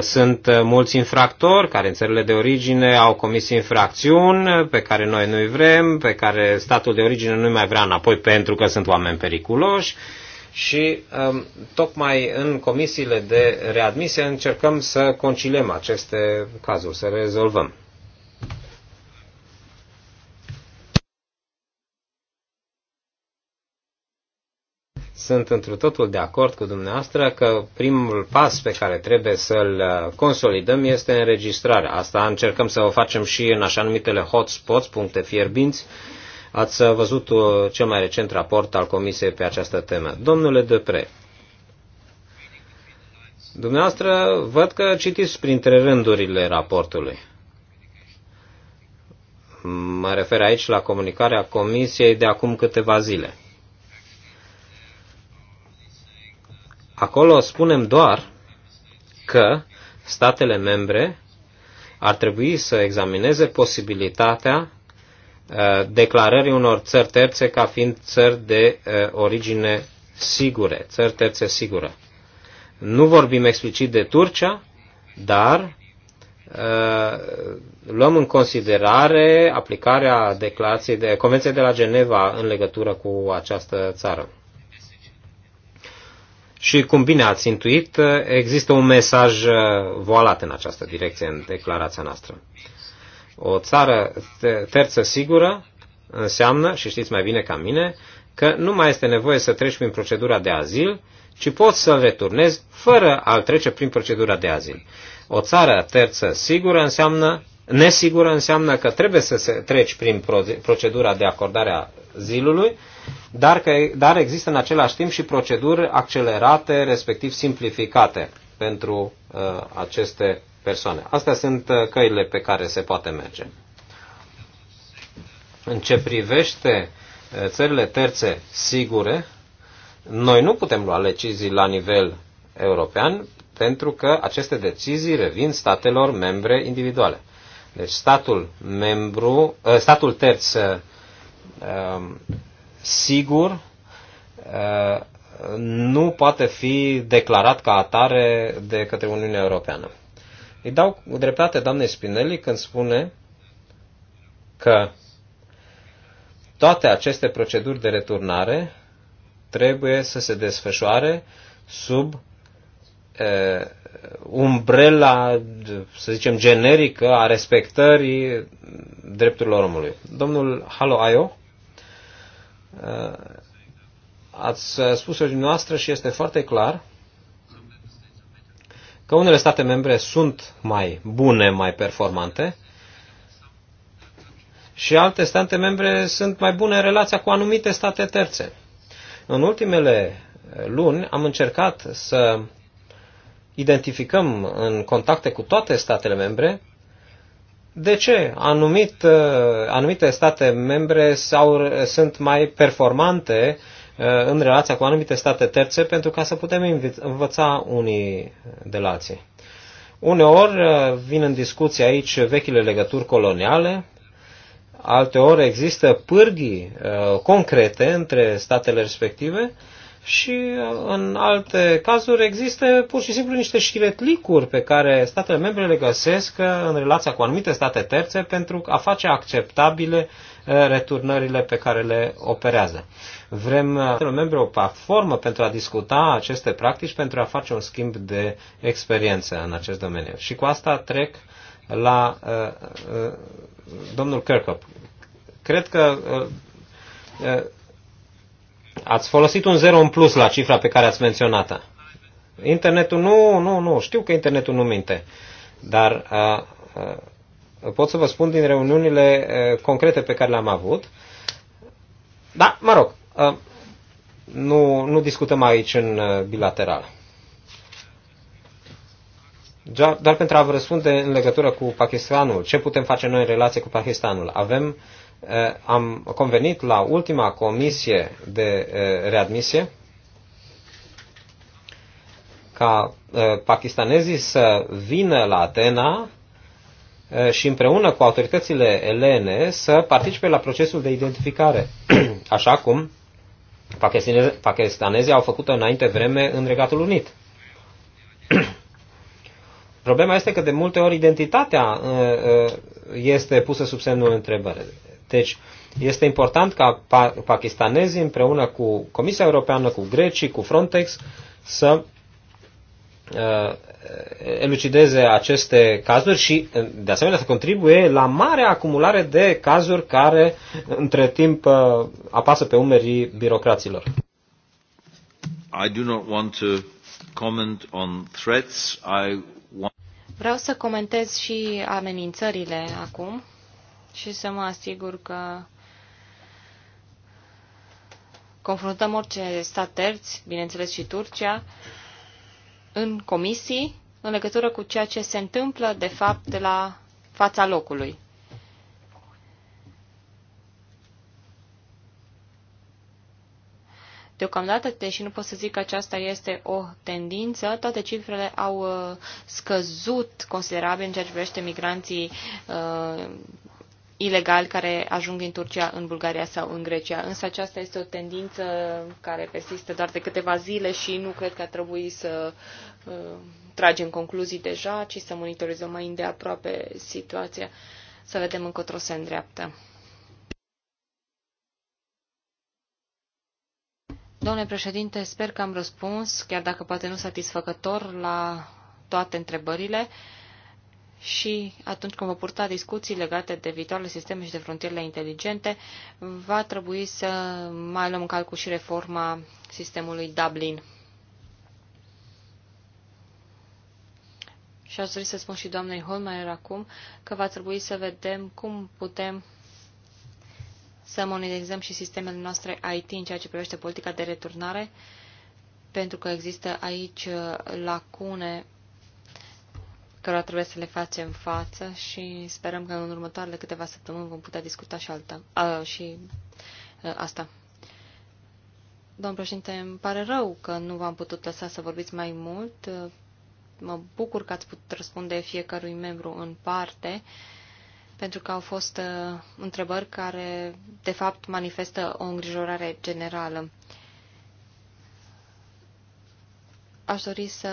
Sunt mulți infractori care în țările de origine au comis infracțiuni pe care noi nu-i vrem, pe care statul de origine nu-i mai vrea înapoi pentru că sunt oameni periculoși și um, tocmai în comisiile de readmisie încercăm să conciliem aceste cazuri, să rezolvăm. sunt într totul de acord cu dumneavoastră că primul pas pe care trebuie să-l uh, consolidăm este înregistrarea. Asta încercăm să o facem și în așa numitele hotspots, puncte fierbinți, Ați uh, văzut uh, cel mai recent raport al Comisiei pe această temă. Domnule Depre, dumneavoastră văd că citiți printre rândurile raportului. Mă refer aici la comunicarea Comisiei de acum câteva zile. Acolo spunem doar că statele membre ar trebui să examineze posibilitatea Uh, declarării unor țări terțe ca fiind țări de uh, origine sigure, țări terțe sigură. Nu vorbim explicit de Turcia, dar uh, luăm în considerare aplicarea declarației de Convenției de la Geneva în legătură cu această țară. Și cum bine ați intuit, există un mesaj voalat în această direcție în declarația noastră. O țară terță sigură înseamnă, și știți mai bine ca mine, că nu mai este nevoie să treci prin procedura de azil, ci poți să-l returnezi fără a-l trece prin procedura de azil. O țară terță sigură înseamnă, nesigură înseamnă că trebuie să se treci prin procedura de acordare a zilului, dar, că, dar există în același timp și proceduri accelerate, respectiv simplificate pentru uh, aceste persoane. Astea sunt uh, căile pe care se poate merge. În ce privește uh, țările terțe sigure, noi nu putem lua decizii la nivel european pentru că aceste decizii revin statelor membre individuale. Deci statul membru, uh, statul terț um, sigur nu poate fi declarat ca atare de către Uniunea Europeană. Îi dau dreptate doamnei Spinelli când spune că toate aceste proceduri de returnare trebuie să se desfășoare sub e, umbrela, să zicem, generică a respectării drepturilor omului. Domnul Halo Ayo, ați spus-o dumneavoastră și este foarte clar că unele state membre sunt mai bune, mai performante și alte state membre sunt mai bune în relația cu anumite state terțe. În ultimele luni am încercat să identificăm în contacte cu toate statele membre de ce anumit, anumite state membre sau, sunt mai performante uh, Uh, în relația cu anumite state terțe pentru ca să putem învăța unii de la alții. Uneori uh, vin în discuție aici vechile legături coloniale, alteori există pârghii uh, concrete între statele respective și în alte cazuri există pur și simplu niște șiretlicuri pe care statele membre le găsesc în relația cu anumite state terțe pentru a face acceptabile uh, Eh, returnările pe care le operează. Vrem eh, membre o platformă pentru a discuta aceste practici, pentru a face un schimb de experiență în acest domeniu. Și cu asta trec la uh, uh, domnul Kirkup. Cred că uh, uh, ați folosit un zero în plus la cifra pe care ați menționat-o. Internetul nu, nu, nu, știu că internetul nu minte, dar uh, uh, Pot să vă spun din reuniunile concrete pe care le-am avut. Da, mă rog, nu, nu discutăm aici în bilateral. Doar pentru a vă răspunde în legătură cu Pakistanul, ce putem face noi în relație cu Pakistanul? Avem, am convenit la ultima comisie de readmisie ca pakistanezii să vină la Atena Eh, și împreună cu autoritățile elene să participe la procesul de identificare, așa cum pakistanezii au făcut înainte vreme în Regatul Unit. Problema este că de multe ori identitatea eh, eh, este pusă sub semnul întrebării. Deci este important ca pakistanezii împreună cu Comisia Europeană, cu grecii, cu Frontex să Uh, elucideze aceste cazuri și, uh, de asemenea, să contribuie la marea acumulare de cazuri care, uh, între timp, apasă pe umerii birocraților. I do not want to comment on threats. I want... Vreau să comentez și amenințările acum și să mă asigur că confruntăm orice stat terți, bineînțeles și Turcia, uh, în comisii în legătură cu ceea ce se întâmplă, de fapt, de la fața locului. Deocamdată, deși nu pot să zic că aceasta este o tendință, toate cifrele au uh, scăzut considerabil în ceea ce privește migranții uh, ilegali care ajung în Turcia în Bulgaria sau în Grecia. Însă aceasta este o tendință care persistă doar de câteva zile și nu cred că ar trebui să uh, tragem concluzii deja, ci să monitorizăm mai îndeaproape situația, să vedem încotro se îndreaptă. Domnule președinte, sper că am răspuns, chiar dacă poate nu satisfăcător, la toate întrebările și atunci când vă purta discuții legate de viitoarele sisteme și de frontierele inteligente, va trebui să mai luăm în calcul și reforma sistemului Dublin. Și aș dori să spun și doamnei Holmeier acum că va trebui să vedem cum putem să monitorizăm și sistemele noastre IT în ceea ce privește politica de returnare, pentru că există aici lacune cărora trebuie să le facem față și sperăm că în următoarele câteva săptămâni vom putea discuta și, alta, a, și a, asta. Domnul președinte, îmi pare rău că nu v-am putut lăsa să vorbiți mai mult. Mă bucur că ați putut răspunde fiecărui membru în parte, pentru că au fost întrebări care, de fapt, manifestă o îngrijorare generală. Aș dori să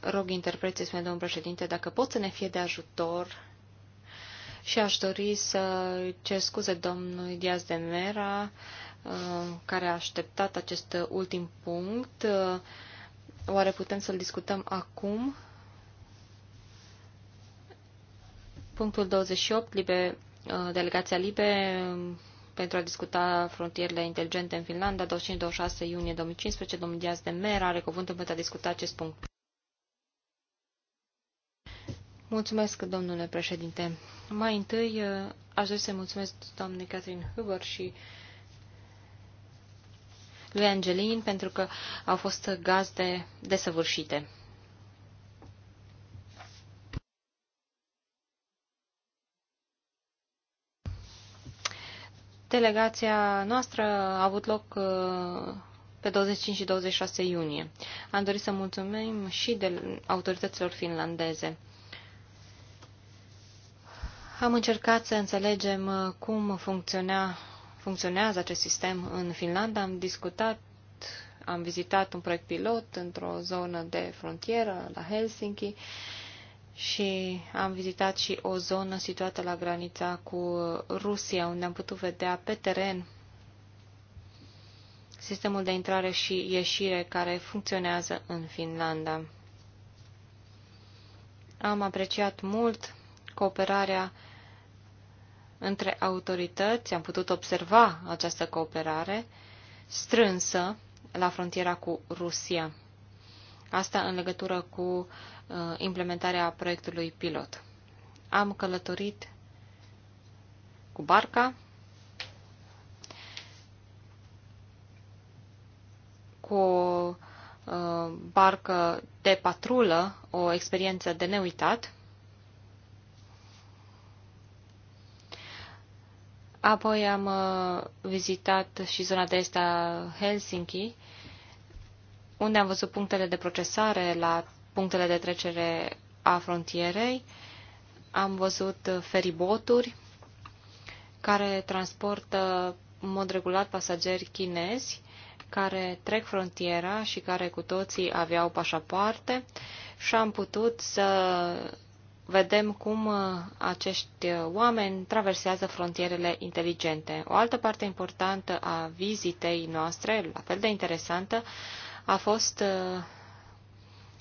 rog interpreții, spune domnul președinte, dacă pot să ne fie de ajutor și aș dori să cer scuze domnului Diaz de Mera, uh, care a așteptat acest ultim punct. Uh, oare putem să-l discutăm acum? Punctul 28, libe, uh, delegația Libe pentru a discuta frontierele inteligente în Finlanda, 25-26 iunie 2015. Domnul Diaz de Mera are cuvântul pentru a discuta acest punct. Mulțumesc, domnule președinte. Mai întâi, eh, aș dori să mulțumesc doamnei Catherine Huber și lui Angelin pentru că au fost gazde desăvârșite. Delegația noastră a avut loc uh, pe 25 și 26 iunie. Am dorit să mulțumim și de autorităților finlandeze. Am încercat să înțelegem uh, cum funcționa, funcționează acest sistem în Finlanda. Am discutat, am vizitat un proiect pilot într-o zonă de frontieră la Helsinki și am vizitat și o zonă situată la granița cu Rusia, unde am putut vedea pe teren sistemul de intrare și ieșire care funcționează în Finlanda. Am apreciat mult cooperarea între autorități, am putut observa această cooperare strânsă la frontiera cu Rusia. Asta în legătură cu uh, Uh, implementarea proiectului pilot. Am călătorit cu barca, cu o uh, barcă de patrulă, o experiență de neuitat. Apoi am uh, vizitat și zona de est a Helsinki, unde am văzut punctele de procesare la punctele de trecere a frontierei, am văzut feriboturi care transportă în mod regulat pasageri chinezi care trec frontiera și care cu toții aveau pașapoarte și am putut să vedem cum acești oameni traversează frontierele inteligente. O altă parte importantă a vizitei noastre, la fel de interesantă, a fost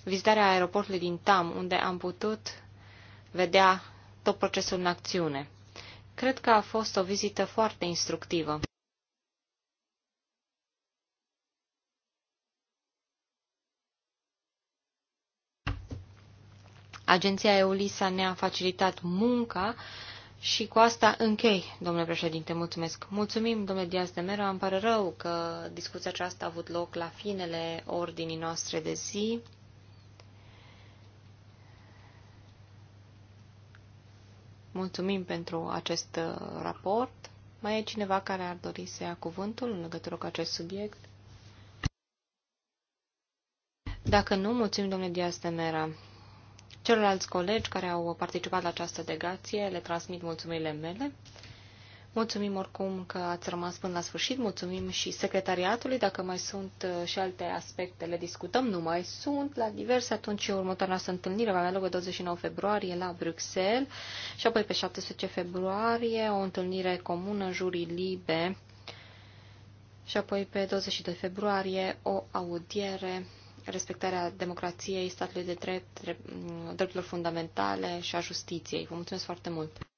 vizitarea aeroportului din Tam, unde am putut vedea tot procesul în acțiune. Cred că a fost o vizită foarte instructivă. Agenția EULISA ne-a facilitat munca și cu asta închei, domnule președinte, mulțumesc. Mulțumim, domnule Diaz de Mero, îmi pare rău că discuția aceasta a avut loc la finele ordinii noastre de zi. Mulțumim pentru acest uh, raport. Mai e cineva care ar dori să ia cuvântul în legătură cu acest subiect? Dacă nu, mulțumim, domnule Dias de Mera. Celorlalți colegi care au participat la această delegație le transmit mulțumirile mele. Mulțumim oricum că ați rămas până la sfârșit, mulțumim și secretariatului. Dacă mai sunt uh, și alte aspecte, le discutăm, nu mai sunt la diverse. Atunci următoarea noastră întâlnire va avea loc pe 29 februarie la Bruxelles și apoi pe 17 februarie o întâlnire comună jurii libe și apoi pe 22 februarie o audiere respectarea democrației, statului de drept, drepturilor fundamentale și a justiției. Vă mulțumesc foarte mult!